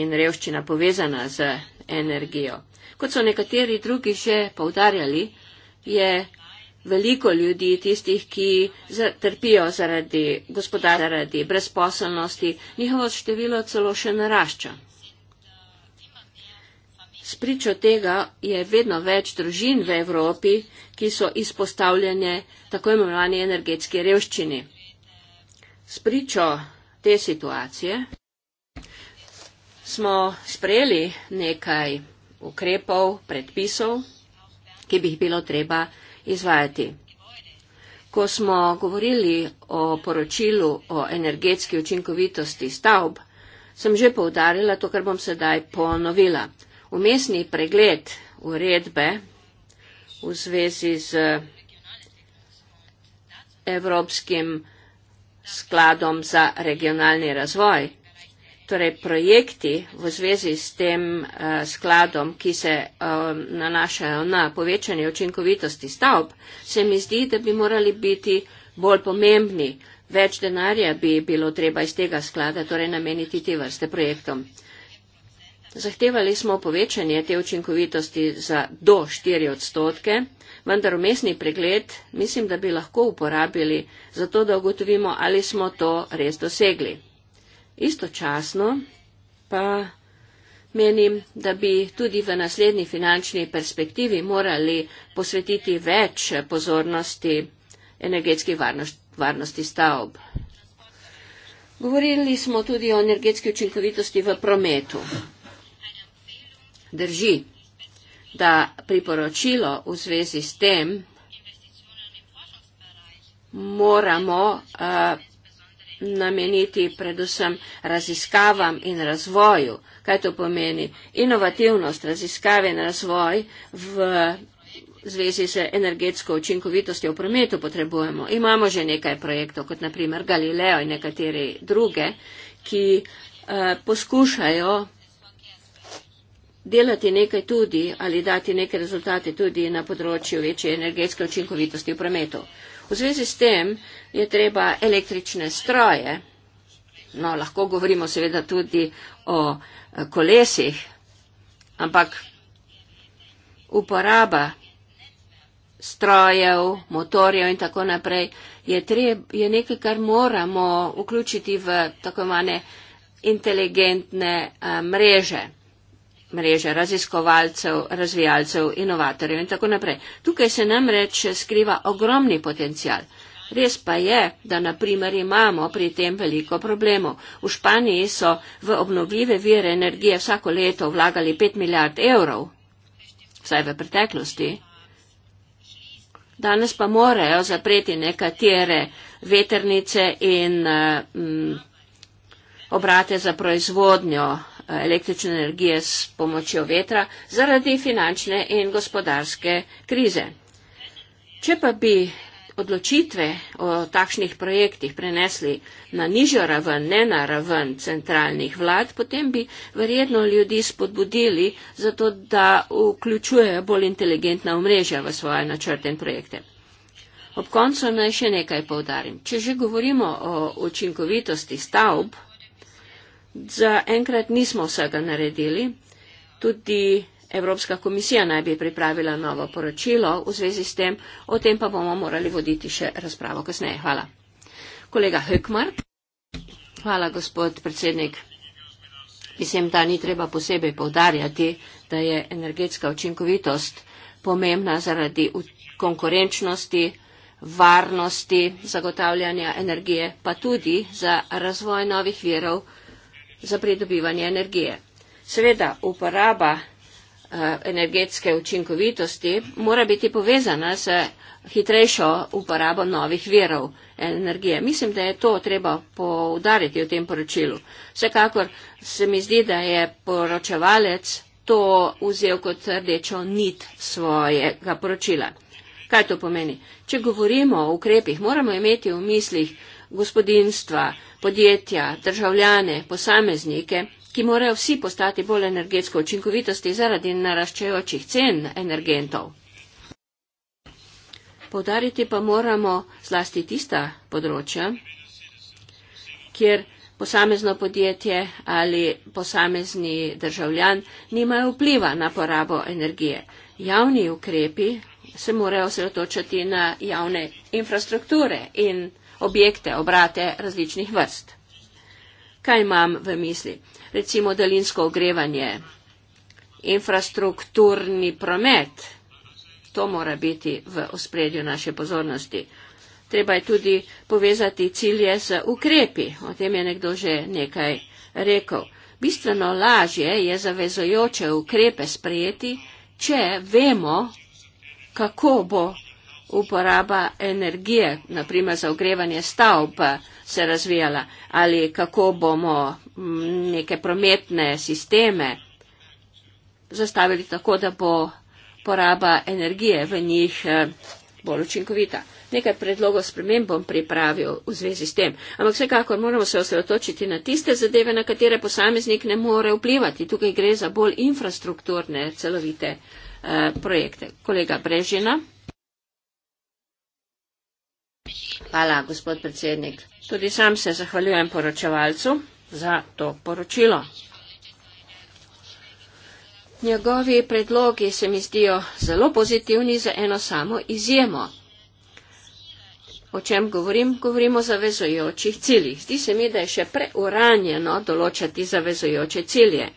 in revščina povezana z energijo. Kot so nekateri drugi že povdarjali, je veliko ljudi, tistih, ki trpijo zaradi gospodarja, zaradi brezposelnosti, njihovo število celo še narašča. Spričo tega je vedno več družin v Evropi, ki so izpostavljene tako imenovani energetski revščini. Spričo te situacije smo sprejeli nekaj ukrepov, predpisov, ki bi jih bilo treba izvajati. Ko smo govorili o poročilu o energetski učinkovitosti stavb, sem že poudarila to, kar bom sedaj ponovila. Umestni pregled uredbe v zvezi z Evropskim skladom za regionalni razvoj, torej projekti v zvezi s tem eh, skladom, ki se eh, nanašajo na povečanje učinkovitosti stavb, se mi zdi, da bi morali biti bolj pomembni. Več denarja bi bilo treba iz tega sklada, torej nameniti te vrste projektom. Zahtevali smo povečanje te učinkovitosti za do 4 odstotke, vendar umestni pregled mislim, da bi lahko uporabili za to, da ugotovimo, ali smo to res dosegli. Istočasno pa menim, da bi tudi v naslednji finančni perspektivi morali posvetiti več pozornosti energetski varnosti stavb. Govorili smo tudi o energetski učinkovitosti v prometu drži, da priporočilo v zvezi s tem moramo uh, nameniti predvsem raziskavam in razvoju. Kaj to pomeni? Inovativnost, raziskave in razvoj v zvezi z energetsko učinkovitostjo v prometu potrebujemo. Imamo že nekaj projektov, kot naprimer Galileo in nekateri druge, ki uh, poskušajo delati nekaj tudi ali dati neke rezultate tudi na področju večje energetske učinkovitosti v prometu. V zvezi s tem je treba električne stroje, no lahko govorimo seveda tudi o eh, kolesih, ampak uporaba strojev, motorjev in tako naprej je, treb, je nekaj, kar moramo vključiti v tako imane inteligentne a, eh, mreže mreže raziskovalcev, razvijalcev, inovatorjev in tako naprej. Tukaj se namreč skriva ogromni potencial. Res pa je, da na primer imamo pri tem veliko problemov. V Španiji so v obnovljive vire energije vsako leto vlagali 5 milijard evrov, vsaj v preteklosti. Danes pa morajo zapreti nekatere veternice in um, obrate za proizvodnjo Eh, električne energije s pomočjo vetra zaradi finančne in gospodarske krize. Če pa bi odločitve o takšnih projektih prenesli na nižjo raven, ne na raven centralnih vlad, potem bi verjetno ljudi spodbudili za to, da vključujejo bolj inteligentna omrežja v svoje načrte in projekte. Ob koncu naj še nekaj povdarim. Če že govorimo o učinkovitosti stavb, Za enkrat nismo vsega naredili. Tudi Evropska komisija naj bi pripravila novo poročilo v zvezi s tem. O tem pa bomo morali voditi še razpravo kasneje. Hvala. Kolega Hökmark. Hvala, gospod predsednik. Mislim, da ni treba posebej povdarjati, da je energetska učinkovitost pomembna zaradi konkurenčnosti, varnosti zagotavljanja energije, pa tudi za razvoj novih verov za pridobivanje energije. Seveda, uporaba eh, energetske učinkovitosti mora biti povezana z hitrejšo uporabo novih verov energije. Mislim, da je to treba poudariti v tem poročilu. Vsekakor se mi zdi, da je poročevalec to vzel kot rdečo nit svojega poročila. Kaj to pomeni? Če govorimo o ukrepih, moramo imeti v mislih, gospodinstva, podjetja, državljane, posameznike, ki morajo vsi postati bolj energetsko učinkovitosti zaradi naraščajočih cen energentov. Povdariti pa moramo zlasti tista področja, kjer posamezno podjetje ali posamezni državljan nimajo vpliva na porabo energije. Javni ukrepi se morajo osredotočati na javne infrastrukture in objekte, obrate različnih vrst. Kaj imam v misli? Recimo daljinsko ogrevanje, infrastrukturni promet. To mora biti v ospredju naše pozornosti. Treba je tudi povezati cilje z ukrepi. O tem je nekdo že nekaj rekel. Bistveno lažje je zavezojoče ukrepe sprejeti, če vemo, kako bo uporaba energije, naprimer za ogrevanje stavb, se razvijala ali kako bomo mm, neke prometne sisteme zastavili tako, da bo poraba energije v njih eh, bolj učinkovita. Nekaj predlogov sprememb bom pripravil v zvezi s tem. Ampak vsekakor moramo se osredotočiti na tiste zadeve, na katere posameznik ne more vplivati. Tukaj gre za bolj infrastrukturne celovite eh, projekte. Kolega Brežina. Hvala, gospod predsednik. Tudi sam se zahvaljujem poročevalcu za to poročilo. Njegovi predlogi se mi zdijo zelo pozitivni za eno samo izjemo. O čem govorim? Govorimo o zavezujočih ciljih. Zdi se mi, da je še preuranjeno določati zavezujoče cilje.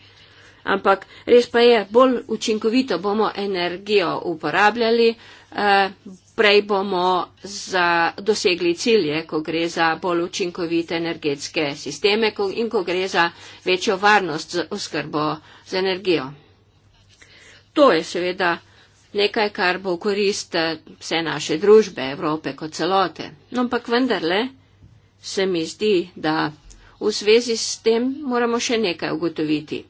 Ampak res pa je, bolj učinkovito bomo energijo uporabljali, eh, prej bomo za, dosegli cilje, ko gre za bolj učinkovite energetske sisteme ko, in ko gre za večjo varnost z oskrbo z energijo. To je seveda nekaj, kar bo v korist eh, vse naše družbe, Evrope kot celote. No, ampak vendarle se mi zdi, da v zvezi s tem moramo še nekaj ugotoviti.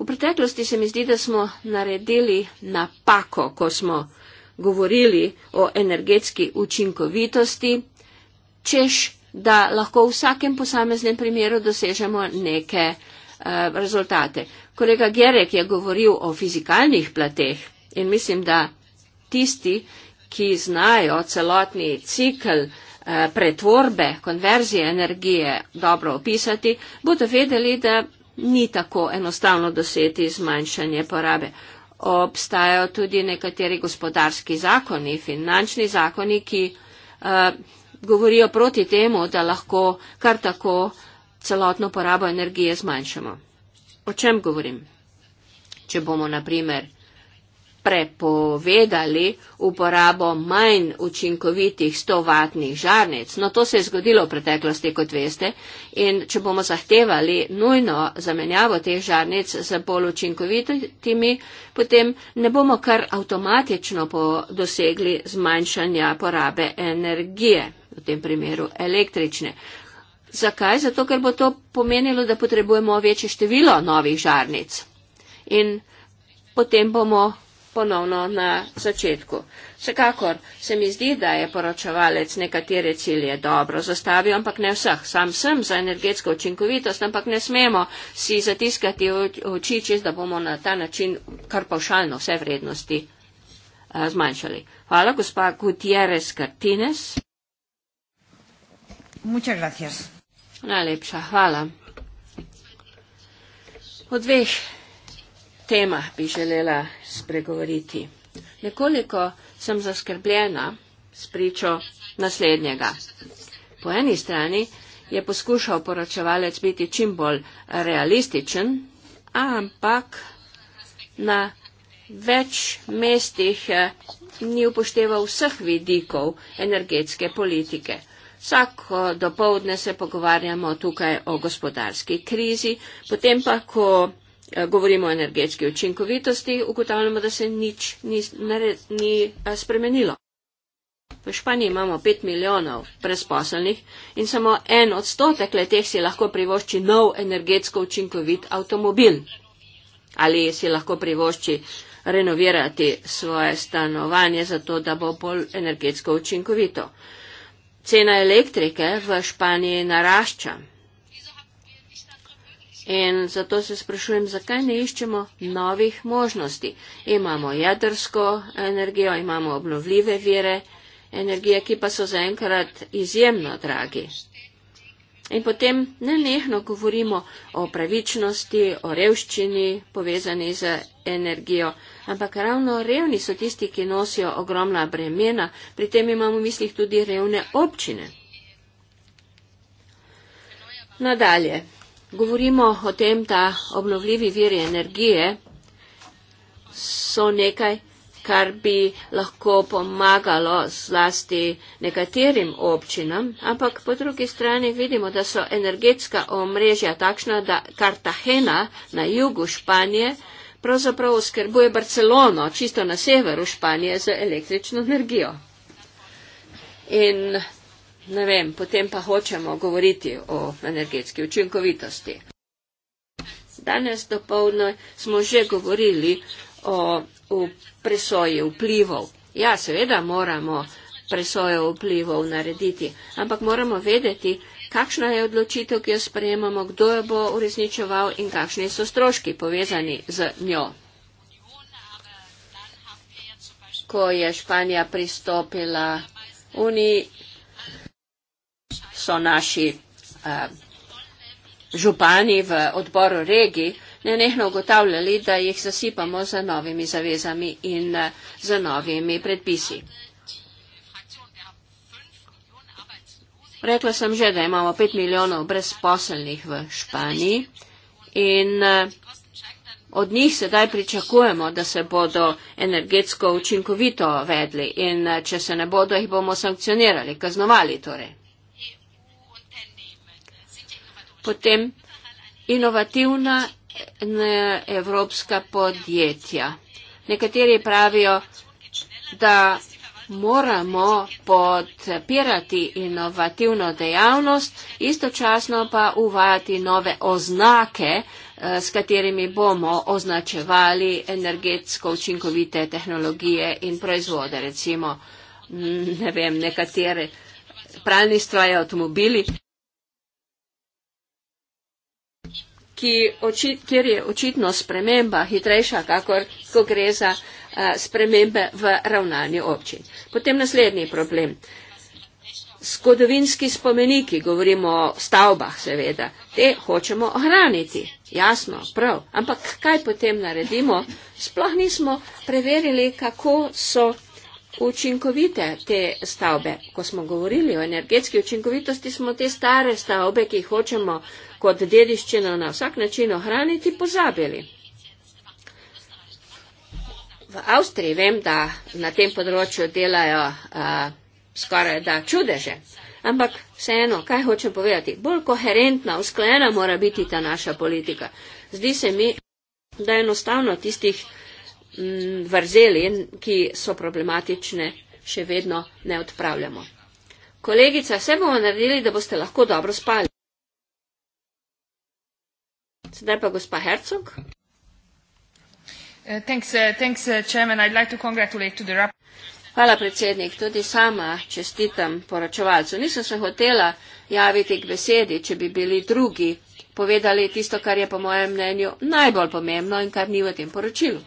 V preteklosti se mi zdi, da smo naredili napako, ko smo govorili o energetski učinkovitosti, češ, da lahko v vsakem posameznem primeru dosežemo neke uh, rezultate. Kolega Gerek je govoril o fizikalnih plateh in mislim, da tisti, ki znajo celotni cikl eh, pretvorbe, konverzije energije dobro opisati, bodo vedeli, da ni tako enostavno doseti zmanjšanje porabe obstajajo tudi nekateri gospodarski zakoni, finančni zakoni, ki eh, govorijo proti temu, da lahko kar tako celotno porabo energije zmanjšamo. O čem govorim? Če bomo, na primer, prepovedali uporabo manj učinkovitih 100-vatnih žarnic. No, to se je zgodilo v preteklosti, kot veste. In če bomo zahtevali nujno zamenjavo teh žarnic z bolj učinkovitimi, potem ne bomo kar avtomatično dosegli zmanjšanja porabe energije, v tem primeru električne. Zakaj? Zato, ker bo to pomenilo, da potrebujemo večje število novih žarnic. In potem bomo ponovno na začetku. Vsekakor se mi zdi, da je poročevalec nekatere cilje dobro zastavil, ampak ne vseh. Sam sem za energetsko učinkovitost, ampak ne smemo si zatiskati oči, čez da bomo na ta način kar pavšalno vse vrednosti a, eh, zmanjšali. Hvala, gospa Gutierrez Cartines. Najlepša hvala. V dveh temah bi želela spregovoriti. Nekoliko sem zaskrbljena s pričo naslednjega. Po eni strani je poskušal poročevalec biti čim bolj realističen, ampak na več mestih eh, ni upošteval vseh vidikov energetske politike. Vsako dopoledne se pogovarjamo tukaj o gospodarski krizi, potem pa, ko Eh, govorimo o energetski učinkovitosti, ugotavljamo, da se nič ni, nared, ni eh, spremenilo. V Španiji imamo 5 milijonov brezposelnih in samo en odstotek le teh si lahko privošči nov energetsko učinkovit avtomobil. Ali si lahko privošči renovirati svoje stanovanje, zato da bo bolj energetsko učinkovito. Cena elektrike v Španiji narašča. In zato se sprašujem, zakaj ne iščemo novih možnosti. Imamo jedrsko energijo, imamo obnovljive vire energije, ki pa so zaenkrat izjemno dragi. In potem ne nehno govorimo o pravičnosti, o revščini povezani z energijo, ampak ravno revni so tisti, ki nosijo ogromna bremena, pri tem imamo v mislih tudi revne občine. Nadalje. Govorimo o tem, da obnovljivi viri energije so nekaj, kar bi lahko pomagalo zlasti nekaterim občinam, ampak po drugi strani vidimo, da so energetska omrežja takšna, da Kartagena na jugu Španije pravzaprav oskrbuje Barcelono, čisto na severu Španije, z električno energijo. In ne vem, potem pa hočemo govoriti o energetski učinkovitosti. Danes dopolno smo že govorili o presoji vplivov. Ja, seveda moramo presojo vplivov narediti, ampak moramo vedeti, kakšna je odločitev, ki jo sprejemamo, kdo jo bo uresničeval in kakšni so stroški povezani z njo. Ko je Španija pristopila Uniji, so naši eh, župani v odboru regi nenehno ugotavljali, da jih zasipamo z za novimi zavezami in eh, z za novimi predpisi. Rekla sem že, da imamo 5 milijonov brezposelnih v Španiji in eh, od njih sedaj pričakujemo, da se bodo energetsko učinkovito vedli in eh, če se ne bodo, jih bomo sankcionirali, kaznovali torej potem inovativna evropska podjetja. Nekateri pravijo, da moramo podpirati inovativno dejavnost, istočasno pa uvajati nove oznake, eh, s katerimi bomo označevali energetsko učinkovite tehnologije in proizvode. Recimo, ne vem, nekatere pralni stroje, avtomobili. ki, očit, kjer je očitno sprememba hitrejša, kakor ko gre za uh, spremembe v ravnanju občin. Potem naslednji problem. Skodovinski spomeniki, govorimo o stavbah seveda, te hočemo ohraniti, jasno, prav, ampak kaj potem naredimo, sploh nismo preverili, kako so učinkovite te stavbe. Ko smo govorili o energetski učinkovitosti, smo te stare stavbe, ki jih hočemo ohraniti, kot dediščino na vsak način ohraniti, pozabili. V Avstriji vem, da na tem področju delajo a, skoraj da čudeže, ampak vseeno, kaj hočem povedati, bolj koherentna, usklajena mora biti ta naša politika. Zdi se mi, da enostavno tistih m, mm, vrzeli, ki so problematične, še vedno ne odpravljamo. Kolegica, vse bomo naredili, da boste lahko dobro spali. Sedaj pa gospa Herzog. Eh, eh, eh, Hvala, predsednik. Tudi sama čestitam poročevalcu. Nisem se hotela javiti k besedi, če bi bili drugi povedali tisto, kar je po mojem mnenju najbolj pomembno in kar ni v tem poročilu.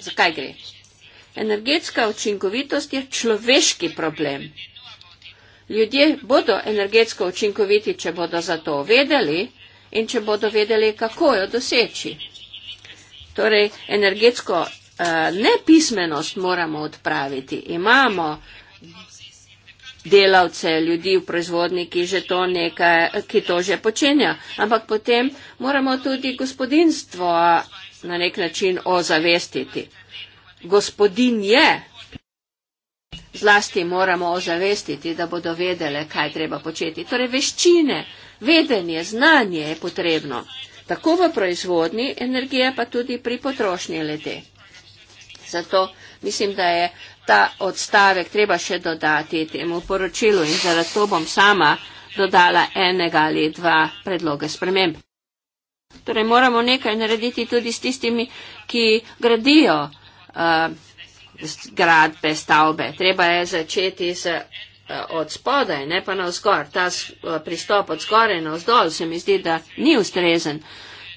Zakaj gre? Energetska učinkovitost je človeški problem. Ljudje bodo energetsko učinkoviti, če bodo za to vedeli in če bodo vedeli, kako jo doseči. Torej, energetsko uh, nepismenost moramo odpraviti. Imamo delavce, ljudi v proizvodni, ki, to nekaj, ki to že počenja, ampak potem moramo tudi gospodinstvo na nek način ozavestiti. Gospodin je. Zlasti moramo ozavestiti, da bodo vedele, kaj treba početi. Torej, veščine Vedenje, znanje je potrebno, tako v proizvodni energije, pa tudi pri potrošnji lede. Zato mislim, da je ta odstavek treba še dodati temu poročilu in zato bom sama dodala enega ali dva predloga sprememb. Torej moramo nekaj narediti tudi s tistimi, ki gradijo uh, gradbe, stavbe. Treba je začeti z Eh, od spodaj, ne pa na vzgor. Ta eh, pristop od zgoraj na vzdolj se mi zdi, da ni ustrezen.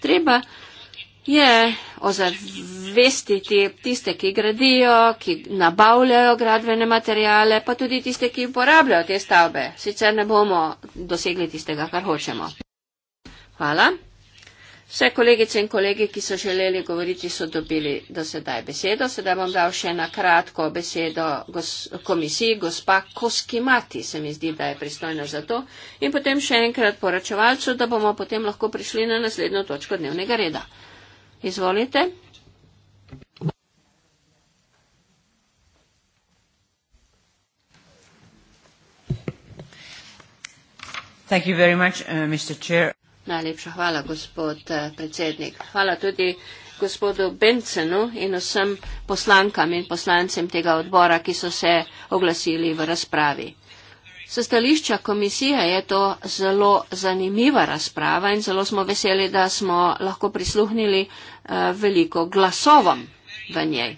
Treba je ozavestiti tiste, ki gradijo, ki nabavljajo gradvene materijale, pa tudi tiste, ki uporabljajo te stavbe. Sicer ne bomo dosegli tistega, kar hočemo. Hvala. Vse kolegice in kolegi, ki so želeli govoriti, so dobili do sedaj besedo. Sedaj bom dal še na kratko besedo gos komisiji, gospa Koskimati, se mi zdi, da je pristojna za to. In potem še enkrat poračevalcu, da bomo potem lahko prišli na naslednjo točko dnevnega reda. Izvolite. Thank you very much, uh, Mr. Chair. Najlepša hvala, gospod eh, predsednik. Hvala tudi gospodu Bencenu in vsem poslankam in poslancem tega odbora, ki so se oglasili v razpravi. Sa stališča komisije je to zelo zanimiva razprava in zelo smo veseli, da smo lahko prisluhnili eh, veliko glasovom v njej.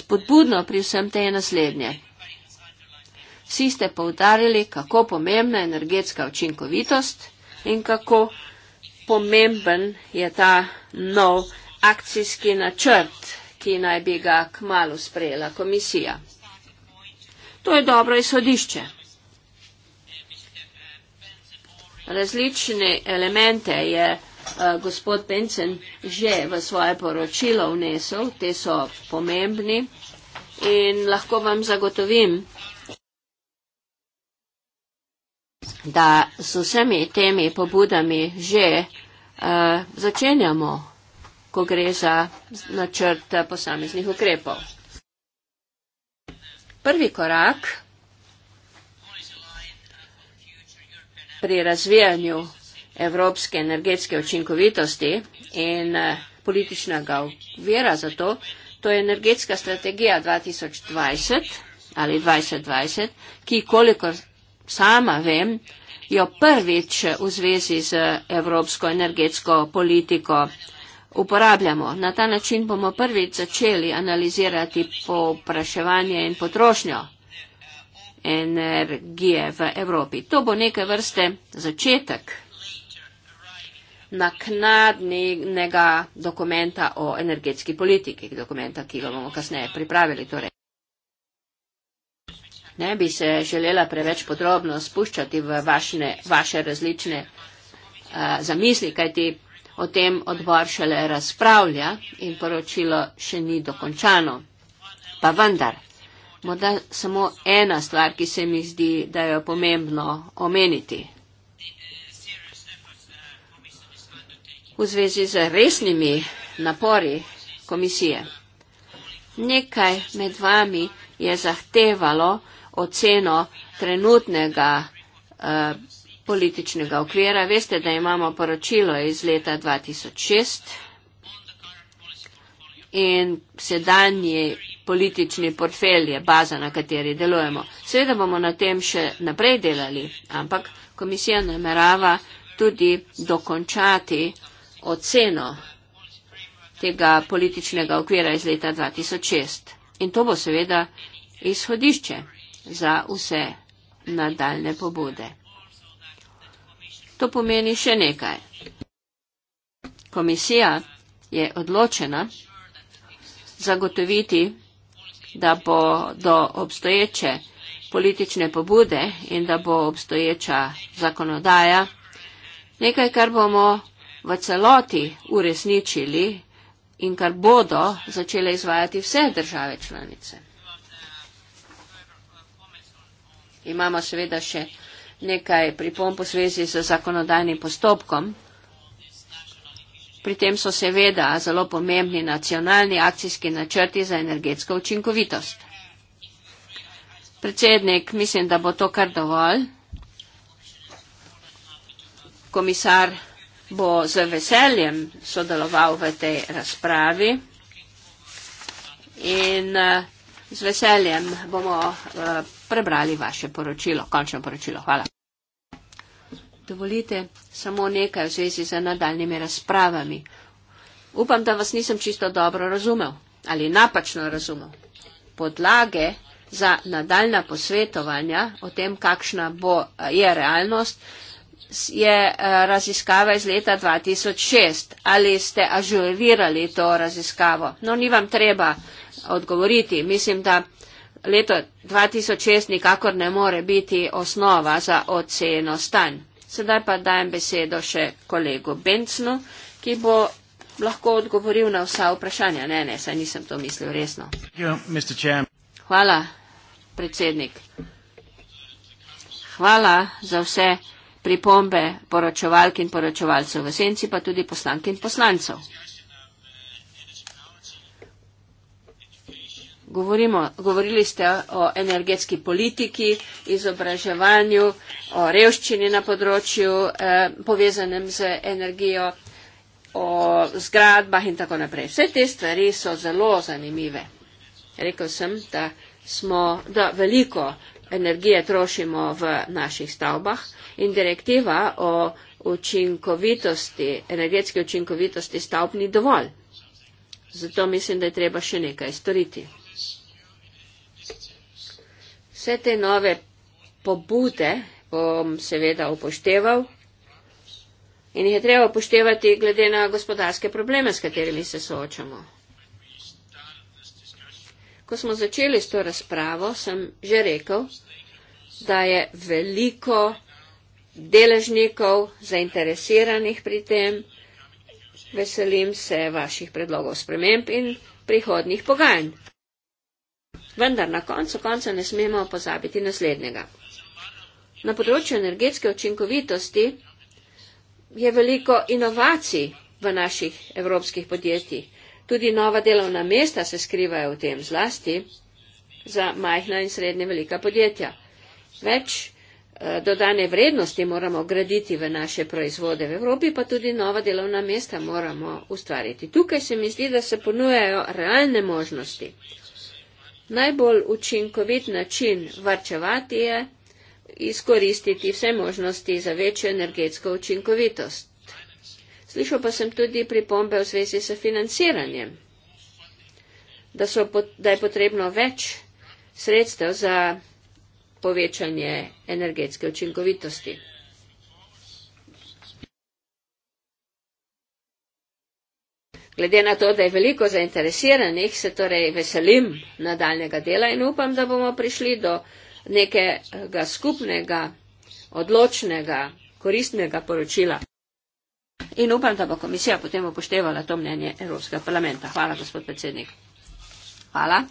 Spodbudno pri vsem te je naslednje. Vsi ste poudarili, kako pomembna je energetska učinkovitost in kako pomemben je ta nov akcijski načrt, ki naj bi ga kmalo sprejela komisija. To je dobro izhodišče. Različne elemente je eh, gospod Pencen že v svoje poročilo vnesel, te so pomembni in lahko vam zagotovim, da s vsemi temi pobudami že uh, začenjamo, ko gre za načrt posameznih ukrepov. Prvi korak pri razvijanju evropske energetske učinkovitosti in eh, političnega vira za to, to je energetska strategija 2020 ali 2020, ki kolikor sama vem, jo prvič v zvezi z evropsko energetsko politiko uporabljamo. Na ta način bomo prvič začeli analizirati popraševanje in potrošnjo energije v Evropi. To bo neke vrste začetek naknadnega dokumenta o energetski politiki, dokumenta, ki ga bomo kasneje pripravili. Torej ne bi se želela preveč podrobno spuščati v vašne, vaše različne uh, zamisli, kajti o tem odbor šele razpravlja in poročilo še ni dokončano. Pa vendar, morda samo ena stvar, ki se mi zdi, da jo je pomembno omeniti. V zvezi z resnimi napori komisije. Nekaj med vami je zahtevalo, oceno trenutnega uh, političnega okvira. Veste, da imamo poročilo iz leta 2006 in sedanji politični portfelj je baza, na kateri delujemo. Seveda bomo na tem še naprej delali, ampak komisija namerava tudi dokončati oceno tega političnega okvira iz leta 2006. In to bo seveda izhodišče za vse nadaljne pobude. To pomeni še nekaj. Komisija je odločena zagotoviti, da bo do obstoječe politične pobude in da bo obstoječa zakonodaja nekaj, kar bomo v celoti uresničili in kar bodo začele izvajati vse države članice. imamo seveda še nekaj pripom po svezi z zakonodajnim postopkom. Pri tem so seveda zelo pomembni nacionalni akcijski načrti za energetsko učinkovitost. Predsednik, mislim, da bo to kar dovolj. Komisar bo z veseljem sodeloval v tej razpravi in eh, z veseljem bomo eh, prebrali vaše poročilo, končno poročilo. Hvala. Dovolite samo nekaj v zvezi z nadaljnimi razpravami. Upam, da vas nisem čisto dobro razumel ali napačno razumel. Podlage za nadaljna posvetovanja o tem, kakšna bo, je realnost, je eh, raziskava iz leta 2006. Ali ste ažurirali to raziskavo? No, ni vam treba odgovoriti. Mislim, da leto 2006 nikakor ne more biti osnova za oceno stanj. Sedaj pa dajem besedo še kolegu Bencnu, ki bo lahko odgovoril na vsa vprašanja. Ne, ne, saj nisem to mislil resno. Hvala, predsednik. Hvala za vse pripombe poročevalk in poročevalcev v senci, pa tudi poslank in poslancov. Govorimo, govorili ste o energetski politiki, izobraževanju, o revščini na področju eh, povezanem z energijo, o zgradbah in tako naprej. Vse te stvari so zelo zanimive. Rekel sem, da, smo, da veliko energije trošimo v naših stavbah in direktiva o učinkovitosti, energetski učinkovitosti stavb ni dovolj. Zato mislim, da je treba še nekaj storiti. Vse te nove pobude bom seveda upošteval in jih je treba upoštevati glede na gospodarske probleme, s katerimi se soočamo. Ko smo začeli s to razpravo, sem že rekel, da je veliko deležnikov zainteresiranih pri tem. Veselim se vaših predlogov sprememb in prihodnih pogajanj vendar na koncu konca ne smemo pozabiti naslednjega. Na področju energetske učinkovitosti je veliko inovacij v naših evropskih podjetjih. Tudi nova delovna mesta se skrivajo v tem zlasti za majhna in srednje velika podjetja. Več eh, dodane vrednosti moramo graditi v naše proizvode v Evropi, pa tudi nova delovna mesta moramo ustvariti. Tukaj se mi zdi, da se ponujajo realne možnosti. Najbolj učinkovit način varčevati je izkoristiti vse možnosti za večjo energetsko učinkovitost. Slišal pa sem tudi pripombe v zvezi s financiranjem, da, so, da je potrebno več sredstev za povečanje energetske učinkovitosti. Glede na to, da je veliko zainteresiranih, se torej veselim nadaljnega dela in upam, da bomo prišli do nekega skupnega, odločnega, koristnega poročila. In upam, da bo komisija potem upoštevala to mnenje Evropskega parlamenta. Hvala, gospod predsednik. Hvala.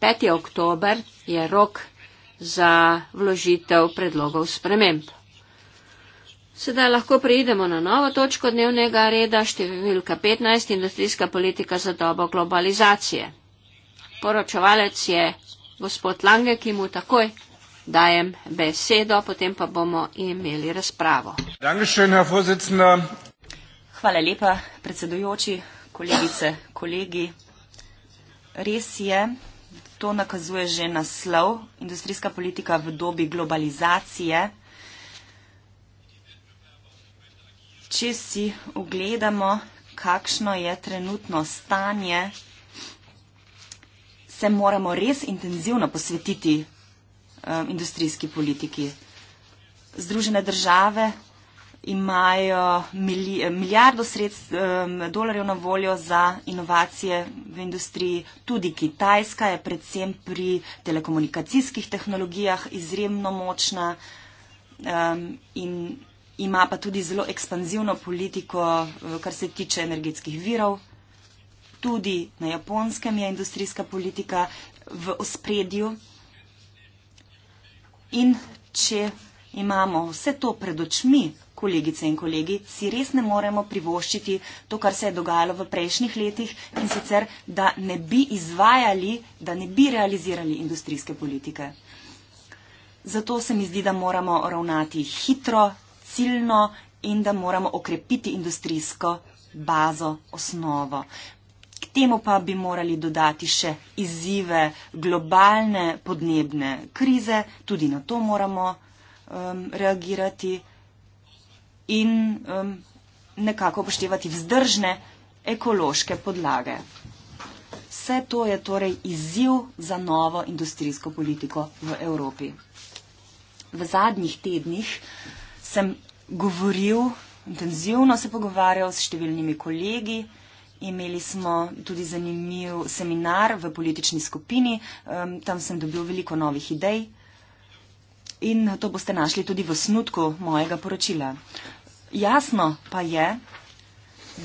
5. oktober je rok za vložitev predlogov sprememb. Sedaj lahko preidemo na novo točko dnevnega reda, številka 15, industrijska politika za dobo globalizacije. Poročevalec je gospod Lange, ki mu takoj dajem besedo, potem pa bomo imeli razpravo. Hvala lepa, predsedujoči, kolegice, kolegi. Res je, to nakazuje že naslov, industrijska politika v dobi globalizacije. če si ogledamo, kakšno je trenutno stanje, se moramo res intenzivno posvetiti um, industrijski politiki. Združene države imajo eh, milijardo sredstv, um, eh, dolarjev na voljo za inovacije v industriji. Tudi Kitajska je predvsem pri telekomunikacijskih tehnologijah izjemno močna um, in ima pa tudi zelo ekspanzivno politiko, eh, kar se tiče energetskih virov. Tudi na japonskem je industrijska politika v ospredju. In če imamo vse to pred očmi, kolegice in kolegi, si res ne moremo privoščiti to, kar se je dogajalo v prejšnjih letih in sicer, da ne bi izvajali, da ne bi realizirali industrijske politike. Zato se mi zdi, da moramo ravnati hitro, silno in da moramo okrepiti industrijsko bazo, osnovo. K temu pa bi morali dodati še izzive globalne podnebne krize, tudi na to moramo um, reagirati in um, nekako upoštevati vzdržne ekološke podlage. Vse to je torej izziv za novo industrijsko politiko v Evropi. V zadnjih tednih sem govoril, intenzivno se pogovarjal s številnimi kolegi. Imeli smo tudi zanimiv seminar v politični skupini, tam sem dobil veliko novih idej in to boste našli tudi v snutku mojega poročila. Jasno pa je,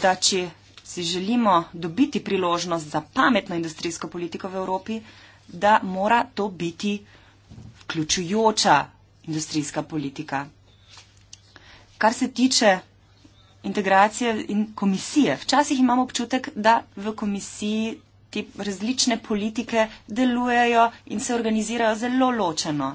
da če si želimo dobiti priložnost za pametno industrijsko politiko v Evropi, da mora to biti vključujoča industrijska politika kar se tiče integracije in komisije. Včasih imamo občutek, da v komisiji te različne politike delujejo in se organizirajo zelo ločeno.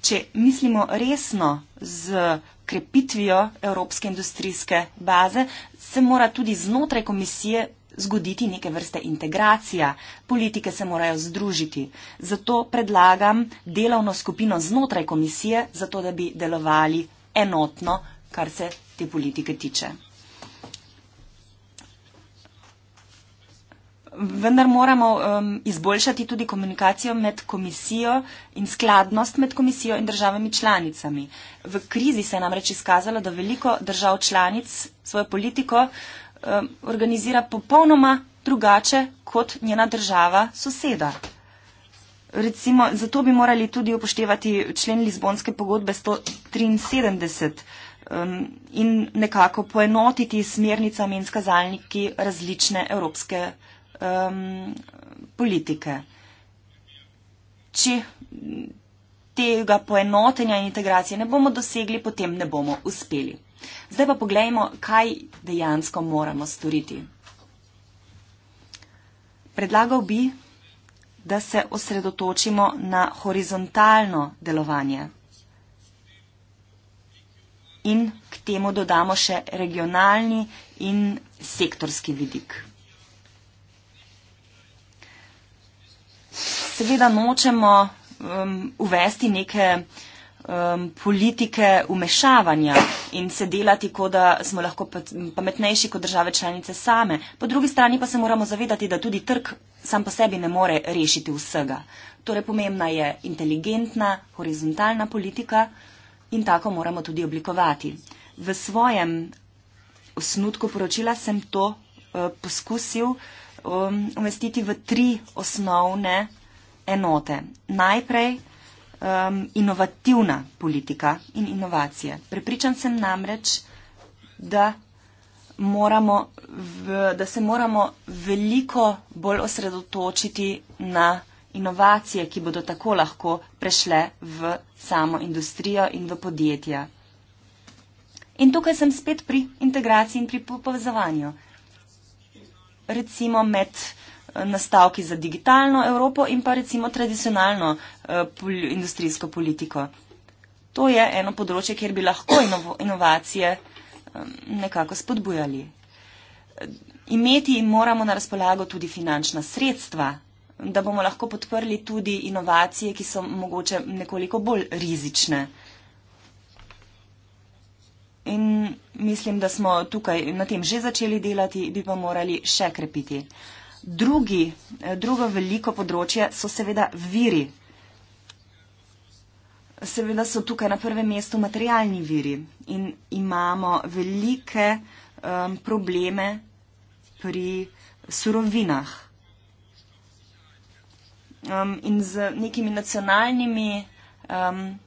Če mislimo resno z krepitvijo evropske industrijske baze, se mora tudi znotraj komisije zgoditi neke vrste integracija. Politike se morajo združiti. Zato predlagam delovno skupino znotraj komisije, zato da bi delovali enotno kar se te politike tiče. Vendar moramo um, izboljšati tudi komunikacijo med komisijo in skladnost med komisijo in državami članicami. V krizi se je namreč izkazalo, da veliko držav članic svojo politiko um, organizira popolnoma drugače kot njena država soseda. Recimo, zato bi morali tudi upoštevati člen Lizbonske pogodbe 173 Um, in nekako poenotiti s smernicami in skazalniki različne evropske um, politike. Če tega poenotenja in integracije ne bomo dosegli, potem ne bomo uspeli. Zdaj pa pogledajmo, kaj dejansko moramo storiti. Predlagal bi, da se osredotočimo na horizontalno delovanje in k temu dodamo še regionalni in sektorski vidik. Seveda nočemo um, uvesti neke um, politike umešavanja in se delati, kot da smo lahko pametnejši kot države članice same. Po drugi strani pa se moramo zavedati, da tudi trg sam po sebi ne more rešiti vsega. Torej pomembna je inteligentna, horizontalna politika in tako moramo tudi oblikovati. V svojem osnutku poročila sem to uh, poskusil um, umestiti v tri osnovne enote. Najprej um, inovativna politika in inovacije. Prepričan sem namreč, da, moramo v, da se moramo veliko bolj osredotočiti na inovacije, ki bodo tako lahko prešle v samo industrijo in v podjetja. In tukaj sem spet pri integraciji in pri povezovanju. Recimo med eh, nastavki za digitalno Evropo in pa recimo tradicionalno eh, industrijsko politiko. To je eno področje, kjer bi lahko inovacije nekako spodbujali. Imeti moramo na razpolago tudi finančna sredstva da bomo lahko podprli tudi inovacije, ki so mogoče nekoliko bolj rizične. In mislim, da smo tukaj na tem že začeli delati, bi pa morali še krepiti. Drugi, eh, drugo veliko področje so seveda viri. Seveda so tukaj na prvem mestu materialni viri in imamo velike um, probleme pri surovinah um, in z nekimi nacionalnimi um,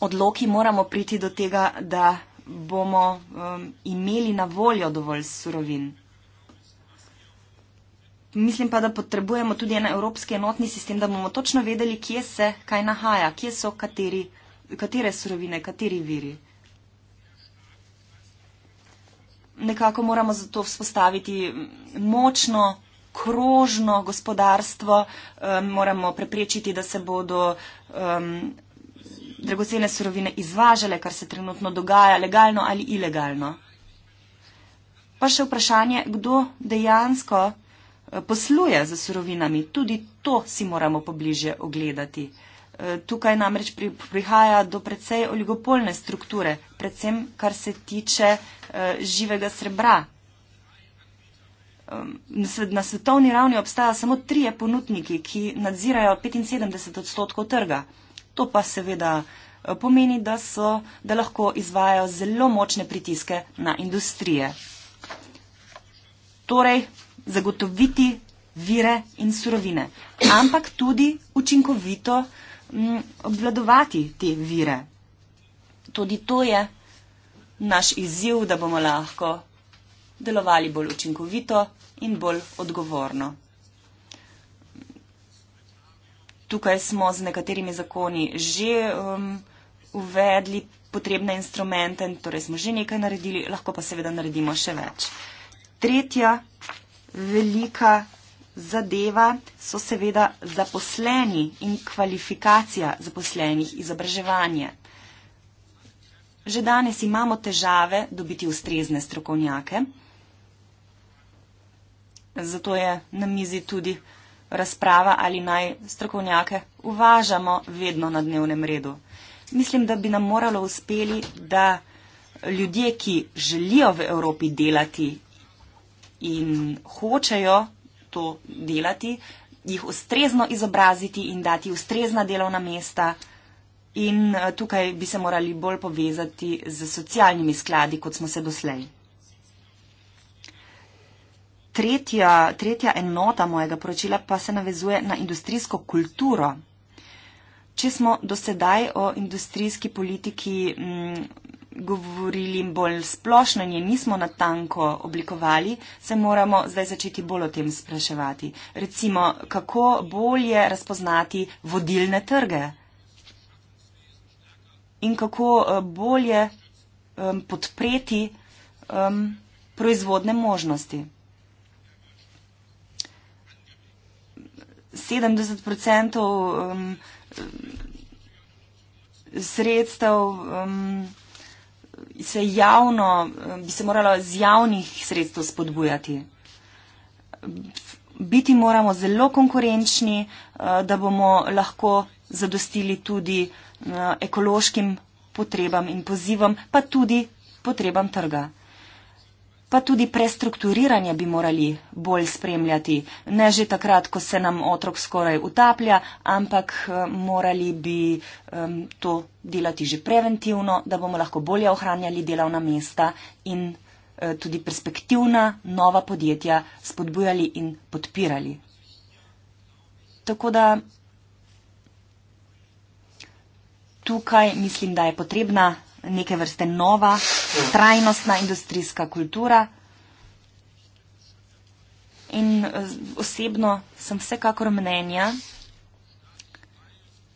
odloki moramo priti do tega, da bomo um, imeli na voljo dovolj surovin. Mislim pa, da potrebujemo tudi en evropski enotni sistem, da bomo točno vedeli, kje se kaj nahaja, kje so kateri, katere surovine, kateri viri. Nekako moramo zato vzpostaviti močno krožno gospodarstvo, um, moramo preprečiti, da se bodo um, dragocene surovine izvažale, kar se trenutno dogaja, legalno ali ilegalno. Pa še vprašanje, kdo dejansko eh, posluje za surovinami. Tudi to si moramo pobliže ogledati. Eh, tukaj namreč prihaja do precej oligopolne strukture, predvsem kar se tiče eh, živega srebra, Um, na svetovni ravni obstaja samo trije ponudniki, ki nadzirajo 75 odstotkov trga. To pa seveda eh, pomeni, da, so, da lahko izvajajo zelo močne pritiske na industrije. Torej, zagotoviti vire in surovine, ampak tudi učinkovito m, mm, obvladovati te vire. Tudi to je naš izziv, da bomo lahko delovali bolj učinkovito in bolj odgovorno. Tukaj smo z nekaterimi zakoni že um, uvedli potrebne instrumente, torej smo že nekaj naredili, lahko pa seveda naredimo še več. Tretja velika zadeva so seveda zaposleni in kvalifikacija zaposlenih izobraževanje. Že danes imamo težave dobiti ustrezne strokovnjake. Zato je na mizi tudi razprava, ali naj strokovnjake uvažamo vedno na dnevnem redu. Mislim, da bi nam moralo uspeti, da ljudje, ki želijo v Evropi delati in hočejo to delati, jih ustrezno izobraziti in dati ustrezna delovna mesta. In eh, tukaj bi se morali bolj povezati z socialnimi skladi, kot smo se doslej tretja, tretja enota mojega poročila pa se navezuje na industrijsko kulturo. Če smo do sedaj o industrijski politiki m, mm, govorili bolj splošno in je nismo natanko oblikovali, se moramo zdaj začeti bolj o tem spraševati. Recimo, kako bolje razpoznati vodilne trge in kako eh, bolje um, podpreti um, proizvodne možnosti. 70 odstotkov um, sredstev um, se javno, um, bi se moralo z javnih sredstev spodbujati. Biti moramo zelo konkurenčni, uh, da bomo lahko zadostili tudi uh, ekološkim potrebam in pozivam, pa tudi potrebam trga pa tudi prestrukturiranje bi morali bolj spremljati. Ne že takrat, ko se nam otrok skoraj utaplja, ampak eh, morali bi um, to delati že preventivno, da bomo lahko bolje ohranjali delavna mesta in uh, tudi perspektivna nova podjetja spodbujali in podpirali. Tako da tukaj mislim, da je potrebna neke vrste nova, trajnostna industrijska kultura. In eh, osebno sem vsekakor mnenja,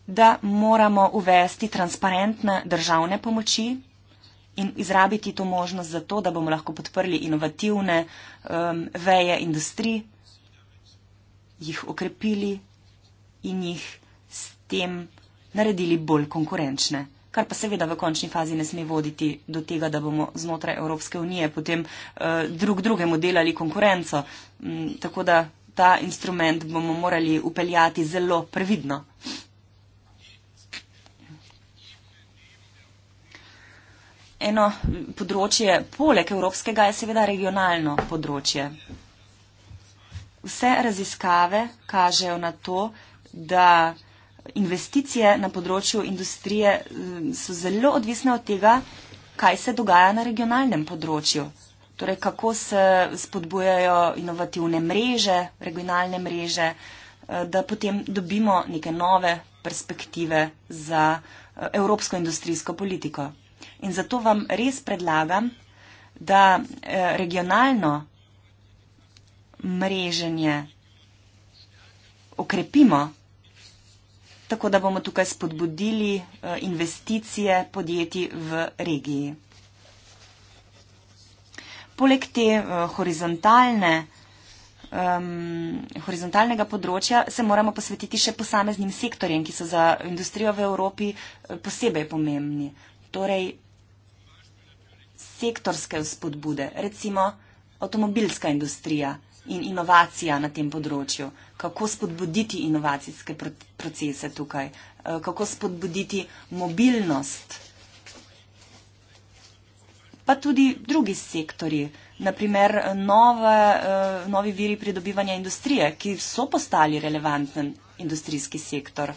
da moramo uvesti transparentne državne pomoči in izrabiti to možnost za to, da bomo lahko podprli inovativne um, veje industrij, jih okrepili in jih s tem naredili bolj konkurenčne kar pa seveda v končni fazi ne sme voditi do tega, da bomo znotraj Evropske unije potem uh, drug drugemu delali konkurenco. Um, tako da ta instrument bomo morali upeljati zelo previdno. Eno področje poleg evropskega je seveda regionalno področje. Vse raziskave kažejo na to, da investicije na področju industrije eh, so zelo odvisne od tega, kaj se dogaja na regionalnem področju. Torej, kako se spodbujajo inovativne mreže, regionalne mreže, eh, da potem dobimo neke nove perspektive za eh, evropsko industrijsko politiko. In zato vam res predlagam, da regionalno mreženje okrepimo tako da bomo tukaj spodbudili eh, investicije podjetij v regiji. Poleg te eh, horizontalne, um, horizontalnega področja se moramo posvetiti še posameznim sektorjem, ki so za industrijo v Evropi eh, posebej pomembni. Torej, sektorske spodbude, recimo avtomobilska industrija in inovacija na tem področju, kako spodbuditi inovacijske procese tukaj, eh, kako spodbuditi mobilnost. Pa tudi drugi sektori, naprimer nove, eh, novi viri pridobivanja industrije, ki so postali relevanten industrijski sektor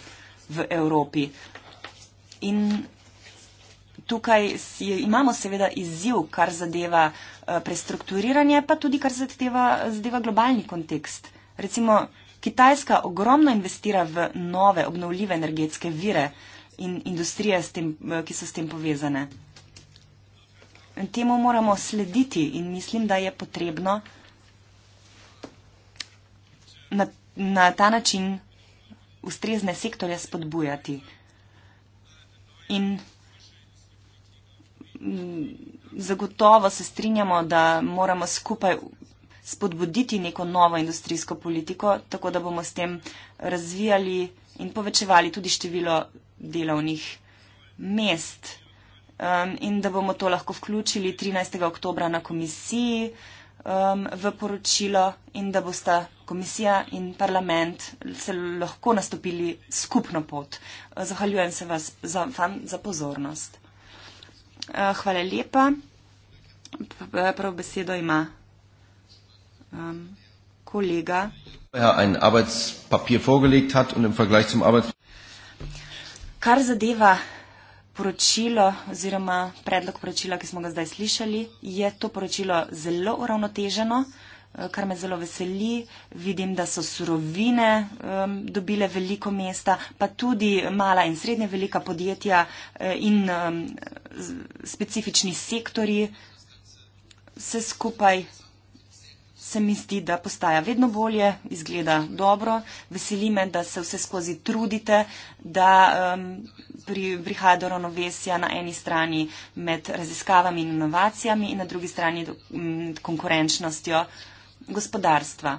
v Evropi. In tukaj si, imamo seveda izziv, kar zadeva eh, prestrukturiranje, pa tudi kar zadeva, zadeva globalni kontekst. Recimo, Kitajska ogromno investira v nove obnovljive energetske vire in industrije, tem, eh, ki so s tem povezane. Temu moramo slediti in mislim, da je potrebno na, na ta način ustrezne sektorje spodbujati. In Mm, zagotovo se strinjamo, da moramo skupaj spodbuditi neko novo industrijsko politiko, tako da bomo s tem razvijali in povečevali tudi število delovnih mest um, in da bomo to lahko vključili 13. oktobra na komisiji um, v poročilo in da bosta komisija in parlament se lahko nastopili skupno pot. Zahvaljujem se vam za, za pozornost. Eh, hvala lepa. Prav besedo ima um, kolega. Ja, hat und im zum Kar zadeva poročilo oziroma predlog poročila, ki smo ga zdaj slišali, je to poročilo zelo uravnoteženo, eh, kar me zelo veseli. Vidim, da so surovine um, dobile veliko mesta, pa tudi mala in srednje velika podjetja eh, in um, specifični sektori, vse skupaj se mi zdi, da postaja vedno bolje, izgleda dobro. Veseli me, da se vse skozi trudite, da um, pri, prihaja do ravnovesja na eni strani med raziskavami in inovacijami in na drugi strani med konkurenčnostjo gospodarstva.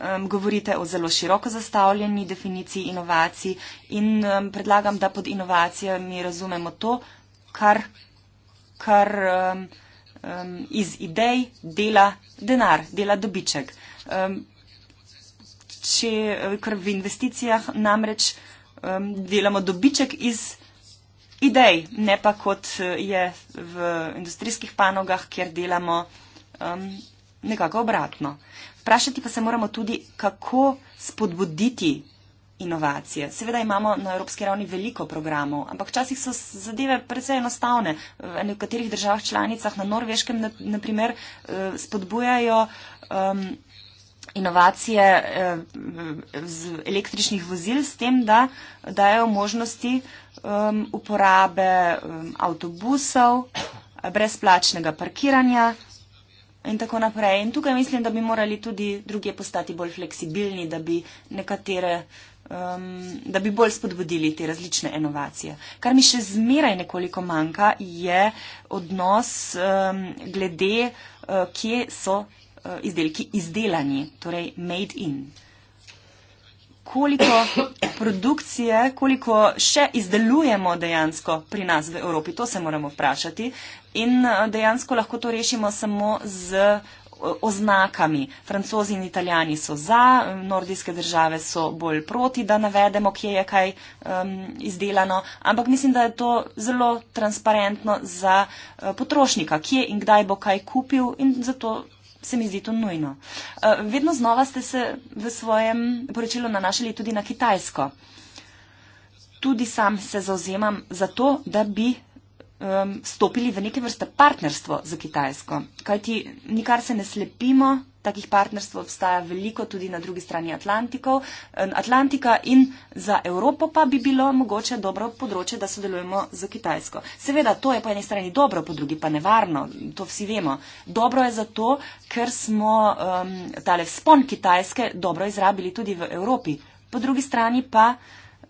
Um, govorite o zelo široko zastavljeni definiciji inovacij in um, predlagam, da pod inovacijami razumemo to, kar, kar um, um, iz idej dela denar, dela dobiček. Um, če, eh, ker v investicijah namreč um, delamo dobiček iz. Idej, ne pa kot eh, je v industrijskih panogah, kjer delamo um, nekako obratno. Vprašati pa se moramo tudi, kako spodbuditi inovacije. Seveda imamo na evropski ravni veliko programov, ampak včasih so zadeve precej enostavne. V nekaterih državah članicah, na norveškem naprimer, eh, spodbujajo um, inovacije eh, z električnih vozil s tem, da dajo možnosti um, uporabe um, avtobusov, brezplačnega parkiranja in tako naprej. In tukaj mislim, da bi morali tudi druge postati bolj fleksibilni, da bi nekatere, um, da bi bolj spodbudili te različne inovacije. Kar mi še zmeraj nekoliko manjka, je odnos um, glede, uh, kje so uh, izdelki izdelani, torej made in koliko produkcije, koliko še izdelujemo dejansko pri nas v Evropi. To se moramo vprašati. In eh, dejansko lahko to rešimo samo z eh, oznakami. Francozi in italijani so za, eh, nordijske države so bolj proti, da navedemo, kje je kaj um, izdelano, ampak mislim, da je to zelo transparentno za uh, potrošnika, kje in kdaj bo kaj kupil in zato se mi zdi to nujno. Eh, vedno znova ste se v svojem poročilu nanašali tudi na Kitajsko. Tudi sam se zauzemam za to, da bi stopili v neke vrste partnerstvo za Kitajsko. Kajti nikar se ne slepimo, takih partnerstv obstaja veliko tudi na drugi strani Atlantikov, Atlantika in za Evropo pa bi bilo mogoče dobro področje, da sodelujemo z Kitajsko. Seveda, to je po eni strani dobro, po drugi pa nevarno, to vsi vemo. Dobro je zato, ker smo um, tale spon Kitajske dobro izrabili tudi v Evropi. Po drugi strani pa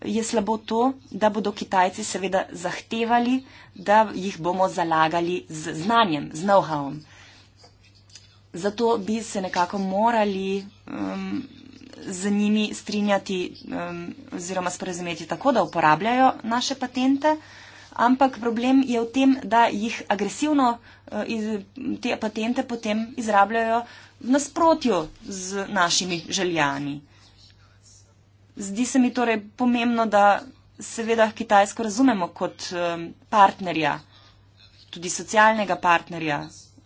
je slabo to, da bodo Kitajci seveda zahtevali, da jih bomo zalagali z znanjem, z know-howom zato bi se nekako morali um, z njimi strinjati um, oziroma sporazumeti tako, da uporabljajo naše patente. Ampak problem je v tem, da jih agresivno uh, te patente potem izrabljajo v nasprotju z našimi željami. Zdi se mi torej pomembno, da seveda Kitajsko razumemo kot um, partnerja, tudi socialnega partnerja,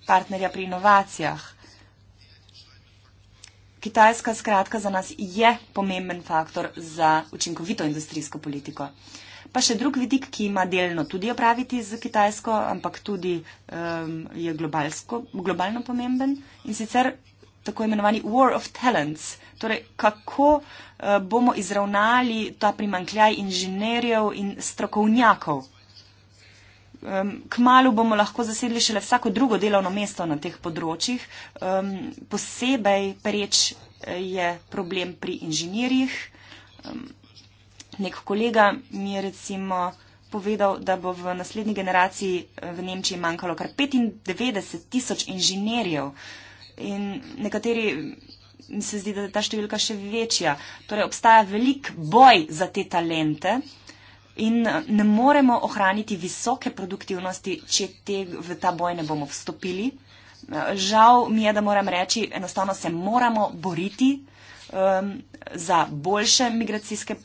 partnerja pri inovacijah. Kitajska skratka za nas je pomemben faktor za učinkovito industrijsko politiko. Pa še drug vidik, ki ima delno tudi opraviti z Kitajsko, ampak tudi um, je globalsko, globalno pomemben in sicer tako imenovani war of talents. Torej, kako uh, bomo izravnali ta primankljaj inženirjev in strokovnjakov Um, kmalo bomo lahko zasedli šele vsako drugo delovno mesto na teh področjih. Um, posebej pereč eh, je problem pri inženirjih. Um, nek kolega mi je recimo povedal, da bo v naslednji generaciji eh, v Nemčiji manjkalo kar 95 tisoč inženirjev. In nekateri mi se zdi, da je ta številka še večja. Torej obstaja velik boj za te talente in ne moremo ohraniti visoke produktivnosti, če te, v ta boj ne bomo vstopili. Žal mi je, da moram reči, enostavno se moramo boriti um, za boljše migracijske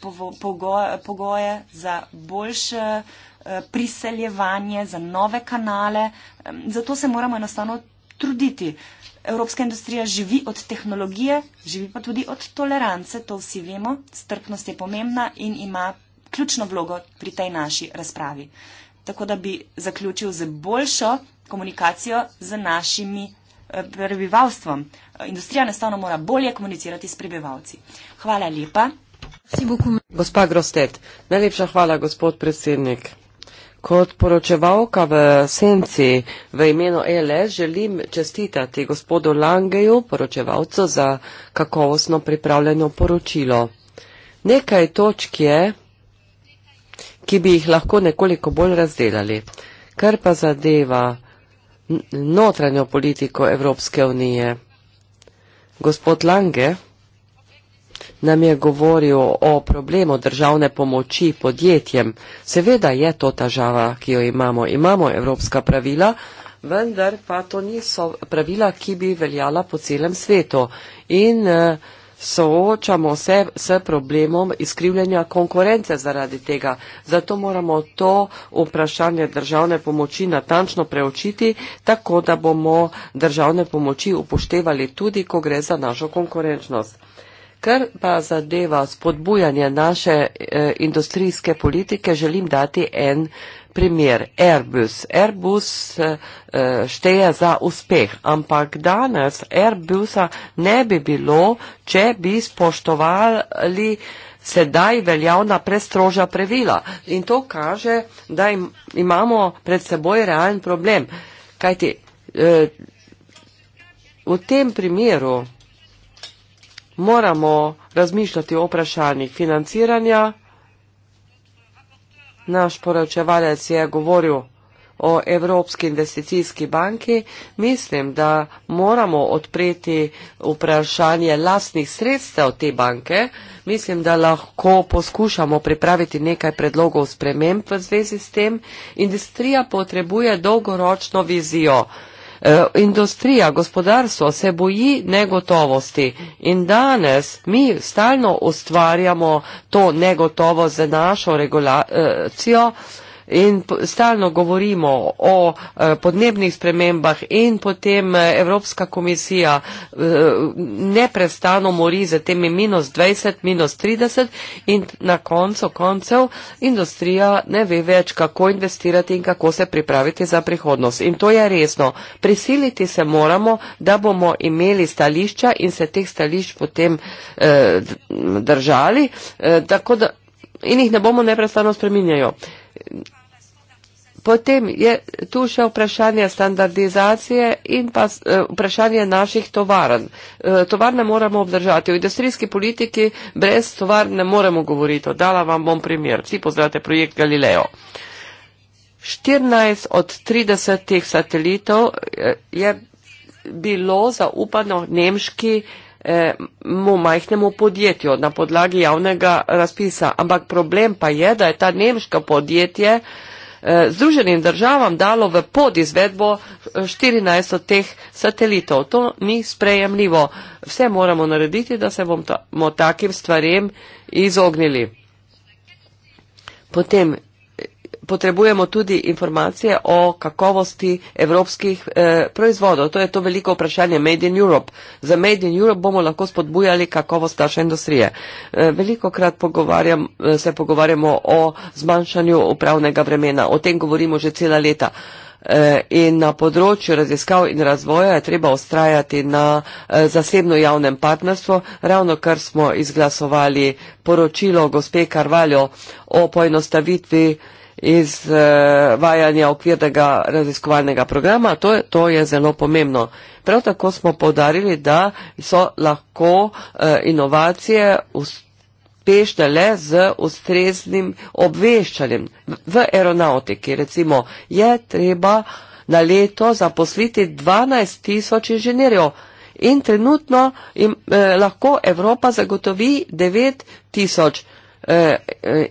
pogoje, pogoje za boljše uh, priseljevanje, za nove kanale. Um, zato se moramo enostavno truditi. Evropska industrija živi od tehnologije, živi pa tudi od tolerance, to vsi vemo. Strpnost je pomembna in ima ključno vlogo pri tej naši razpravi. Tako da bi zaključil z boljšo komunikacijo z našimi eh, prebivalstvom. Industrija enostavno mora bolje komunicirati s prebivalci. Hvala lepa. Gospa Grostet, najlepša hvala, gospod predsednik. Kot poročevalka v Senci v imenu e LS želim čestitati gospodu Langeju, poročevalcu, za kakovostno pripravljeno poročilo. Nekaj točk je, ki bi jih lahko nekoliko bolj razdelali. Kar pa zadeva notranjo politiko Evropske unije. Gospod Lange nam je govoril o problemu državne pomoči podjetjem. Seveda je to težava, ki jo imamo. Imamo evropska pravila, vendar pa to niso pravila, ki bi veljala po celem svetu. In eh, soočamo se s problemom izkrivljanja konkurence zaradi tega. Zato moramo to vprašanje državne pomoči natančno preučiti, tako da bomo državne pomoči upoštevali tudi, ko gre za našo konkurenčnost. Ker pa zadeva spodbujanje naše eh, industrijske politike, želim dati en eh, primer Airbus. Airbus eh, eh, šteje za uspeh, ampak danes Airbusa ne bi bilo, če bi spoštovali sedaj veljavna prestroža previla. In to kaže, da imamo pred seboj realen problem. Kajti eh, v tem primeru moramo razmišljati o vprašanjih financiranja, naš poročevalec je govoril o Evropski investicijski banki, mislim, da moramo odpreti vprašanje lastnih sredstev te banke. Mislim, da lahko poskušamo pripraviti nekaj predlogov sprememb v zvezi s tem. Industrija potrebuje dolgoročno vizijo. E, industrija, gospodarstvo se boji negotovosti in danes mi stalno ustvarjamo to negotovost za našo regulacijo, eh, in stalno govorimo o eh, podnebnih spremembah in potem eh, Evropska komisija eh, neprestano mori za temi minus 20, minus 30 in na koncu koncev industrija ne ve več, kako investirati in kako se pripraviti za prihodnost. In to je resno. Prisiliti se moramo, da bomo imeli stališča in se teh stališč potem držali, tako da in jih ne bomo neprestano spreminjajo. Potem je tu še vprašanje standardizacije in pa eh, vprašanje naših tovarn. Eh, Tovarne moramo obdržati. V industrijski politiki brez tovarn ne moremo govoriti. Dala vam bom primer. Vsi poznate projekt Galileo. 14 od 30 satelitov eh, je bilo zaupano nemški majhnemu podjetju na podlagi javnega razpisa. Ampak problem pa je, da je ta nemška podjetje Eh, Združenim državam dalo v podizvedbo 14 eh, od teh satelitov. To ni sprejemljivo. Vse moramo narediti, da se bomo takim stvarem izognili. Potem potrebujemo tudi informacije o kakovosti evropskih eh, proizvodov. To je to veliko vprašanje Made in Europe. Za Made in Europe bomo lahko spodbujali kakovost naše industrije. Eh, veliko krat pogovarjam, eh, se pogovarjamo o zmanjšanju upravnega vremena. O tem govorimo že cela leta. Eh, in na področju raziskav in razvoja je treba ustrajati na eh, zasebno javnem partnerstvu. Ravno kar smo izglasovali poročilo gospe Karvaljo o poenostavitvi iz vajanja okvirnega raziskovalnega programa. To je, to je zelo pomembno. Prav tako smo podarili, da so lahko eh, inovacije uspešne le z ustreznim obveščanjem. V aeronautiki recimo je treba na leto zaposliti 12 tisoč inženirjev. In trenutno im, eh, lahko Evropa zagotovi 9 tisoč. Eh,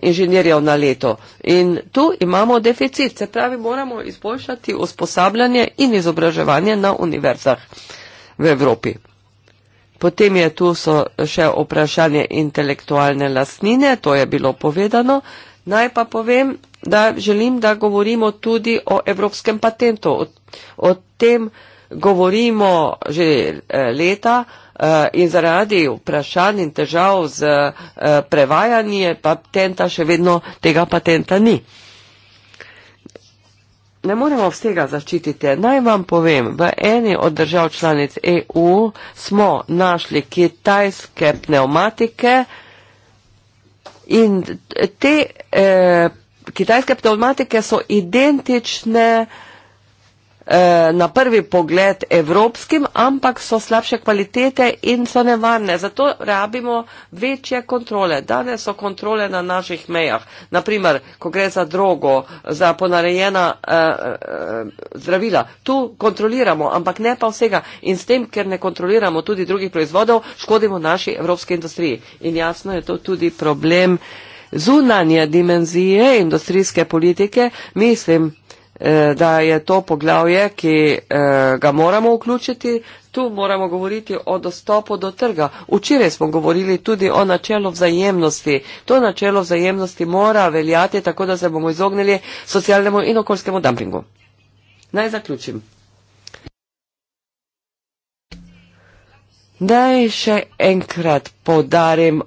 inženirjev na leto. In tu imamo deficit, se pravi, moramo izboljšati usposabljanje in izobraževanje na univerzah v Evropi. Potem je tu še vprašanje intelektualne lastnine, to je bilo povedano. Naj pa povem, da želim, da govorimo tudi o evropskem patentu. O, o tem govorimo že eh, leta, Eh, in zaradi vprašanj in težav z eh, prevajanjem patenta še vedno tega patenta ni. Ne moremo vsega zaščititi. Naj vam povem, v eni od držav članic EU smo našli kitajske pneumatike in te eh, kitajske pneumatike so identične eh, Eh, na prvi pogled evropskim, ampak so slabše kvalitete in so nevarne. Zato rabimo večje kontrole. Danes so kontrole na naših mejah. Naprimer, ko gre za drogo, za ponarejena eh, eh, zdravila, tu kontroliramo, ampak ne pa vsega. In s tem, ker ne kontroliramo tudi drugih proizvodov, škodimo naši evropski industriji. In jasno je to tudi problem zunanje dimenzije industrijske politike. Mislim, Eh, da je to poglavje, ki eh, ga moramo vključiti. Tu moramo govoriti o dostopu do trga. Včeraj smo govorili tudi o načelu vzajemnosti. To načelo vzajemnosti mora veljati tako, da se bomo izognili socialnemu in okoljskemu dumpingu. Naj zaključim. Naj še enkrat podarim,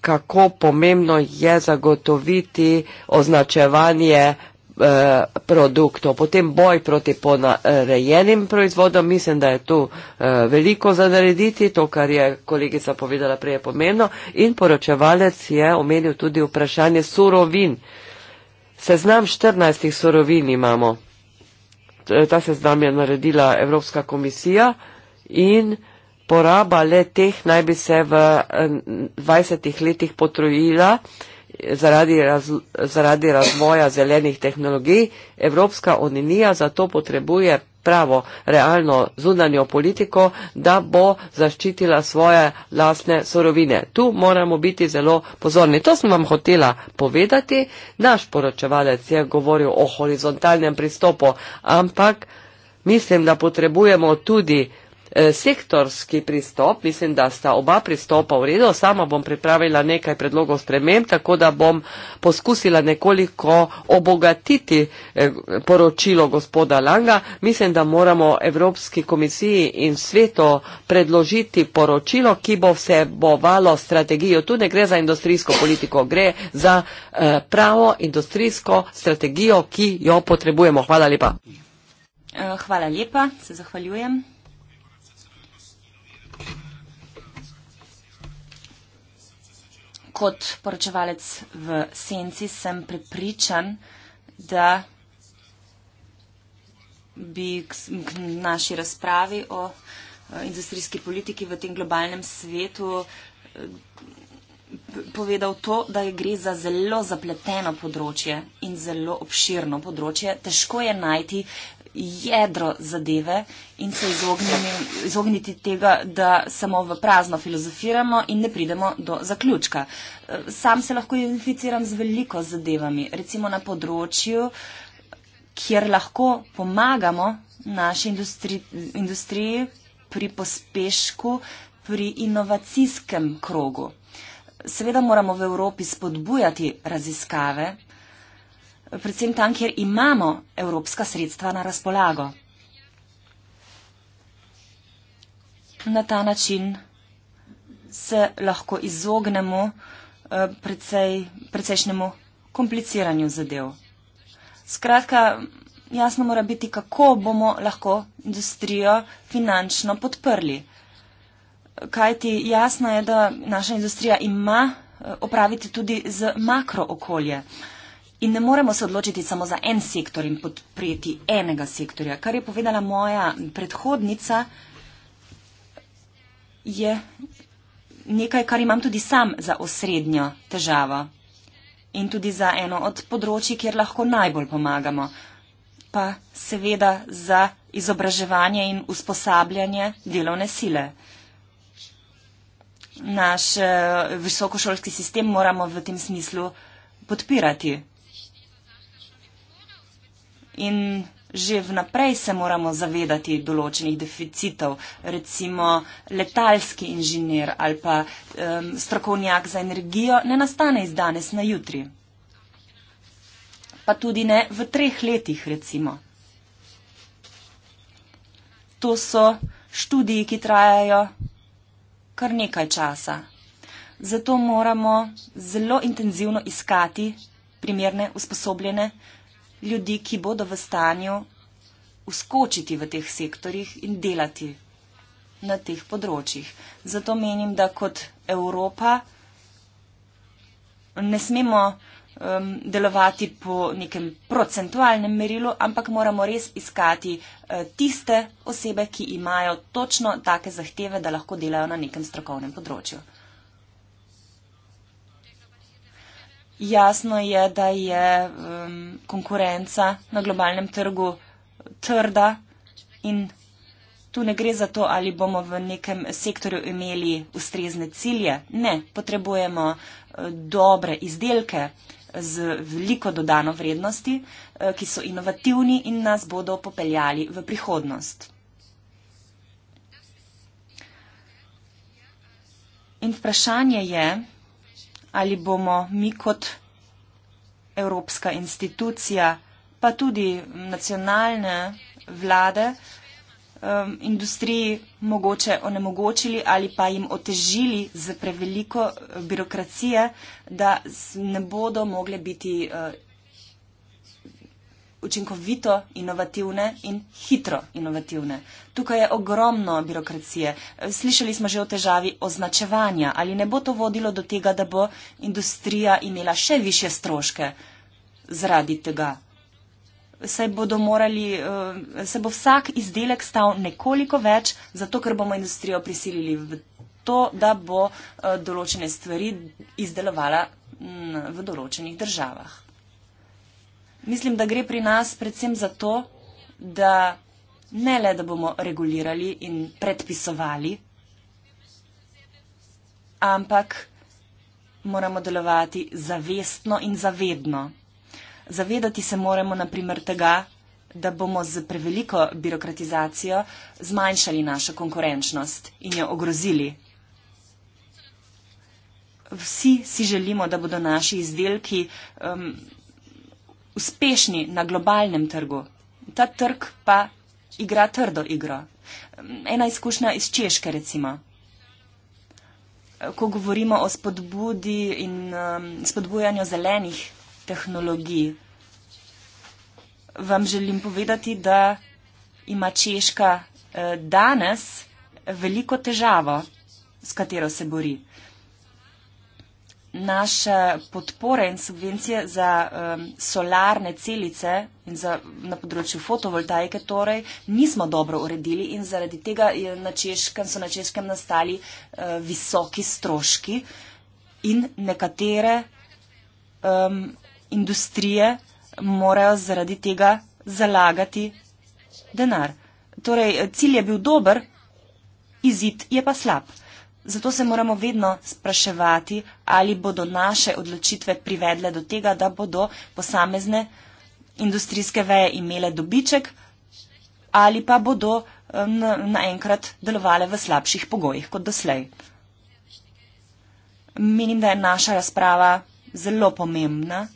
kako pomembno je zagotoviti označevanje Eh, produktov, potem boj proti ponarejenim proizvodom. Mislim, da je tu eh, veliko zadarediti, to, kar je kolegica povedala prej je pomembno. In poročevalec je omenil tudi vprašanje surovin. Seznam 14 surovin imamo. Eh, ta seznam je naredila Evropska komisija in poraba le teh naj bi se v 20 letih potrojila zaradi, raz, zaradi razvoja zelenih tehnologij. Evropska unija zato potrebuje pravo realno zunanjo politiko, da bo zaščitila svoje lastne sorovine. Tu moramo biti zelo pozorni. To sem vam hotela povedati. Naš poročevalec je govoril o horizontalnem pristopu, ampak mislim, da potrebujemo tudi Eh, sektorski pristop, mislim, da sta oba pristopa v redu, sama bom pripravila nekaj predlogov sprememb, tako da bom poskusila nekoliko obogatiti eh, poročilo gospoda Langa. Mislim, da moramo Evropski komisiji in svetu predložiti poročilo, ki bo vse bovalo strategijo. Tu ne gre za industrijsko politiko, gre za eh, pravo industrijsko strategijo, ki jo potrebujemo. Hvala lepa. Hvala lepa, se zahvaljujem. kot poročevalec v senci sem prepričan, da bi k naši razpravi o eh, industrijski politiki v tem globalnem svetu eh, povedal to, da je gre za zelo zapleteno področje in zelo obširno področje. Težko je najti jedro zadeve in se izogniti tega, da samo v prazno filozofiramo in ne pridemo do zaključka. Sam se lahko identificiram z veliko zadevami, recimo na področju, kjer lahko pomagamo naši industri, industriji pri pospešku, pri inovacijskem krogu. Seveda moramo v Evropi spodbujati raziskave, predvsem tam, kjer imamo evropska sredstva na razpolago. Na ta način se lahko izognemo eh, precej, precejšnjemu kompliciranju zadev. Skratka, jasno mora biti, kako bomo lahko industrijo finančno podprli. Kajti jasno je, da naša industrija ima eh, opraviti tudi z makrookoljem. In ne moremo se odločiti samo za en sektor in podprijeti enega sektorja. Kar je povedala moja predhodnica, je nekaj, kar imam tudi sam za osrednjo težavo in tudi za eno od področji, kjer lahko najbolj pomagamo. Pa seveda za izobraževanje in usposabljanje delovne sile. Naš eh, visokošolski sistem moramo v tem smislu podpirati in že vnaprej se moramo zavedati določenih deficitov, recimo letalski inženir ali pa um, strokovnjak za energijo ne nastane iz danes na jutri. Pa tudi ne v treh letih, recimo. To so študiji, ki trajajo kar nekaj časa. Zato moramo zelo intenzivno iskati primerne, usposobljene ljudi, ki bodo v stanju uskočiti v teh sektorjih in delati na teh področjih. Zato menim, da kot Evropa ne smemo um, delovati po nekem procentualnem merilu, ampak moramo res iskati uh, tiste osebe, ki imajo točno take zahteve, da lahko delajo na nekem strokovnem področju. Jasno je, da je um, konkurenca na globalnem trgu trda in tu ne gre za to, ali bomo v nekem sektorju imeli ustrezne cilje. Ne, potrebujemo eh, dobre izdelke z veliko dodano vrednosti, eh, ki so inovativni in nas bodo popeljali v prihodnost. In vprašanje je, ali bomo mi kot evropska institucija, pa tudi nacionalne vlade, um, industriji mogoče onemogočili ali pa jim otežili z preveliko eh, birokracije, da ne bodo mogli biti uh, učinkovito inovativne in hitro inovativne. Tukaj je ogromno birokracije. Slišali smo že o težavi označevanja. Ali ne bo to vodilo do tega, da bo industrija imela še više stroške zaradi tega? Saj, morali, eh, saj bo vsak izdelek stal nekoliko več, zato ker bomo industrijo prisilili v to, da bo eh, določene stvari izdelovala mm, v določenih državah. Mislim, da gre pri nas predvsem za to, da ne le, da bomo regulirali in predpisovali, ampak moramo delovati zavestno in zavedno. Zavedati se moramo naprimer tega, da bomo z preveliko birokratizacijo zmanjšali našo konkurenčnost in jo ogrozili. Vsi si želimo, da bodo naši izdelki um, uspešni na globalnem trgu. Ta trg pa igra trdo igro. Ena izkušnja iz Češke, recimo. Ko govorimo o spodbudi in um, spodbujanju zelenih tehnologij, vam želim povedati, da ima Češka uh, danes veliko težavo, s katero se bori naše podpore in subvencije za um, solarne celice in za, na področju fotovoltaike torej nismo dobro uredili in zaradi tega na češkem, so na češkem nastali uh, visoki stroški in nekatere um, industrije morajo zaradi tega zalagati denar. Torej, cilj je bil dober, izid je pa slab. Zato se moramo vedno spraševati, ali bodo naše odločitve privedle do tega, da bodo posamezne industrijske veje imele dobiček ali pa bodo naenkrat delovale v slabših pogojih kot doslej. Menim, da je naša razprava zelo pomembna,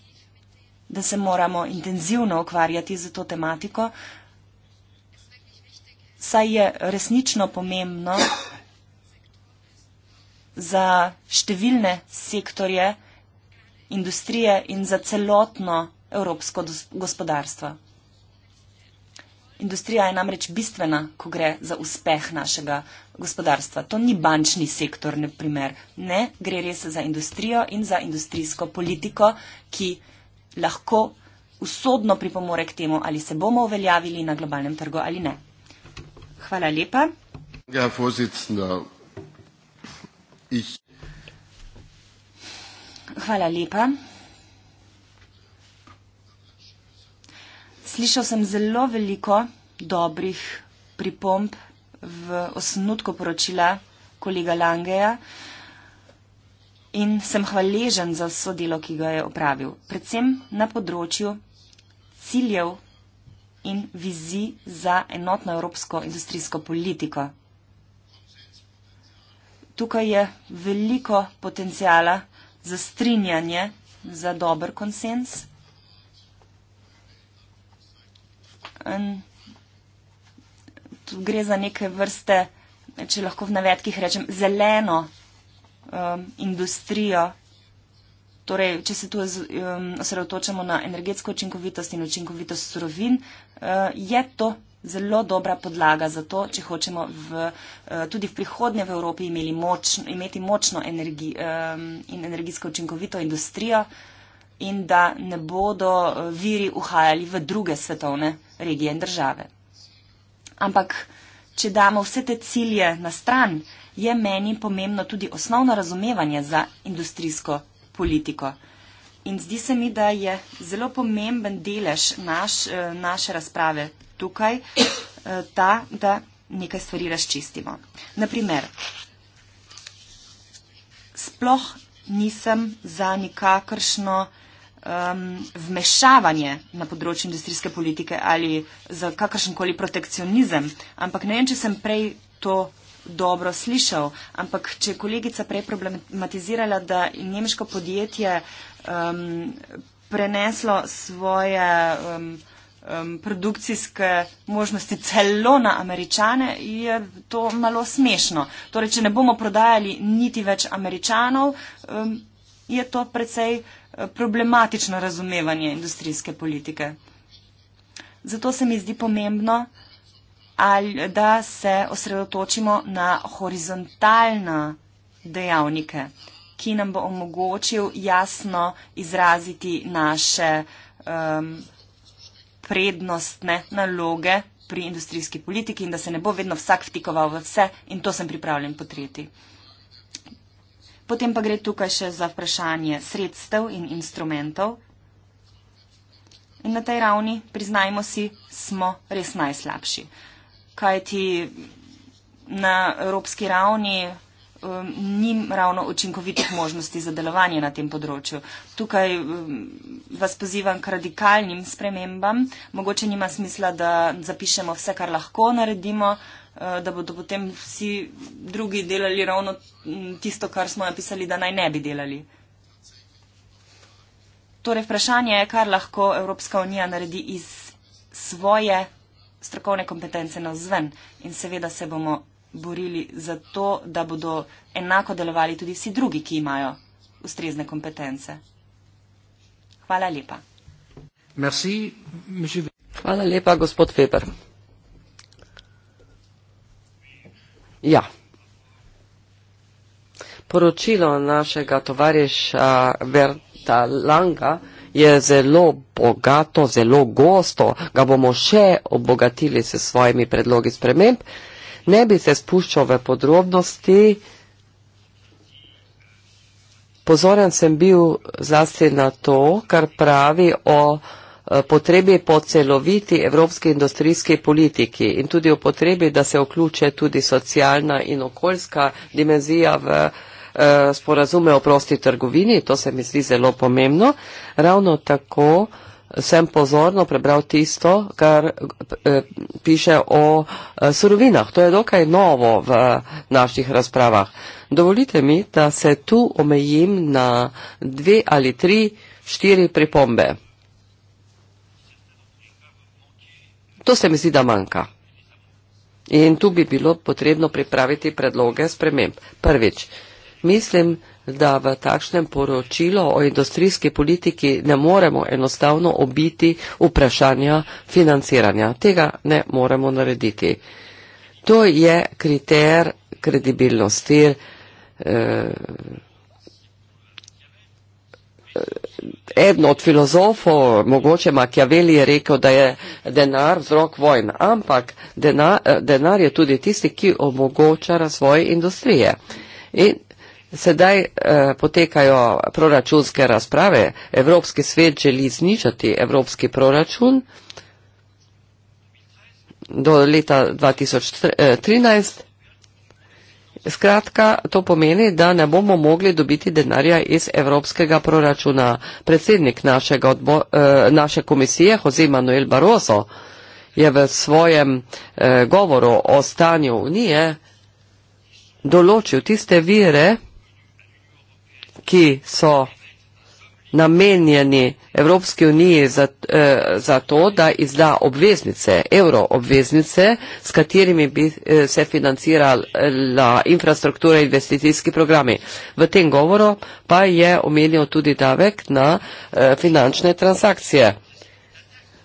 da se moramo intenzivno ukvarjati z to tematiko, saj je resnično pomembno, da se moramo intenzivno ukvarjati z to tematiko, za številne sektorje, industrije in za celotno evropsko gospodarstvo. Industrija je namreč bistvena, ko gre za uspeh našega gospodarstva. To ni bančni sektor, na primer. Ne, gre res za industrijo in za industrijsko politiko, ki lahko usodno pripomore k temu, ali se bomo uveljavili na globalnem trgu ali ne. Hvala lepa. Ja, ich. Hvala lepa. Slišal sem zelo veliko dobrih pripomb v osnutku poročila kolega Langeja in sem hvaležen za vso delo, ki ga je opravil, predvsem na področju ciljev in vizij za enotno evropsko industrijsko politiko tukaj je veliko potencijala za strinjanje, za dober konsens. In tu gre za neke vrste, če lahko v navedkih rečem, zeleno um, industrijo. Torej, če se tu um, osredotočamo na energetsko učinkovitost in učinkovitost surovin, uh, je to zelo dobra podlaga za to, če hočemo v, eh, tudi v prihodnje v Evropi imeli moč, imeti močno energi, in energijsko učinkovito industrijo in da ne bodo eh, viri uhajali v druge svetovne regije in države. Ampak, če damo vse te cilje na stran, je meni pomembno tudi osnovno razumevanje za industrijsko politiko. In zdi se mi, da je zelo pomemben delež naš, eh, naše razprave tukaj eh, ta, da nekaj stvari razčistimo. Naprimer, sploh nisem za nikakršno um, vmešavanje na področju industrijske politike ali za kakršenkoli protekcionizem, ampak ne vem, če sem prej to dobro slišal, ampak če je kolegica prej problematizirala, da nemško podjetje uh, um, preneslo svoje um, um, produkcijske možnosti celo na američane, je to malo smešno. Torej, če ne bomo prodajali niti več američanov, um, je to precej eh, problematično razumevanje industrijske politike. Zato se mi zdi pomembno, ali, da se osredotočimo na horizontalne dejavnike ki nam bo omogočil jasno izraziti naše um, prednostne naloge pri industrijski politiki in da se ne bo vedno vsak vtikoval v vse in to sem pripravljen potreti. Potem pa gre tukaj še za vprašanje sredstev in instrumentov. In na tej ravni, priznajmo si, smo res najslabši. Kajti na evropski ravni um, njim ravno učinkovitih možnosti za delovanje na tem področju. Tukaj um, vas pozivam k radikalnim spremembam. Mogoče nima smisla, da zapišemo vse, kar lahko naredimo, uh, da bodo potem vsi drugi delali ravno mm, tisto, kar smo napisali, da naj ne bi delali. Torej, vprašanje je, kar lahko Evropska unija naredi iz svoje strokovne kompetence na zven in seveda se bomo borili za to, da bodo enako delovali tudi vsi drugi, ki imajo ustrezne kompetence. Hvala lepa. Merci. Hvala lepa, gospod Feber. Ja. Poročilo našega tovariša Verta Langa je zelo bogato, zelo gosto. Ga bomo še obogatili s svojimi predlogi sprememb. Ne bi se spuščal v podrobnosti, pozoren sem bil zlasti na to, kar pravi o eh, potrebi po celoviti evropski industrijski politiki in tudi o potrebi, da se vključe tudi socialna in okoljska dimenzija v eh, sporazume o prosti trgovini, to se mi zdi zelo pomembno. Ravno tako uh, sem pozorno prebral tisto, kar eh, piše o eh, surovinah. To je dokaj novo v naših razpravah. Dovolite mi, da se tu omejim na dve ali tri, štiri pripombe. To se mi zdi, da manjka. In tu bi bilo potrebno pripraviti predloge sprememb. Prvič, mislim, da da v takšnem poročilu o industrijski politiki ne moremo enostavno obiti vprašanja financiranja. Tega ne moremo narediti. To je kriter kredibilnosti. Eh, eh, eden od filozofov, mogoče Machiavelli, je rekel, da je denar vzrok vojn, ampak denar, eh, denar je tudi tisti, ki omogoča razvoj industrije. In Sedaj eh, potekajo proračunske razprave. Evropski svet želi znižati evropski proračun do leta 2013. Eh, Skratka, to pomeni, da ne bomo mogli dobiti denarja iz evropskega proračuna. Predsednik odbo, eh, naše komisije, Jose Manuel Barroso, je v svojem eh, govoru o stanju unije določil tiste vire, ki so namenjeni Evropski uniji za, eh, za to, da izda obveznice, evro obveznice, s katerimi bi eh, se financirala infrastruktura in investicijski programi. V tem govoru pa je omenil tudi davek na eh, finančne transakcije.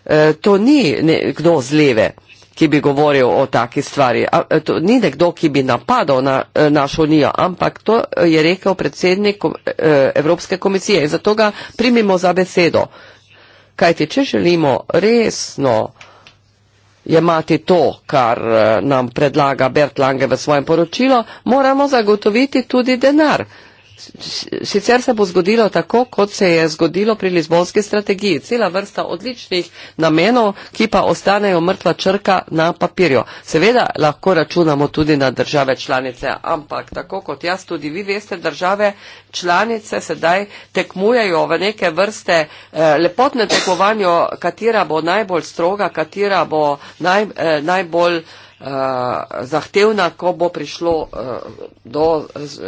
Eh, to ni nekdo z leve. Eh, ki bi govoril o takih stvari. A, e, to, ni nekdo, ki bi napadal na, e, našo unijo, ampak to je rekel predsednik e, Evropske komisije in zato ga primimo za besedo. Kajti, če želimo resno jemati to, kar nam predlaga Bert Lange v svojem poročilu, moramo zagotoviti tudi denar sicer se bo zgodilo tako, kot se je zgodilo pri Lizbonski strategiji. Cela vrsta odličnih namenov, ki pa ostanejo mrtva črka na papirju. Seveda lahko računamo tudi na države članice, ampak tako kot jaz tudi vi veste, države članice sedaj tekmujejo v neke vrste eh, lepotne tekmovanja, katera bo najbolj stroga, katera bo naj, eh, najbolj. Eh, Eh, zahtevna, ko bo prišlo uh, do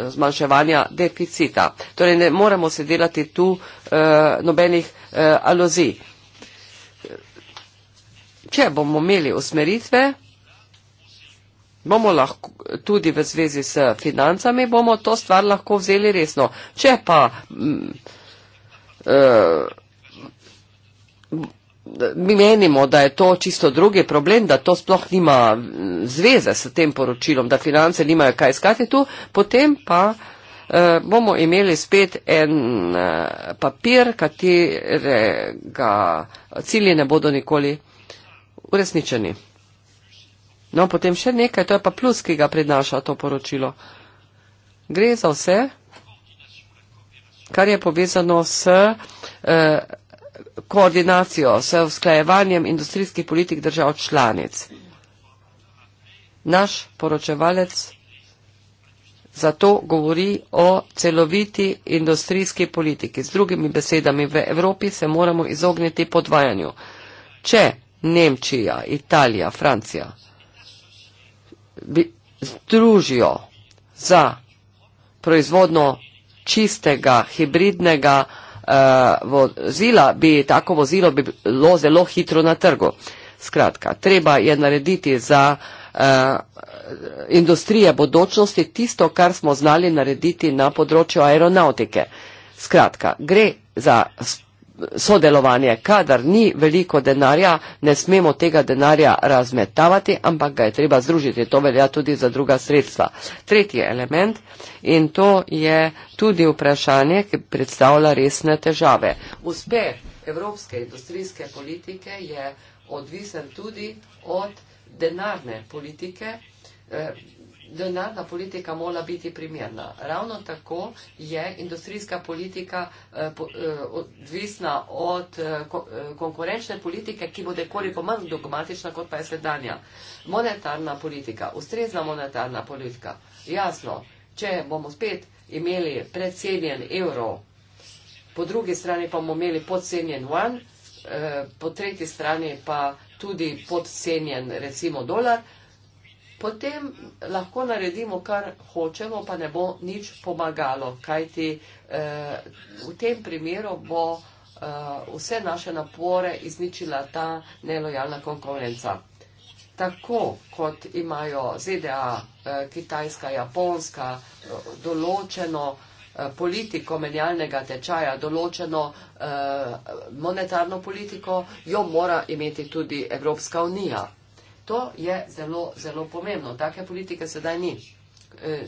zmanjševanja deficita. Torej ne moramo se delati tu uh, nobenih uh, alozij. Če bomo imeli usmeritve, bomo lahko tudi v zvezi s financami, bomo to stvar lahko vzeli resno. Če pa. Mm, uh, mi menimo, da je to čisto drugi problem, da to sploh nima mm, zveze s tem poročilom, da finance nimajo kaj iskati tu, potem pa eh, bomo imeli spet en eh, papir, katerega cilje ne bodo nikoli uresničeni. No, potem še nekaj, to je pa plus, ki ga prinaša to poročilo. Gre za vse, kar je povezano s eh, koordinacijo s usklajevanjem industrijskih politik držav članic. Naš poročevalec zato govori o celoviti industrijski politiki. Z drugimi besedami, v Evropi se moramo izogniti podvajanju. Če Nemčija, Italija, Francija bi združijo za proizvodno čistega, hibridnega, uh, vozila, bi tako vozilo bilo zelo hitro na trgu. Skratka, treba je narediti za uh, industrije bodočnosti tisto, kar smo znali narediti na področju aeronautike. Skratka, gre za sodelovanje. Kadar ni veliko denarja, ne smemo tega denarja razmetavati, ampak ga je treba združiti. To velja tudi za druga sredstva. Tretji element in to je tudi vprašanje, ki predstavlja resne težave. Uspeh evropske industrijske politike je odvisen tudi od denarne politike. Eh, denarna politika mola biti primerna. Ravno tako je industrijska politika eh, eh, odvisna od eh, konkurenčne politike, ki bo nekoliko manj dogmatična, kot pa je sedanja. Monetarna politika, ustrezna monetarna politika. Jasno, če bomo spet imeli predsenjen evro, po drugi strani pa bomo imeli podsenjen one, po tretji strani pa tudi podsenjen recimo dolar, potem lahko naredimo, kar hočemo, pa ne bo nič pomagalo, kajti eh, v tem primeru bo eh, vse naše napore izničila ta nelojalna konkurenca. Tako kot imajo ZDA, eh, Kitajska, Japonska eh, določeno eh, politiko menjalnega tečaja, določeno eh, monetarno politiko, jo mora imeti tudi Evropska unija. To je zelo, zelo pomembno. Take politike sedaj ni. E,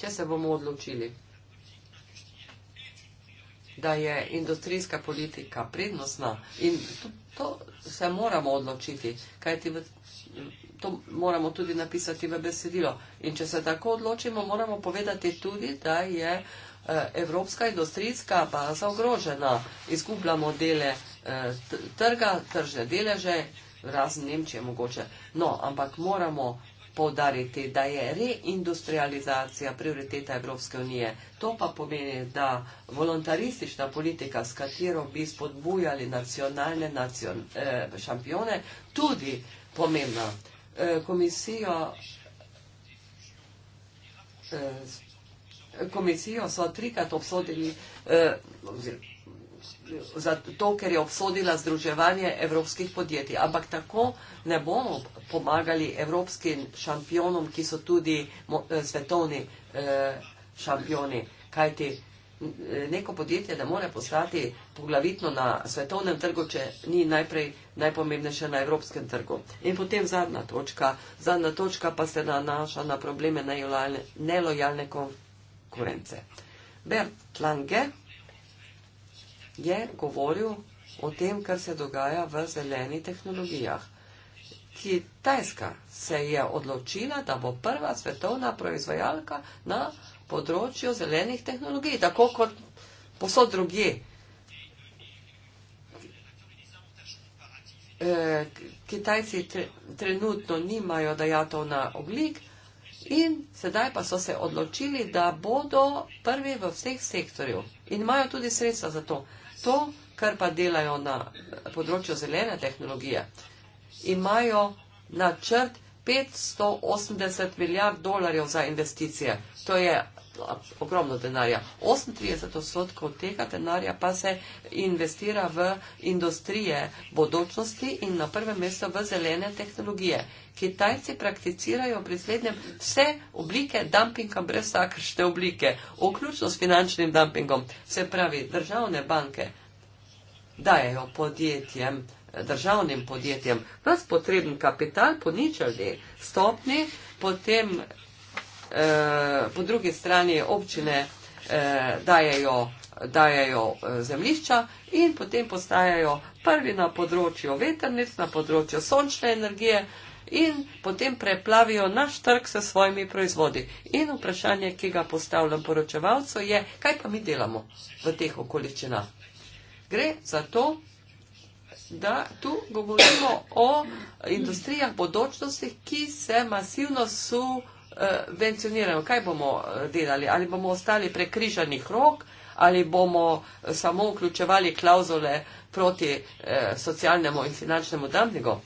če se bomo odločili, da je industrijska politika prednostna in to, to se moramo odločiti, kajti v, to moramo tudi napisati v besedilo. In če se tako odločimo, moramo povedati tudi, da je e, evropska industrijska baza ogrožena. Izgubljamo dele e, trga, tržne deleže razen Nemčije mogoče. No, ampak moramo povdariti, da je reindustrializacija prioriteta Evropske unije. To pa pomeni, da voluntaristična politika, s katero bi spodbujali nacionalne nacion, eh, šampione, tudi pomembna. Eh, komisijo, eh, komisijo so trikrat obsodili. Eh, za to, ker je obsodila združevanje evropskih podjetij. Ampak tako ne bomo pomagali evropskim šampionom, ki so tudi eh, svetovni eh, šampioni. Kajti eh, neko podjetje ne more postati poglavitno na svetovnem trgu, če ni najprej najpomembnejše na evropskem trgu. In potem zadnja točka. Zadnja točka pa se nanaša na probleme nelojalne konkurence. Bert Lange je govoril o tem, kar se dogaja v zeleni tehnologijah. Kitajska se je odločila, da bo prva svetovna proizvajalka na področju zelenih tehnologij, tako kot posod drugje. E, kitajci tre, trenutno nimajo dajatov na oglik in sedaj pa so se odločili, da bodo prvi v vseh sektorju in imajo tudi sredstva za to to, kar pa delajo na področju zelene tehnologije, imajo načrt 580 milijard dolarjev za investicije. To je ogromno denarja. 38% tega denarja pa se investira v industrije bodočnosti in na prvem mestu v zelene tehnologije. Kitajci prakticirajo pri slednjem vse oblike dumpinga brez vsakršne oblike, vključno s finančnim dumpingom. Se pravi, državne banke dajejo podjetjem, državnim podjetjem, vas potreben kapital, poničali stopni, potem Eh, po drugi strani občine eh, dajajo, dajajo eh, zemlišča in potem postajajo prvi na področju veternic, na področju sončne energije in potem preplavijo naš trg s svojimi proizvodi. In vprašanje, ki ga postavljam poročevalcu, je, kaj pa mi delamo v teh okoliščinah. Gre za to, da tu govorimo o industrijah bodočnosti, ki se masivno su. Eh, venciniramo, kaj bomo eh, delali, ali bomo ostali prekrižanih rok, ali bomo eh, samo vključevali klauzule proti socialnemu in finančnemu dumpingu.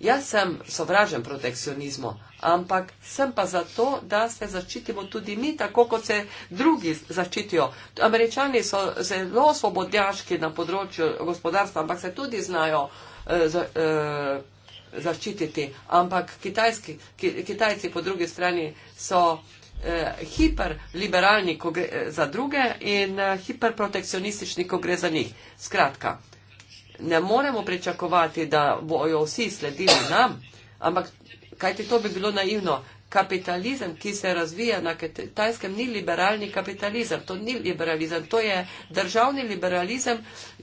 Jaz sem sovražen protekcionizmu, ampak sem pa zato, da se zaščitimo tudi mi, tako kot se drugi zaščitijo. Američani so zelo svobodjaški na področju gospodarstva, ampak se tudi znajo. Uh, uh, zaščititi. Ampak kitajski, kitajci po drugi strani so eh, hiperliberalni gre, eh, za druge in eh, hiperprotekcionistični, ko gre za njih. Skratka, ne moremo pričakovati, da bojo vsi sledili nam, ampak kajti to bi bilo naivno, kapitalizem, ki se razvija na kitajskem, ni liberalni kapitalizem. To ni liberalizem, to je državni liberalizem,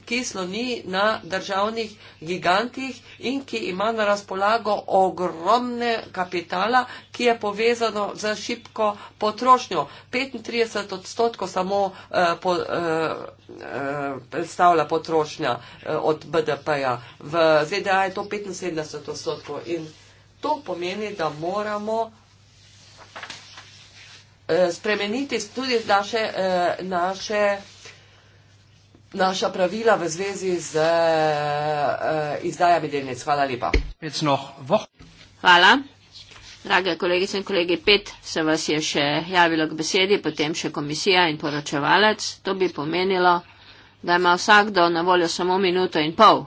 ki sloni na državnih gigantih in ki ima na razpolago ogromne kapitala, ki je povezano z šipko potrošnjo. 35 odstotkov samo eh, po, eh, eh, predstavlja potrošnja eh, od BDP-ja. V ZDA je to 75 odstotkov. In to pomeni, da moramo Eh, spremeniti tudi naše, eh, naše, naša pravila v zvezi z eh, izdajami delnic. Hvala lepa. Hvala. Drage kolegice in kolegi, pet se vas je še javilo k besedi, potem še komisija in poročevalec. To bi pomenilo, da ima vsakdo na voljo samo minuto in pol.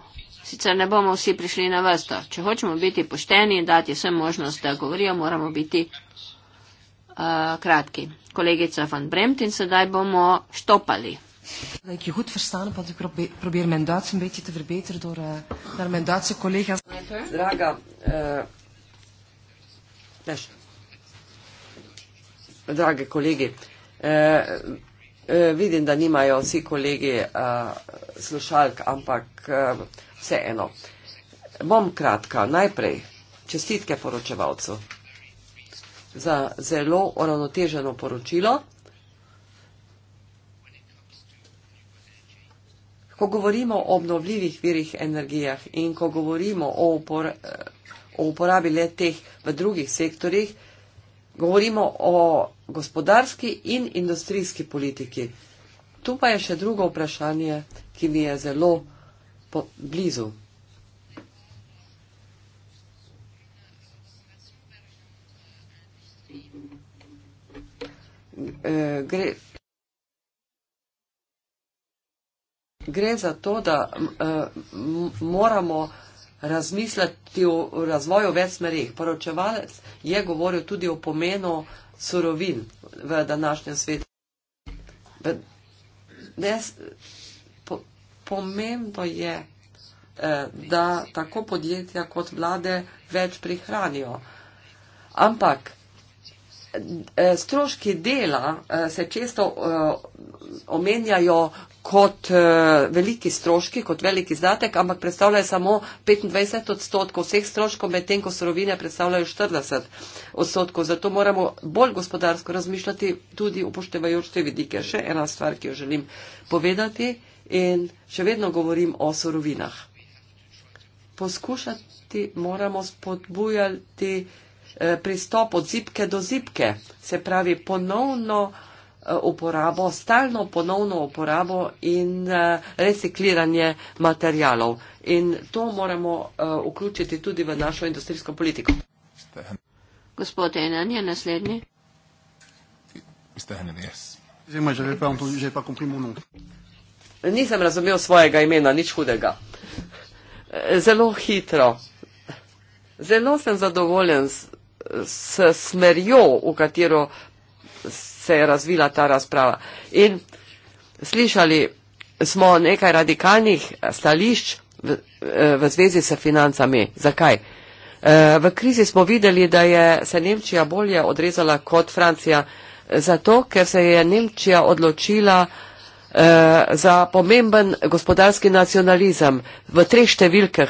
Sicer ne bomo vsi prišli na vrsto. Če hočemo biti pošteni in dati vsem možnost, da govorijo, moramo biti Eh, kratki. Kolegica van Bremt in sedaj bomo štopali. Ik je goed verstaan, want ik probeer mijn Duits een beetje te verbeteren door uh, naar mijn Duitse collega's. Draga, uh, drage collega, uh, uh, ik dat niet meer als collega slušalk, ampak uh, vseeno. Bom kratka, najprej čestitke poročevalcu za zelo uravnoteženo poročilo. Ko govorimo o obnovljivih virih energijah in ko govorimo o, upor o uporabi le teh v drugih sektorjih, govorimo o gospodarski in industrijski politiki. Tu pa je še drugo vprašanje, ki mi je zelo blizu. Eh, gre, gre za to, da uh, moramo razmisliti o razvoju več smerih. Poročevalec je govoril tudi o pomenu surovin v današnjem svetu. Des, po, pomembno je, eh, da tako podjetja kot vlade več prihranijo. Ampak Eh, stroški dela eh, se često eh, omenjajo kot veliki stroški, kot veliki zadatek, ampak predstavljajo samo 25 odstotkov vseh stroškov, medtem ko surovine predstavljajo 40 odstotkov. Zato moramo bolj gospodarsko razmišljati, tudi upoštevajoč te vidike. Še ena stvar, ki jo želim povedati in še vedno govorim o surovinah. Poskušati moramo spodbujati Eh, pristop od zipke do zipke, se pravi ponovno eh, uporabo, stalno ponovno uporabo in eh, recikliranje materialov. In to moramo vključiti tudi v našo industrijsko politiko. Gospod Enan je naslednji. Nisem razumel svojega imena, nič hudega. Zelo hitro. Zelo sem zadovoljen s smerjo, v katero se je razvila ta razprava. In slišali smo nekaj radikalnih stališč v, e, v zvezi s financami. Zakaj? E, v krizi smo videli, da je se Nemčija bolje odrezala kot Francija, zato ker se je Nemčija odločila e, za pomemben gospodarski nacionalizem v treh številkah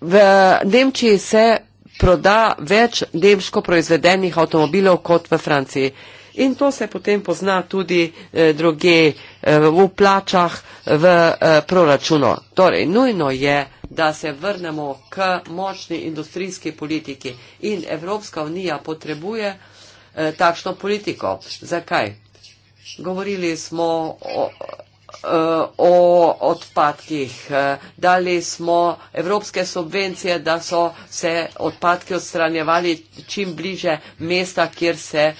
v Nemčiji se proda več nemško proizvedenih avtomobilov kot v Franciji. In to se potem pozna tudi eh, druge eh, v plačah v eh, proračunu. Torej, nujno je, da se vrnemo k močni industrijski politiki in Evropska unija potrebuje eh, takšno politiko. Zakaj? Govorili smo o. Eh, o odpadkih. Eh, dali smo evropske subvencije, da so se odpadki odstranjevali čim bliže mesta, kjer, se,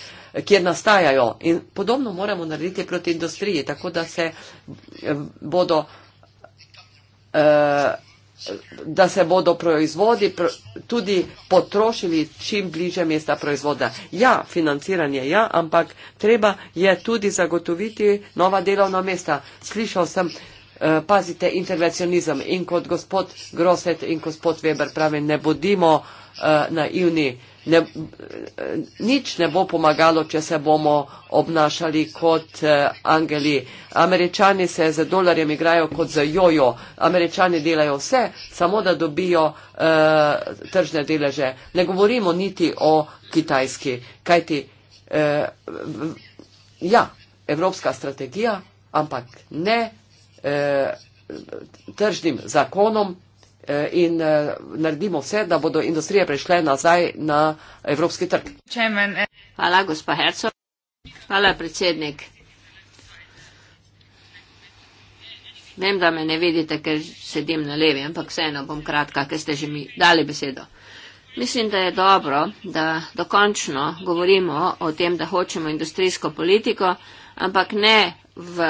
kjer nastajajo. In podobno moramo narediti proti industriji, tako da se eh, bodo. Uh, da se bodo proizvodi tudi potrošili čim bliže mesta proizvoda. Ja, financiranje ja, ampak treba je tudi zagotoviti nova delovna mesta. Slišal sem, eh, pazite, intervencionizem in kot gospod Groset in gospod Weber pravi, ne bodimo eh, naivni ne, nič ne bo pomagalo, če se bomo obnašali kot eh, angeli. Američani se z dolarjem igrajo kot z jojo. Američani delajo vse, samo da dobijo eh, tržne deleže. Ne govorimo niti o Kitajski. Kajti, eh, ja, evropska strategija, ampak ne. Eh, tržnim zakonom Eh, in eh, naredimo vse, da bodo industrije prešle nazaj na evropski trg. Eh. Hvala, gospa Herco. Hvala, predsednik. Vem, da me ne vidite, ker sedim na levi, ampak vseeno bom kratka, ker ste že mi dali besedo. Mislim, da je dobro, da dokončno govorimo o tem, da hočemo industrijsko politiko, ampak ne v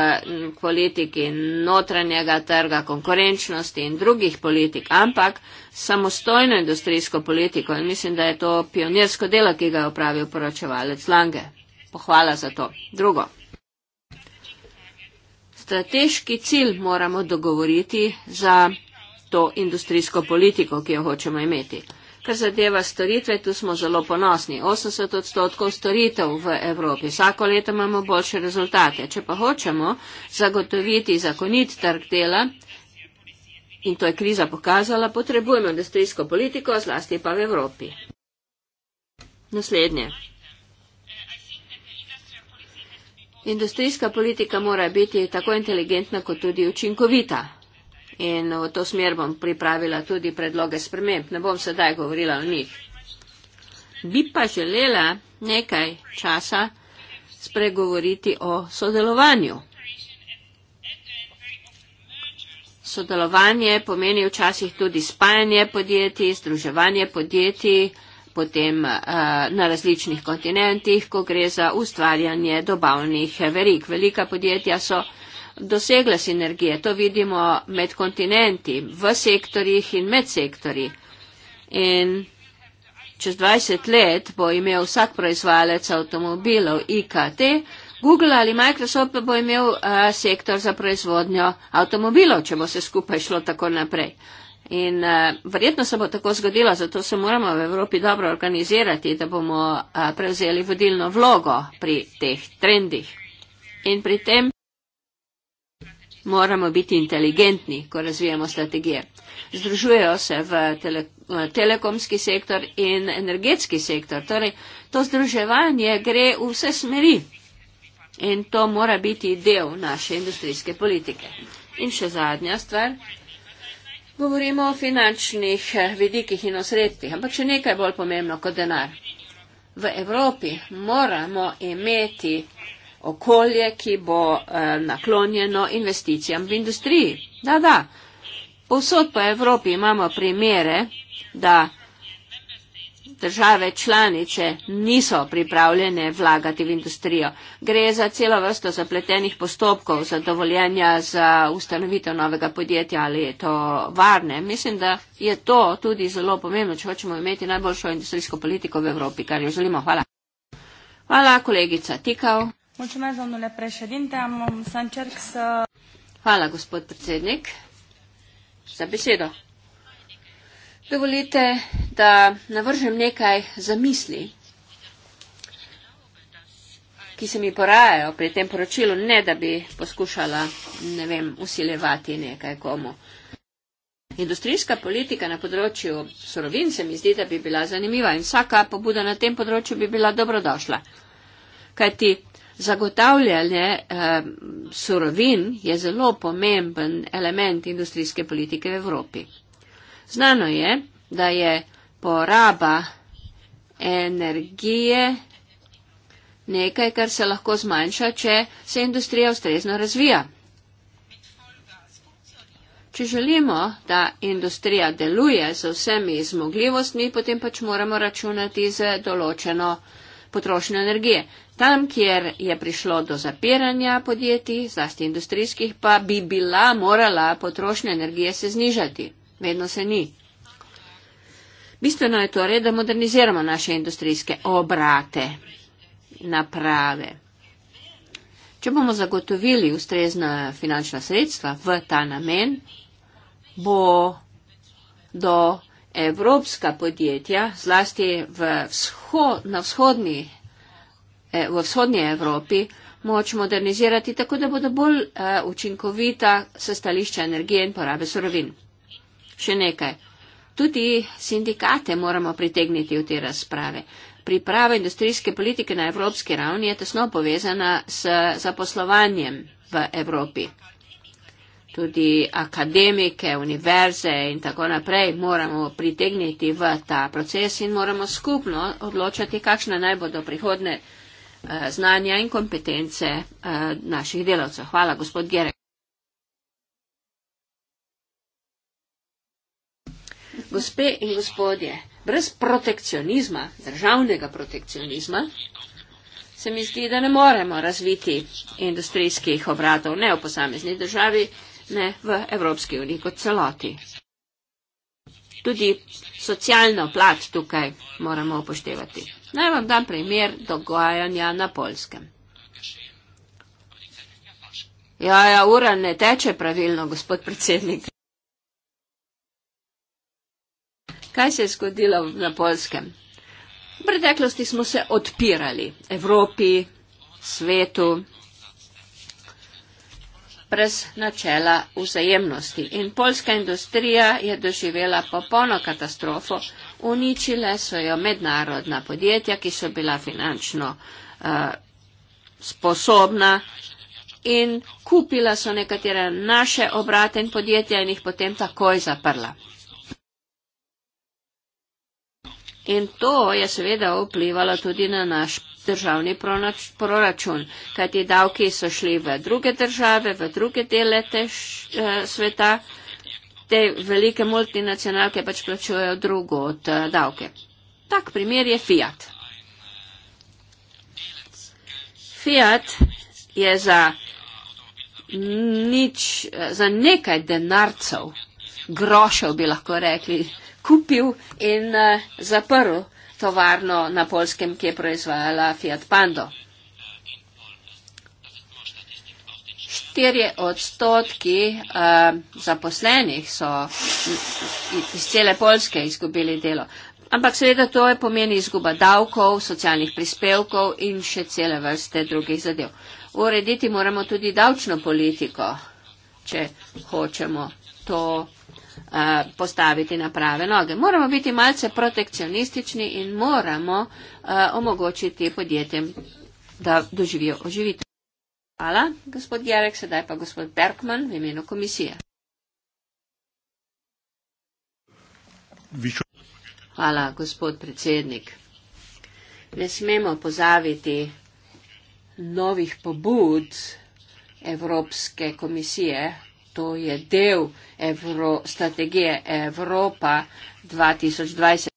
politiki notranjega trga, konkurenčnosti in drugih politik, ampak samostojno industrijsko politiko in mislim, da je to pionirsko delo, ki ga je upravil poročevalec Lange. Pohvala za to. Drugo. Strateški cilj moramo dogovoriti za to industrijsko politiko, ki jo hočemo imeti. Kar zadeva storitve, tu smo zelo ponosni. 80 odstotkov storitev v Evropi. Vsako leto imamo boljše rezultate. Če pa hočemo zagotoviti zakonit trg dela, in to je kriza pokazala, potrebujemo industrijsko politiko, zlasti pa v Evropi. Naslednje. Industrijska politika mora biti tako inteligentna, kot tudi učinkovita in v to smer bom pripravila tudi predloge sprememb. Ne bom sedaj govorila o njih. Bi pa želela nekaj časa spregovoriti o sodelovanju. Sodelovanje pomeni včasih tudi spajanje podjetij, združevanje podjetij potem eh, na različnih kontinentih, ko gre za ustvarjanje dobavnih verik. Velika podjetja so dosegla sinergije. To vidimo med kontinenti, v sektorjih in med sektori. In čez 20 let bo imel vsak proizvalec avtomobilov IKT, Google ali Microsoft bo imel uh, sektor za proizvodnjo avtomobilov, če bo se skupaj šlo tako naprej. In uh, verjetno se bo tako zgodilo, zato se moramo v Evropi dobro organizirati, da bomo uh, prevzeli vodilno vlogo pri teh trendih. In pri tem moramo biti inteligentni, ko razvijamo strategije. Združujejo se v tele, eh, telekomski sektor in energetski sektor. Torej, to združevanje gre v vse smeri in to mora biti del naše industrijske politike. In še zadnja stvar. Govorimo o finančnih eh, vidikih in osredstvih, ampak še nekaj bolj pomembno kot denar. V Evropi moramo imeti okolje, ki bo eh, naklonjeno investicijam v industriji. Da, da, povsod po Evropi imamo primere, da države članice niso pripravljene vlagati v industrijo. Gre za celo vrsto zapletenih postopkov, za dovoljenja za ustanovitev novega podjetja ali je to varne. Mislim, da je to tudi zelo pomembno, če hočemo imeti najboljšo industrijsko politiko v Evropi, kar jo želimo. Hvala. Hvala, kolegica Tikal. Mulțumesc, domnule președinte. Am să încerc să... Hvala, gospod predsednik, za besedo. Dovolite, da navržem nekaj zamisli, ki se mi porajajo pri tem poročilu, ne da bi poskušala, ne vem, usilevati nekaj komu. Industrijska politika na področju sorovin se mi zdi, da bi bila zanimiva in vsaka pobuda na tem področju bi bila dobrodošla. Kajti Zagotavljanje eh, surovin je zelo pomemben element industrijske politike v Evropi. Znano je, da je poraba energije nekaj, kar se lahko zmanjša, če se industrija ustrezno razvija. Če želimo, da industrija deluje z vsemi zmogljivostmi, potem pač moramo računati z določeno potrošnjo energije. Tam, kjer je prišlo do zapiranja podjetij, zlasti industrijskih, pa bi bila morala potrošnja energije se znižati. Vedno se ni. Bistveno je torej, da moderniziramo naše industrijske obrate, naprave. Če bomo zagotovili ustrezna finančna sredstva v ta namen, bo do evropska podjetja, zlasti v vzho, na vzhodni Eh, v vzhodnji Evropi moč modernizirati tako, da bodo bolj eh, učinkovita sestališča energije in porabe surovin. Še nekaj. Tudi sindikate moramo pritegniti v te razprave. Priprava industrijske politike na evropski ravni je tesno povezana s zaposlovanjem v Evropi. Tudi akademike, univerze in tako naprej moramo pritegniti v ta proces in moramo skupno odločati, kakšne naj bodo prihodne. Eh, znanja in kompetence eh, naših delavcev. Hvala, gospod Gerek. Gospe in gospodje, brez protekcionizma, državnega protekcionizma, se mi zdi, da ne moremo razviti industrijskih obratov ne v posamezni državi, ne v Evropski uniji kot celoti. Tudi socialno plat tukaj moramo upoštevati. Naj vam dam primer dogajanja na polskem. Ja, ja, ura ne teče pravilno, gospod predsednik. Kaj se je zgodilo na polskem? V preteklosti smo se odpirali Evropi, svetu, brez načela vzajemnosti. In polska industrija je doživela popolno katastrofo, uničile so jo mednarodna podjetja, ki so bila finančno uh, sposobna in kupila so nekatere naše obrate in podjetja in jih potem takoj zaprla. In to je seveda vplivalo tudi na naš državni proračun, kajti davki so šli v druge države, v druge dele tež, eh, sveta te velike multinacionalke pač plačujejo drugo od eh, davke. Tak primer je Fiat. Fiat je za, nič, eh, za nekaj denarcev, grošev bi lahko rekli, kupil in uh, zaprl tovarno na polskem, ki je proizvajala Fiat Pando. štirje odstotki uh, zaposlenih so iz cele Polske izgubili delo. Ampak seveda to je pomeni izguba davkov, socialnih prispevkov in še cele vrste drugih zadev. Urediti moramo tudi davčno politiko, če hočemo to uh, postaviti na prave noge. Moramo biti malce protekcionistični in moramo uh, omogočiti podjetjem, da doživijo oživitev. Hvala, gospod Jarek, sedaj pa gospod Bergman v imenu komisije. Hvala, gospod predsednik. Ne smemo pozaviti novih pobud Evropske komisije. To je del Evro, strategije Evropa 2020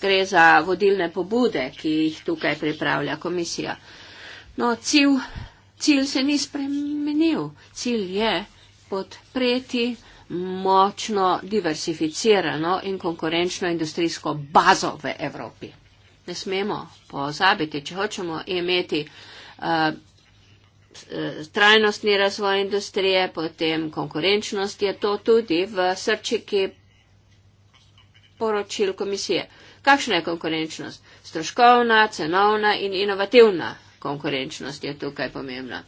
gre za vodilne pobude, ki jih tukaj pripravlja komisija. No, cilj, cilj se ni spremenil. Cilj je podpreti močno diversificirano in konkurenčno industrijsko bazo v Evropi. Ne smemo pozabiti, če hočemo imeti uh, uh trajnostni razvoj industrije, potem konkurenčnost je to tudi v srčiki poročil komisije. Uh, Kakšna je konkurenčnost? Stroškovna, cenovna in inovativna konkurenčnost je tukaj pomembna.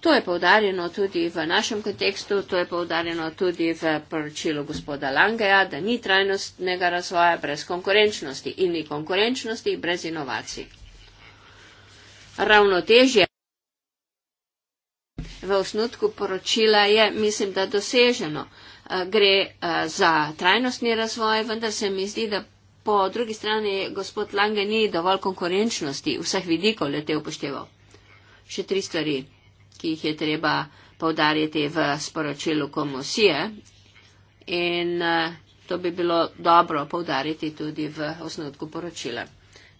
To je povdarjeno tudi v našem kontekstu, to je povdarjeno tudi v poročilu gospoda Langeja, da ni trajnostnega razvoja brez konkurenčnosti in ni konkurenčnosti brez inovacij. Ravnotežje v osnutku poročila je, mislim, da doseženo. Eh, gre eh, za trajnostni razvoj, vendar se mi zdi, da po drugi strani gospod Lange ni dovolj konkurenčnosti vseh vidikov lete upošteval. Še tri stvari, ki jih je treba povdarjati v sporočilu komisije in eh, to bi bilo dobro povdariti tudi v osnovku poročila.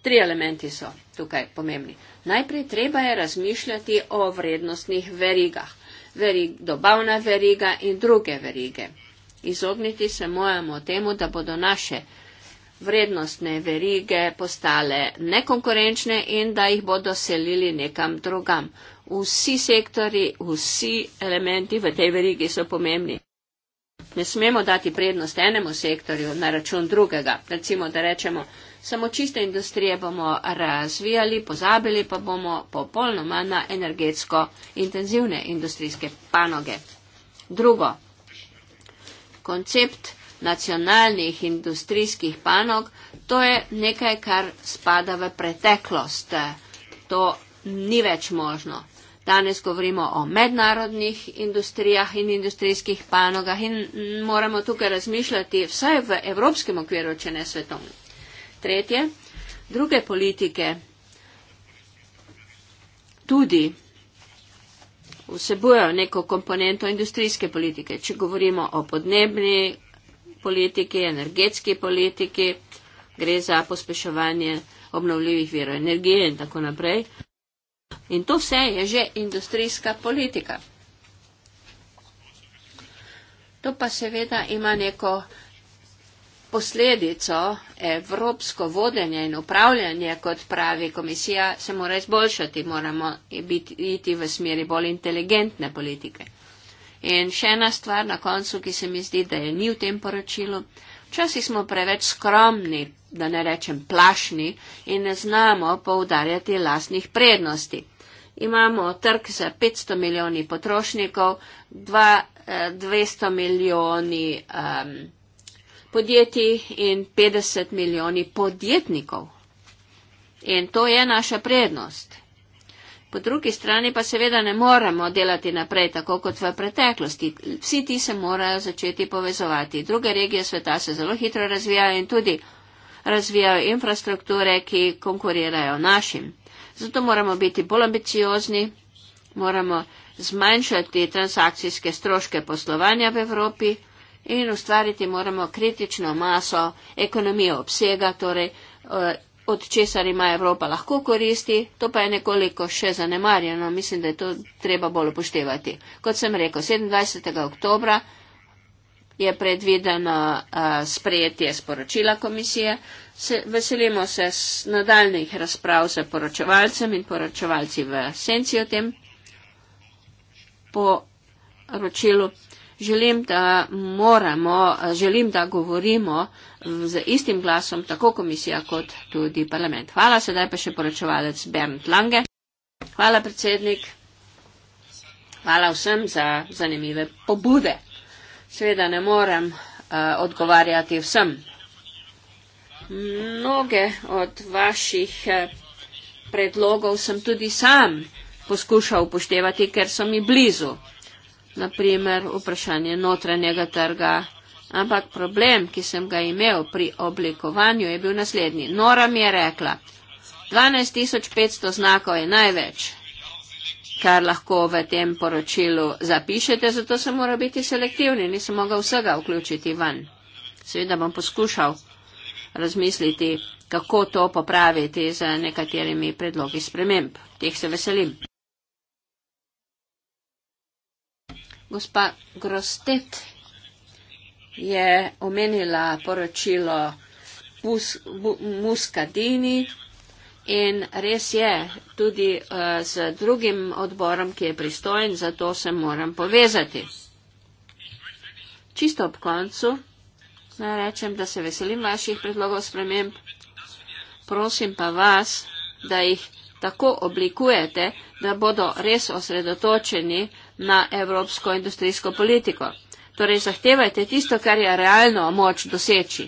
Tri elementi so tukaj pomembni. Najprej treba je razmišljati o vrednostnih verigah. Verig, dobavna veriga in druge verige. Izogniti se moramo temu, da bodo naše vrednostne verige postale nekonkurenčne in da jih bodo selili nekam drugam. Vsi sektori, vsi elementi v tej verigi so pomembni. Ne smemo dati prednost enemu sektorju na račun drugega. Recimo, da rečemo, samo čiste industrije bomo razvijali, pozabili pa bomo popolnoma na energetsko intenzivne industrijske panoge. Drugo, koncept nacionalnih industrijskih panog, to je nekaj, kar spada v preteklost. To ni več možno. Danes govorimo o mednarodnih industrijah in industrijskih panogah in moramo tukaj razmišljati vsaj v evropskem okviru, če ne svetom. Tretje, druge politike tudi vsebujejo neko komponento industrijske politike. Če govorimo o podnebni politiki, energetski politiki, gre za pospeševanje obnovljivih virov energije in tako naprej. In to vse je že industrijska politika. To pa seveda ima neko posledico, evropsko vodenje in upravljanje, kot pravi komisija, se mora izboljšati, moramo biti, iti v smeri bolj inteligentne politike. In še ena stvar na koncu, ki se mi zdi, da je ni v tem poročilu. Včasih smo preveč skromni, da ne rečem plašni, in ne znamo poudarjati lastnih prednosti. Imamo trg za 500 milijoni potrošnikov, 200 eh, milijoni um, podjetij in 50 milijoni podjetnikov. In to je naša prednost. Po drugi strani pa seveda ne moremo delati naprej tako kot v preteklosti. Vsi ti se morajo začeti povezovati. Druge regije sveta se zelo hitro razvijajo in tudi razvijajo infrastrukture, ki konkurirajo našim. Zato moramo biti bolj ambiciozni, moramo zmanjšati transakcijske stroške poslovanja v Evropi in ustvariti moramo kritično maso ekonomije obsega, torej eh, od česar ima Evropa lahko koristi, to pa je nekoliko še zanemarjeno. Mislim, da je to treba bolj upoštevati. Kot sem rekel, 27. oktober je predvideno sprejetje sporočila komisije. Se, veselimo se nadaljnih razprav z poročevalcem in poročevalci v senci o tem poročilu želim, da moramo, želim, da govorimo z istim glasom, tako komisija kot tudi parlament. Hvala, sedaj pa še poročevalec Bernd Lange. Hvala, predsednik. Hvala vsem za zanimive pobude. Sveda ne morem uh, odgovarjati vsem. Mnoge od vaših eh, predlogov sem tudi sam poskušal upoštevati, ker so mi blizu naprimer vprašanje notranjega trga. Ampak problem, ki sem ga imel pri oblikovanju, je bil naslednji. Nora mi je rekla, 12.500 znakov je največ, kar lahko v tem poročilu zapišete, zato se mora biti selektivni, nisem mogel vsega vključiti ven. Seveda bom poskušal razmisliti, kako to popraviti z nekaterimi predlogi sprememb. Teh se veselim. Gospa Grostet je omenila poročilo Mus Muskadini in res je tudi uh, z drugim odborom, ki je pristojen, zato se moram povezati. Čisto ob koncu naj rečem, da se veselim vaših predlogov sprememb. Prosim pa vas, da jih tako oblikujete, da bodo res osredotočeni na evropsko industrijsko politiko. Torej zahtevajte tisto, kar je realno moč doseči.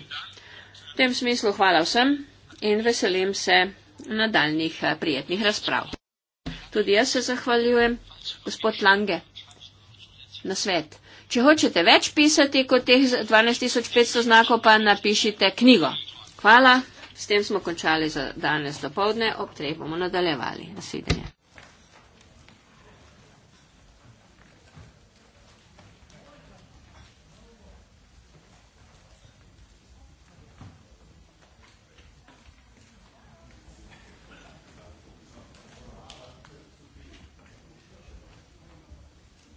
V tem smislu hvala vsem in veselim se nadaljnih eh, prijetnih razprav. Tudi jaz se zahvaljujem, gospod Lange, na svet. Če hočete več pisati kot teh 12.500 znakov, pa napišite knjigo. Hvala, s tem smo končali za danes do povdne, ob treh bomo nadaljevali. Nasvidenje.